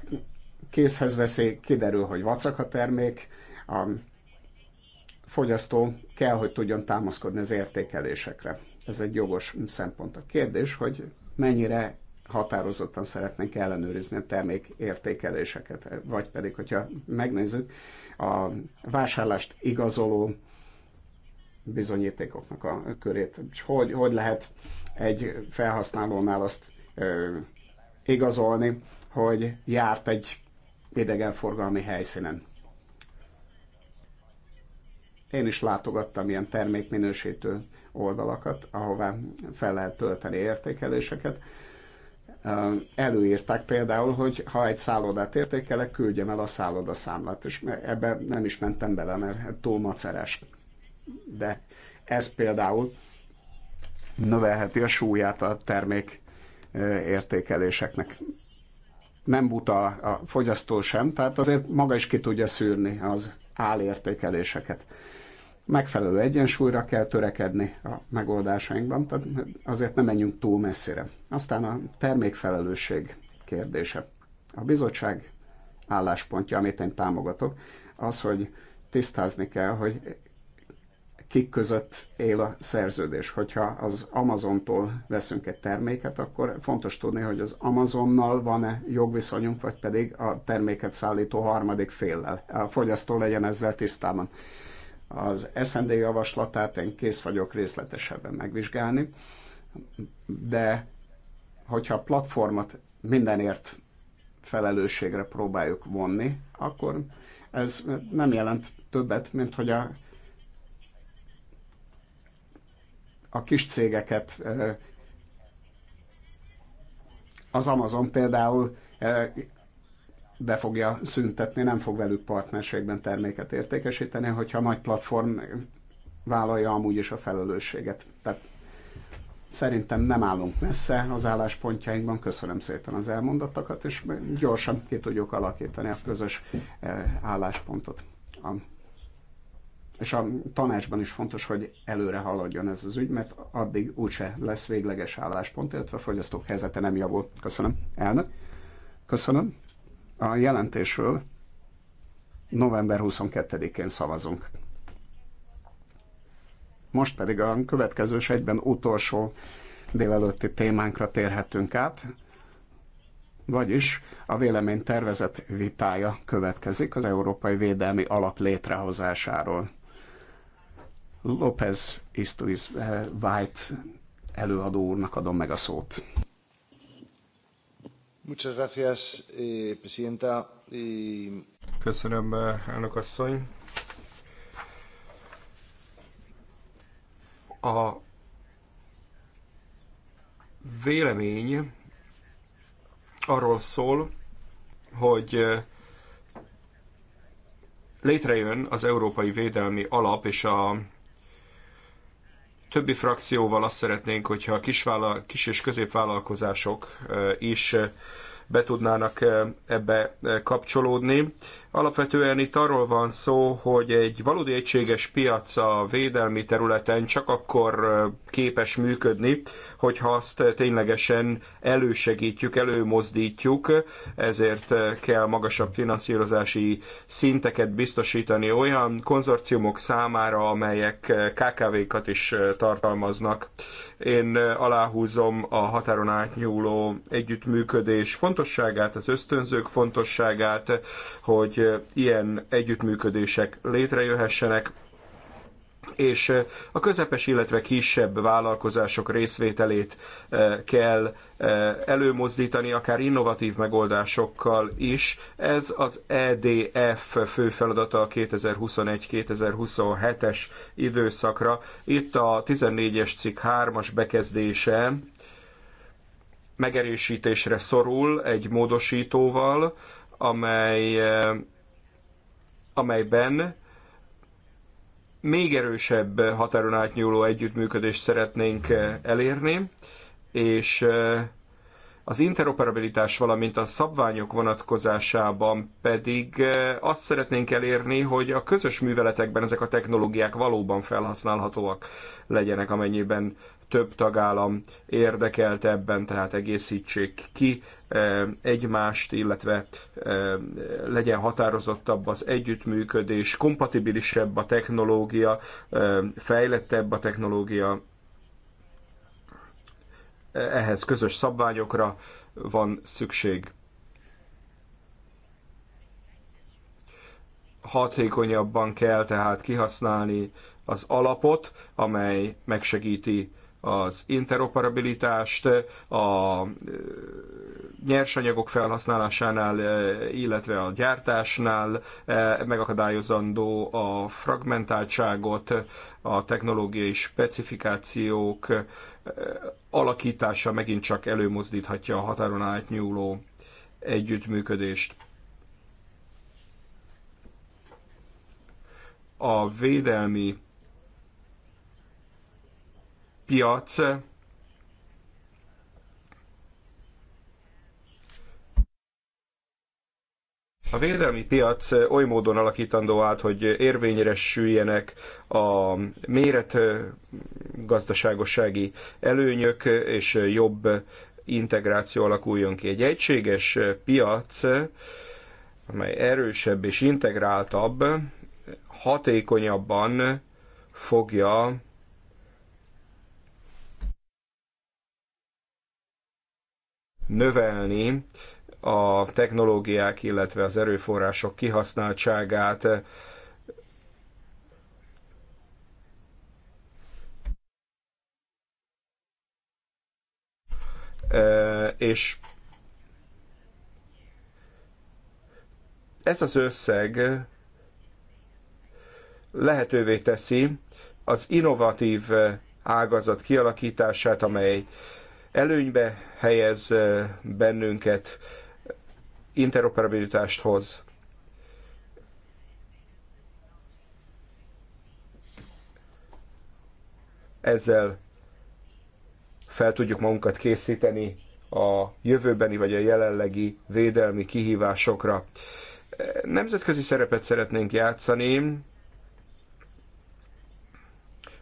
készhez veszi, kiderül, hogy vacak a termék, a fogyasztó kell, hogy tudjon támaszkodni az értékelésekre. Ez egy jogos szempont. A kérdés, hogy mennyire határozottan szeretnénk ellenőrizni a termék értékeléseket, vagy pedig, hogyha megnézzük, a vásárlást igazoló bizonyítékoknak a körét. hogy, hogy lehet egy felhasználónál azt ö, igazolni, hogy járt egy idegenforgalmi helyszínen. Én is látogattam ilyen termékminősítő oldalakat, ahová fel lehet tölteni értékeléseket. Előírták például, hogy ha egy szállodát értékelek, küldjem el a szállodaszámlát, és ebbe nem is mentem bele, mert túl maceres de ez például növelheti a súlyát a termék értékeléseknek. Nem buta a fogyasztó sem, tehát azért maga is ki tudja szűrni az álértékeléseket. Megfelelő egyensúlyra kell törekedni a megoldásainkban, tehát azért nem menjünk túl messzire. Aztán a termékfelelősség kérdése. A bizottság álláspontja, amit én támogatok, az, hogy tisztázni kell, hogy kik között él a szerződés. Hogyha az Amazontól veszünk egy terméket, akkor fontos tudni, hogy az Amazonnal van-e jogviszonyunk, vagy pedig a terméket szállító harmadik féllel. A fogyasztó legyen ezzel tisztában. Az SND javaslatát én kész vagyok részletesebben megvizsgálni, de hogyha a platformot mindenért felelősségre próbáljuk vonni, akkor ez nem jelent többet, mint hogy a a kis cégeket. Az Amazon például be fogja szüntetni, nem fog velük partnerségben terméket értékesíteni, hogyha a nagy platform vállalja amúgy is a felelősséget. Tehát szerintem nem állunk messze az álláspontjainkban. Köszönöm szépen az elmondatokat és gyorsan ki tudjuk alakítani a közös álláspontot a és a tanácsban is fontos, hogy előre haladjon ez az ügy, mert addig úgyse lesz végleges álláspont, illetve a fogyasztók helyzete nem javul. Köszönöm, elnök. Köszönöm. A jelentésről november 22-én szavazunk. Most pedig a következő egyben utolsó délelőtti témánkra térhetünk át, vagyis a vélemény vitája következik az Európai Védelmi Alap létrehozásáról. López Istuiz eh, White előadó úrnak adom meg a szót. Muchas gracias, eh, presidenta. Köszönöm, eh, elnök asszony. A vélemény arról szól, hogy létrejön az Európai Védelmi Alap és a többi frakcióval azt szeretnénk, hogyha a kisvállal, kis és középvállalkozások is be tudnának ebbe kapcsolódni. Alapvetően itt arról van szó, hogy egy valódi egységes piac a védelmi területen csak akkor képes működni, hogyha azt ténylegesen elősegítjük, előmozdítjuk, ezért kell magasabb finanszírozási szinteket biztosítani olyan konzorciumok számára, amelyek KKV-kat is tartalmaznak. Én aláhúzom a határon átnyúló együttműködés fontosságát, az ösztönzők fontosságát, hogy Eh, ilyen együttműködések létrejöhessenek, és eh, a közepes, illetve kisebb vállalkozások részvételét eh, kell előmozdítani, akár innovatív megoldásokkal is. Ez az EDF fő feladata a 2021-2027-es időszakra. Itt a 14-es cikk 3-as bekezdése megerősítésre szorul egy módosítóval, amely, eh, amelyben még erősebb határon átnyúló együttműködést szeretnénk eh, elérni, és eh, az interoperabilitás, valamint a szabványok vonatkozásában pedig azt szeretnénk elérni, hogy a közös műveletekben ezek a technológiák valóban felhasználhatóak legyenek, amennyiben több tagállam érdekelt ebben, tehát egészítsék ki e, egymást, illetve e, legyen határozottabb az együttműködés, kompatibilisebb a technológia, e, fejlettebb a technológia, ehhez közös szabványokra van szükség. Hatékonyabban kell tehát kihasználni az alapot, amely megsegíti az interoperabilitást, a nyersanyagok felhasználásánál, illetve a gyártásnál megakadályozandó a fragmentáltságot, a technológiai specifikációk alakítása megint csak előmozdíthatja a határon átnyúló együttműködést. A védelmi piac A védelmi piac oly módon alakítandó át, hogy érvényre süljenek a méret gazdaságossági előnyök, és jobb integráció alakuljon ki. Egy egységes piac, amely erősebb és integráltabb, hatékonyabban fogja növelni a technológiák, illetve az erőforrások kihasználtságát. E, és ez az összeg lehetővé teszi az innovatív ágazat kialakítását, amely előnybe helyez bennünket, interoperabilitást hoz. Ezzel fel tudjuk magunkat készíteni a jövőbeni vagy a jelenlegi védelmi kihívásokra. Nemzetközi szerepet szeretnénk játszani,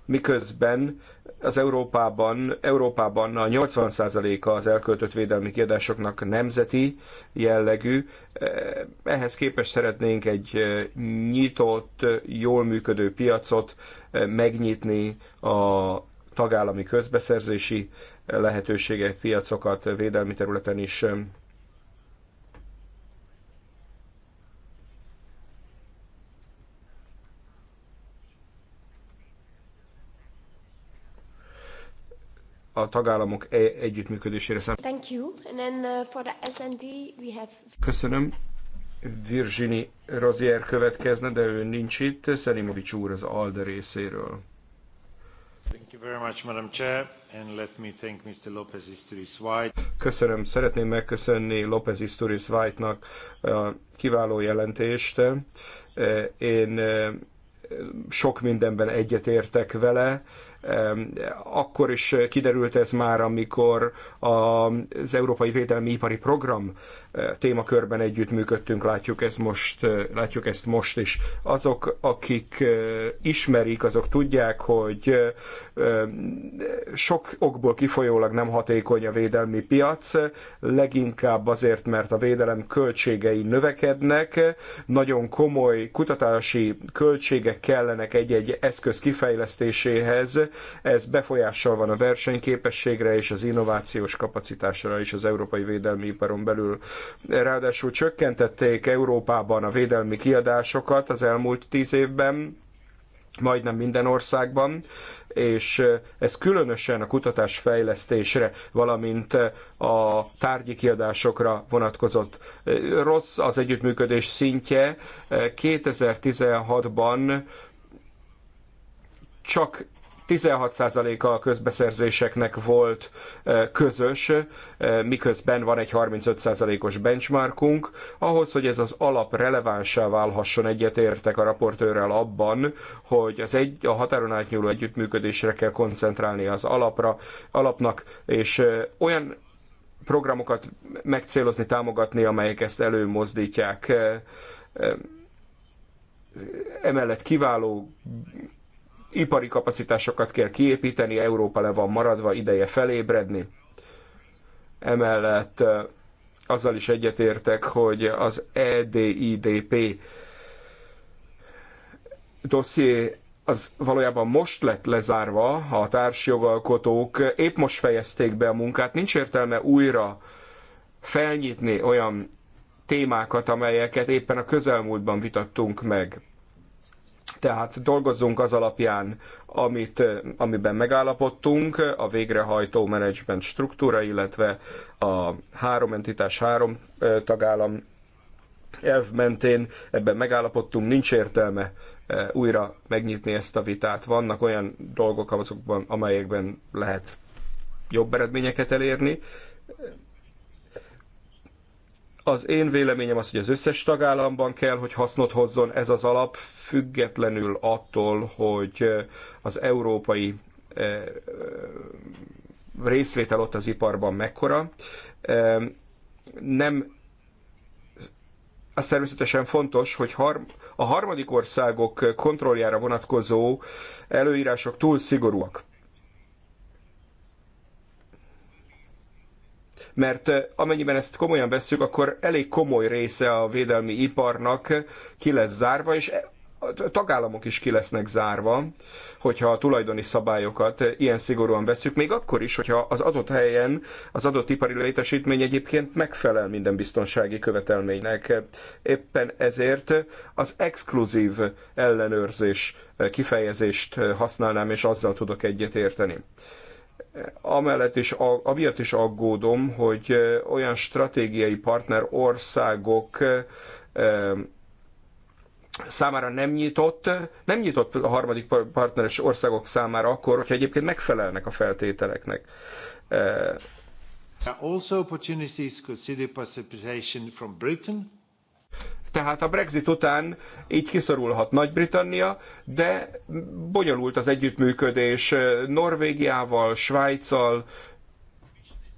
miközben az Európában, Európában a 80%-a az elköltött védelmi kiadásoknak nemzeti jellegű. Eh, ehhez képest szeretnénk egy eh, nyitott, jól működő piacot eh, megnyitni a tagállami közbeszerzési lehetőségek, piacokat védelmi területen is a tagállamok e- együttműködésére szám. Thank you. And then uh, for the SND we have... Köszönöm. Virginie Rozier következne, de ő nincs itt. Szerimovics úr az ALDE részéről. Köszönöm, szeretném megköszönni López Isturiz White-nak a kiváló jelentést. Én eh, sok mindenben egyetértek vele, akkor is kiderült ez már, amikor az Európai Védelmi Ipari Program eh, témakörben együttműködtünk, látjuk, ez most, eh, látjuk ezt most is. Azok, akik eh, ismerik, azok tudják, hogy sok okból kifolyólag nem hatékony a védelmi piac, leginkább azért, mert a védelem költségei növekednek, nagyon komoly kutatási költségek kellenek egy-egy eszköz kifejlesztéséhez, ez befolyással van a versenyképességre és az innovációs kapacitásra is az európai védelmi iparon belül. Ráadásul csökkentették Európában a védelmi kiadásokat az elmúlt tíz évben, majdnem minden országban, és ez különösen a kutatás fejlesztésre, valamint a tárgyi kiadásokra vonatkozott. Rossz az együttműködés szintje. 2016-ban csak 16%-a a közbeszerzéseknek volt e, közös, e, miközben van egy 35%-os benchmarkunk. Ahhoz, hogy ez az alap relevánsá válhasson, egyetértek a raportőrrel abban, hogy az egy, a határon átnyúló együttműködésre kell koncentrálni az alapra, alapnak, és e, olyan programokat megcélozni, támogatni, amelyek ezt előmozdítják. Emellett kiváló Ipari kapacitásokat kell kiépíteni, Európa le van maradva, ideje felébredni. Emellett azzal is egyetértek, hogy az EDIDP dosszié az valójában most lett lezárva, a társjogalkotók épp most fejezték be a munkát, nincs értelme újra felnyitni olyan témákat, amelyeket éppen a közelmúltban vitattunk meg. Tehát dolgozzunk az alapján, amit, amiben megállapodtunk, a végrehajtó menedzsment struktúra, illetve a három entitás, három tagállam elv mentén ebben megállapodtunk, nincs értelme újra megnyitni ezt a vitát. Vannak olyan dolgok azokban, amelyekben lehet jobb eredményeket elérni, az én véleményem az, hogy az összes tagállamban kell, hogy hasznot hozzon ez az alap, függetlenül attól, hogy eh, az európai eh, részvétel ott az iparban mekkora. Nem az természetesen fontos, hogy a harmadik országok kontrolljára vonatkozó előírások túl szigorúak. mert amennyiben ezt komolyan veszük, akkor elég komoly része a védelmi iparnak ki lesz zárva, és e, a tagállamok is ki lesznek zárva, hogyha a tulajdoni szabályokat ilyen szigorúan veszük, még akkor is, hogyha az adott helyen az adott ipari létesítmény egyébként megfelel minden biztonsági követelménynek. Éppen ezért az exkluzív ellenőrzés kifejezést használnám, és azzal tudok egyet érteni amellett is, amiatt is aggódom, hogy olyan stratégiai partner országok számára nem nyitott, nem nyitott a harmadik partneres országok számára akkor, hogyha egyébként megfelelnek a feltételeknek. Also opportunities the participation from Britain tehát a Brexit után így kiszorulhat Nagy-Britannia, de bonyolult az együttműködés Norvégiával, Svájccal,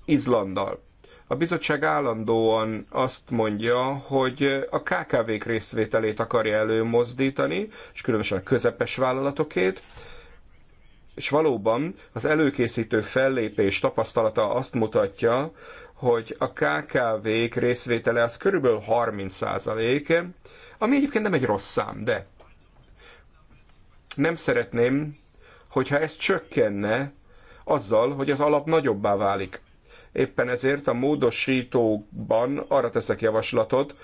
Izlanddal. A bizottság állandóan azt mondja, hogy a KKV-k részvételét akarja előmozdítani, és különösen a közepes vállalatokét, és valóban az előkészítő fellépés tapasztalata azt mutatja, hogy a KKV-k részvétele az körülbelül 30 százalék, ami egyébként nem egy rossz szám, de nem szeretném, hogyha ez csökkenne azzal, hogy az alap nagyobbá válik. Éppen ezért a módosítóban arra teszek javaslatot,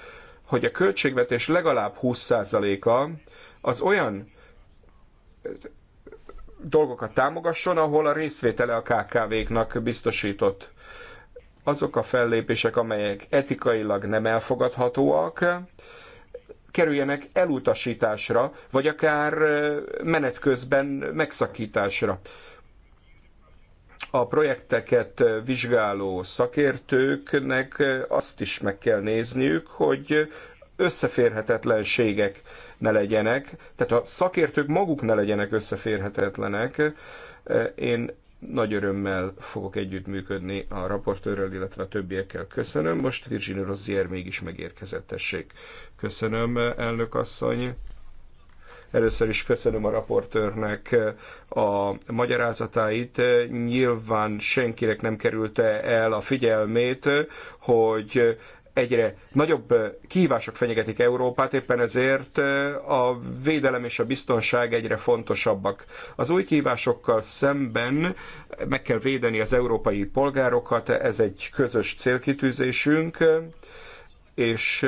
hogy a költségvetés legalább 20%-a az olyan dolgokat támogasson, ahol a részvétele a KKV-knak biztosított azok a fellépések, amelyek etikailag nem elfogadhatóak, kerüljenek elutasításra, vagy akár menet közben megszakításra. A projekteket vizsgáló szakértőknek azt is meg kell nézniük, hogy összeférhetetlenségek ne legyenek, tehát a szakértők maguk ne legyenek összeférhetetlenek. Én nagy örömmel fogok együttműködni a raportőrrel, illetve a többiekkel. Köszönöm. Most Virginia Rozier mégis megérkezett, tessék. Köszönöm, elnök asszony. Először is köszönöm a raportőrnek a magyarázatáit. Nyilván senkinek nem kerülte el a figyelmét, hogy egyre nagyobb kihívások fenyegetik Európát, éppen ezért a védelem és a biztonság egyre fontosabbak. Az új kihívásokkal szemben meg kell védeni az európai polgárokat, ez egy közös célkitűzésünk, és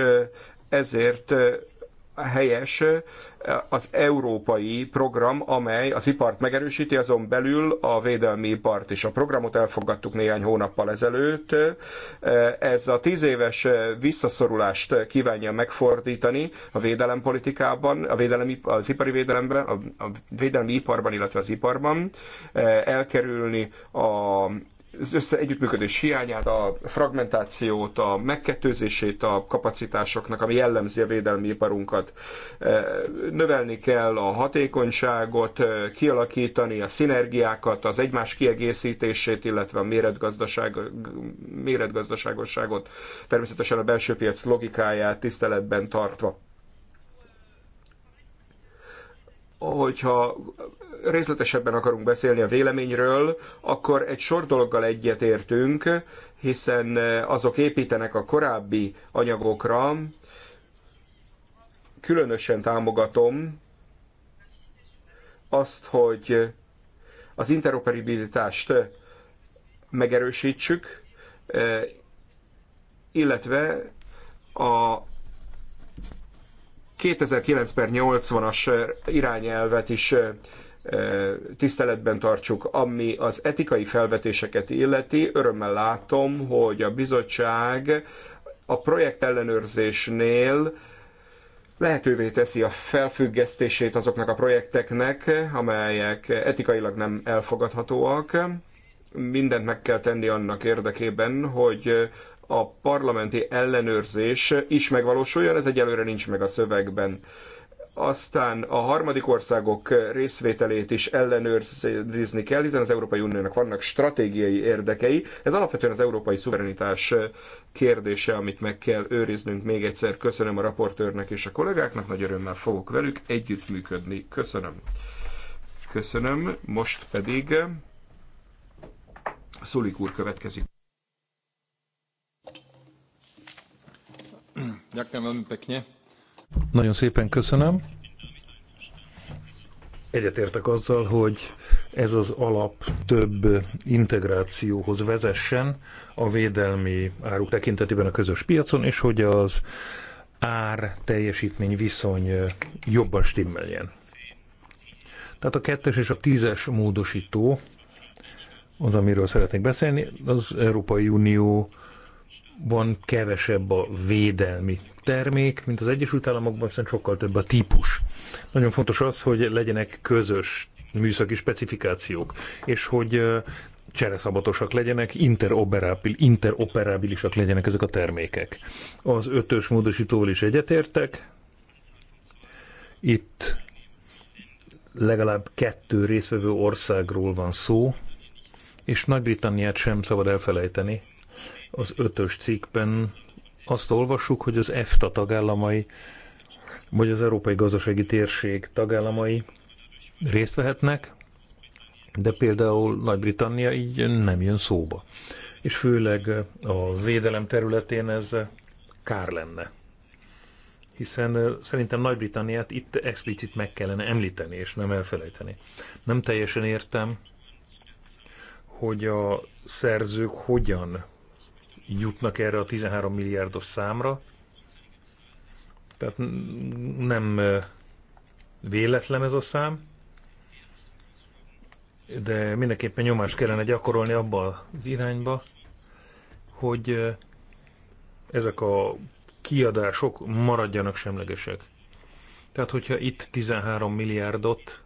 ezért helyes az európai program, amely az ipart megerősíti, azon belül a védelmi ipart is. A programot elfogadtuk néhány hónappal ezelőtt. Ez a tíz éves visszaszorulást kívánja megfordítani a védelempolitikában, a védelem, az ipari védelemben, a védelmi iparban, illetve az iparban. Elkerülni a az össze együttműködés hiányát, a fragmentációt, a megkettőzését a kapacitásoknak, ami jellemzi a védelmi iparunkat. E, növelni kell a hatékonyságot, e, kialakítani a szinergiákat, az egymás kiegészítését, illetve a méretgazdaság, méretgazdaságosságot, természetesen a belső piac logikáját tiszteletben tartva. Hogyha részletesebben akarunk beszélni a véleményről, akkor egy sor dologgal egyetértünk, hiszen azok építenek a korábbi anyagokra. Különösen támogatom azt, hogy az interoperabilitást megerősítsük, illetve a 2009 per 80-as irányelvet is tiszteletben tartsuk. Ami az etikai felvetéseket illeti, örömmel látom, hogy a bizottság a projekt ellenőrzésnél lehetővé teszi a felfüggesztését azoknak a projekteknek, amelyek etikailag nem elfogadhatóak. Mindent meg kell tenni annak érdekében, hogy a parlamenti ellenőrzés is megvalósuljon, ez egyelőre nincs meg a szövegben aztán a harmadik országok részvételét is ellenőrizni kell, hiszen az Európai Uniónak vannak stratégiai érdekei. Ez alapvetően az európai szuverenitás kérdése, amit meg kell őriznünk. Még egyszer köszönöm a raportőrnek és a kollégáknak, nagy örömmel fogok velük együttműködni. Köszönöm. Köszönöm, most pedig Szulik úr következik. Ďakujem veľmi pekne. Nagyon szépen köszönöm. Egyetértek azzal, hogy ez az alap több integrációhoz vezessen a védelmi áruk tekintetében a közös piacon, és hogy az ár teljesítmény viszony jobban stimmeljen. Tehát a kettes és a tízes módosító az, amiről szeretnék beszélni, az Európai Unió Ban kevesebb a védelmi termék, mint az Egyesült Államokban, hiszen sokkal több a típus. Nagyon fontos az, hogy legyenek közös műszaki specifikációk, és hogy csereszabatosak legyenek, interoperabil, interoperabilisak legyenek ezek a termékek. Az ötös módosítóval is egyetértek. Itt legalább kettő részvevő országról van szó, és Nagy-Britanniát sem szabad elfelejteni, az ötös cikkben azt olvassuk, hogy az EFTA tagállamai, vagy az Európai Gazdasági Térség tagállamai részt vehetnek, de például Nagy-Britannia így nem jön szóba. És főleg a védelem területén ez kár lenne. Hiszen szerintem Nagy-Britanniát itt explicit meg kellene említeni, és nem elfelejteni. Nem teljesen értem, hogy a szerzők hogyan jutnak erre a 13 milliárdos számra. Tehát nem véletlen ez a szám, de mindenképpen nyomás kellene gyakorolni abba az irányba, hogy ezek a kiadások maradjanak semlegesek. Tehát, hogyha itt 13 milliárdot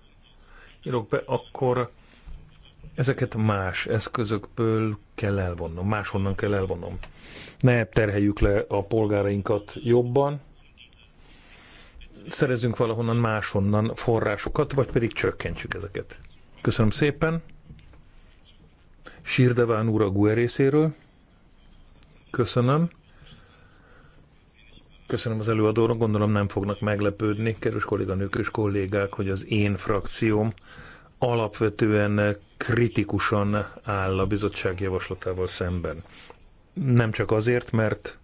írok be, akkor ezeket más eszközökből kell elvonnom, máshonnan kell elvonnom. Ne terheljük le a polgárainkat jobban, szerezünk valahonnan máshonnan forrásokat, vagy pedig csökkentsük ezeket. Köszönöm szépen. Sirdeván úr a GUE részéről. Köszönöm. Köszönöm az előadóra. gondolom nem fognak meglepődni, kedves kolléganők és kollégák, hogy az én frakcióm alapvetően kritikusan áll a bizottság javaslatával szemben. Nem csak azért, mert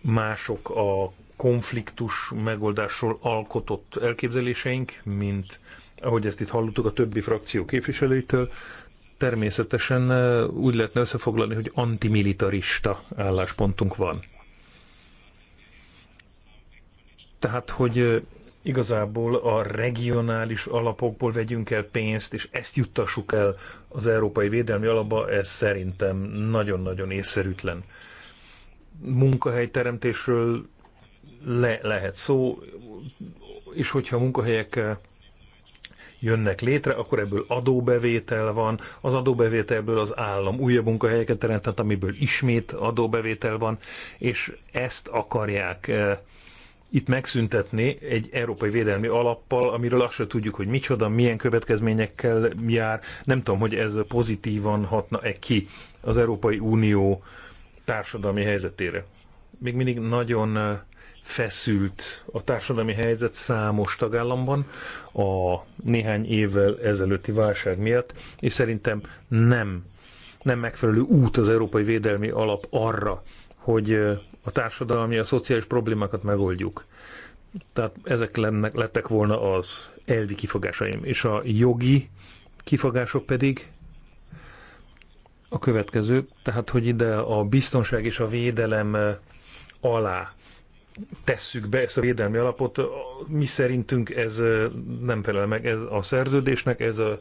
mások a konfliktus megoldásról alkotott elképzeléseink, mint ahogy ezt itt hallottuk a többi frakció képviselőitől, természetesen úgy lehetne összefoglalni, hogy antimilitarista álláspontunk van. Tehát, hogy igazából a regionális alapokból vegyünk el pénzt, és ezt juttassuk el az Európai Védelmi Alapba, ez szerintem nagyon-nagyon észszerűtlen. Munkahelyteremtésről le lehet szó, és hogyha munkahelyek jönnek létre, akkor ebből adóbevétel van, az adóbevételből az állam újabb munkahelyeket tehát amiből ismét adóbevétel van, és ezt akarják eh, itt megszüntetni egy európai védelmi alappal, amiről azt se tudjuk, hogy micsoda, milyen következményekkel jár. Nem tudom, hogy ez pozitívan hatna-e ki az Európai Unió társadalmi helyzetére. Még mindig nagyon eh, feszült a társadalmi helyzet számos tagállamban a néhány évvel ezelőtti válság miatt, és szerintem nem, nem megfelelő út az Európai Védelmi Alap arra, hogy eh, a társadalmi, a szociális problémákat megoldjuk. Tehát ezek lennek, lettek volna az elvi kifogásaim. És a jogi kifogások pedig a következő, tehát hogy ide a biztonság és a védelem eh, alá tesszük be ezt a védelmi alapot, eh, mi szerintünk ez eh, nem felel meg ez a szerződésnek, ez a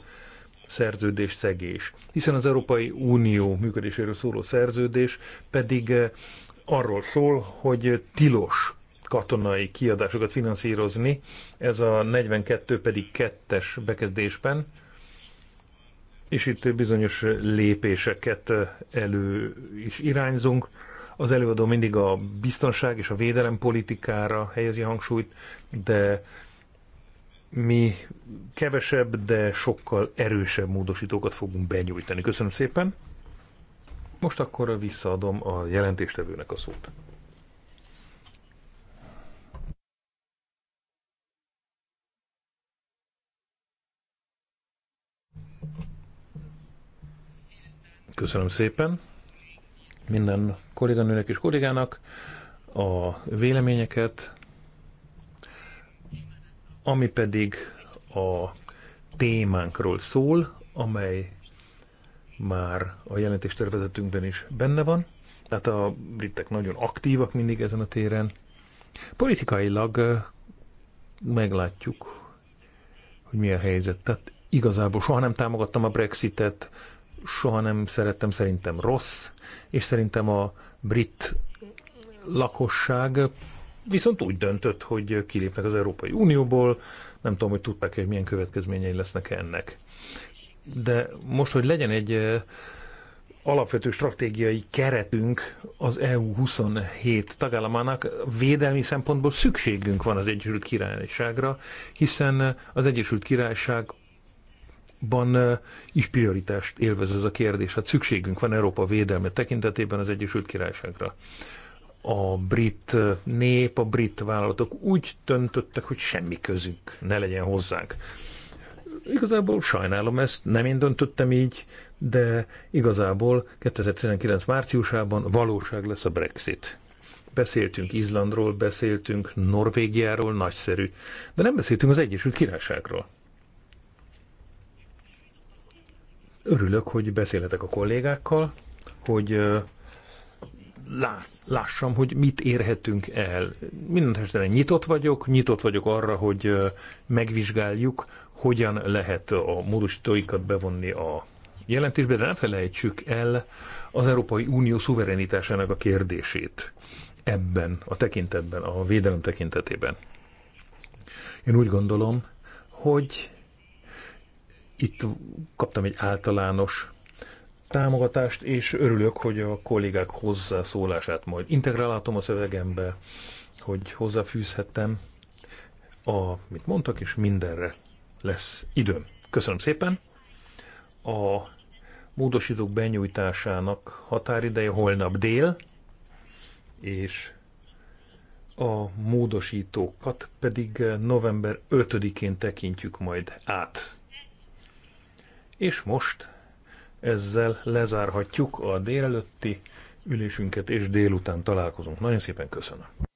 szerződés szegés. Hiszen az Európai Unió működéséről szóló szerződés pedig arról szól, hogy tilos katonai kiadásokat finanszírozni, ez a 42 pedig kettes bekezdésben, és itt bizonyos lépéseket elő is irányzunk. Az előadó mindig a biztonság és a védelem politikára helyezi hangsúlyt, de mi kevesebb, de sokkal erősebb módosítókat fogunk benyújtani. Köszönöm szépen! Most akkor visszaadom a jelentéstevőnek a szót. Köszönöm szépen minden kolléganőnek és kollégának a véleményeket, ami pedig a témánkról szól, amely már a jelentéstervezetünkben is benne van, tehát a britek nagyon aktívak mindig ezen a téren. Politikailag meglátjuk, hogy mi a helyzet. Tehát igazából soha nem támogattam a Brexitet, soha nem szerettem, szerintem rossz, és szerintem a brit lakosság viszont úgy döntött, hogy kilépnek az Európai Unióból, nem tudom, hogy tudták hogy milyen következményei lesznek ennek de most, hogy legyen egy alapvető stratégiai keretünk az EU 27 tagállamának védelmi szempontból szükségünk van az Egyesült Királyságra, hiszen az Egyesült Királyságban is prioritást élvez ez a kérdés. Hát szükségünk van Európa védelme tekintetében az Egyesült Királyságra. A brit nép, a brit vállalatok úgy döntöttek, hogy semmi közük ne legyen hozzánk. Igazából sajnálom ezt, nem én döntöttem így, de igazából 2019 márciusában valóság lesz a Brexit. Beszéltünk Izlandról, beszéltünk Norvégiáról, nagyszerű, de nem beszéltünk az Egyesült Királyságról. Örülök, hogy beszélhetek a kollégákkal, hogy lássam, hogy mit érhetünk el. Minden esetben nyitott vagyok, nyitott vagyok arra, hogy megvizsgáljuk, hogyan lehet a módosítóikat bevonni a jelentésbe, de ne felejtsük el az Európai Unió szuverenitásának a kérdését ebben a tekintetben, a védelem tekintetében. Én úgy gondolom, hogy itt kaptam egy általános támogatást, és örülök, hogy a kollégák hozzászólását majd integrálhatom a szövegembe, hogy hozzáfűzhettem a, mit mondtak, és mindenre lesz időm. Köszönöm szépen. A módosítók benyújtásának határideje holnap dél, és a módosítókat pedig november 5-én tekintjük majd át. És most ezzel lezárhatjuk a délelőtti ülésünket, és délután találkozunk. Nagyon szépen köszönöm.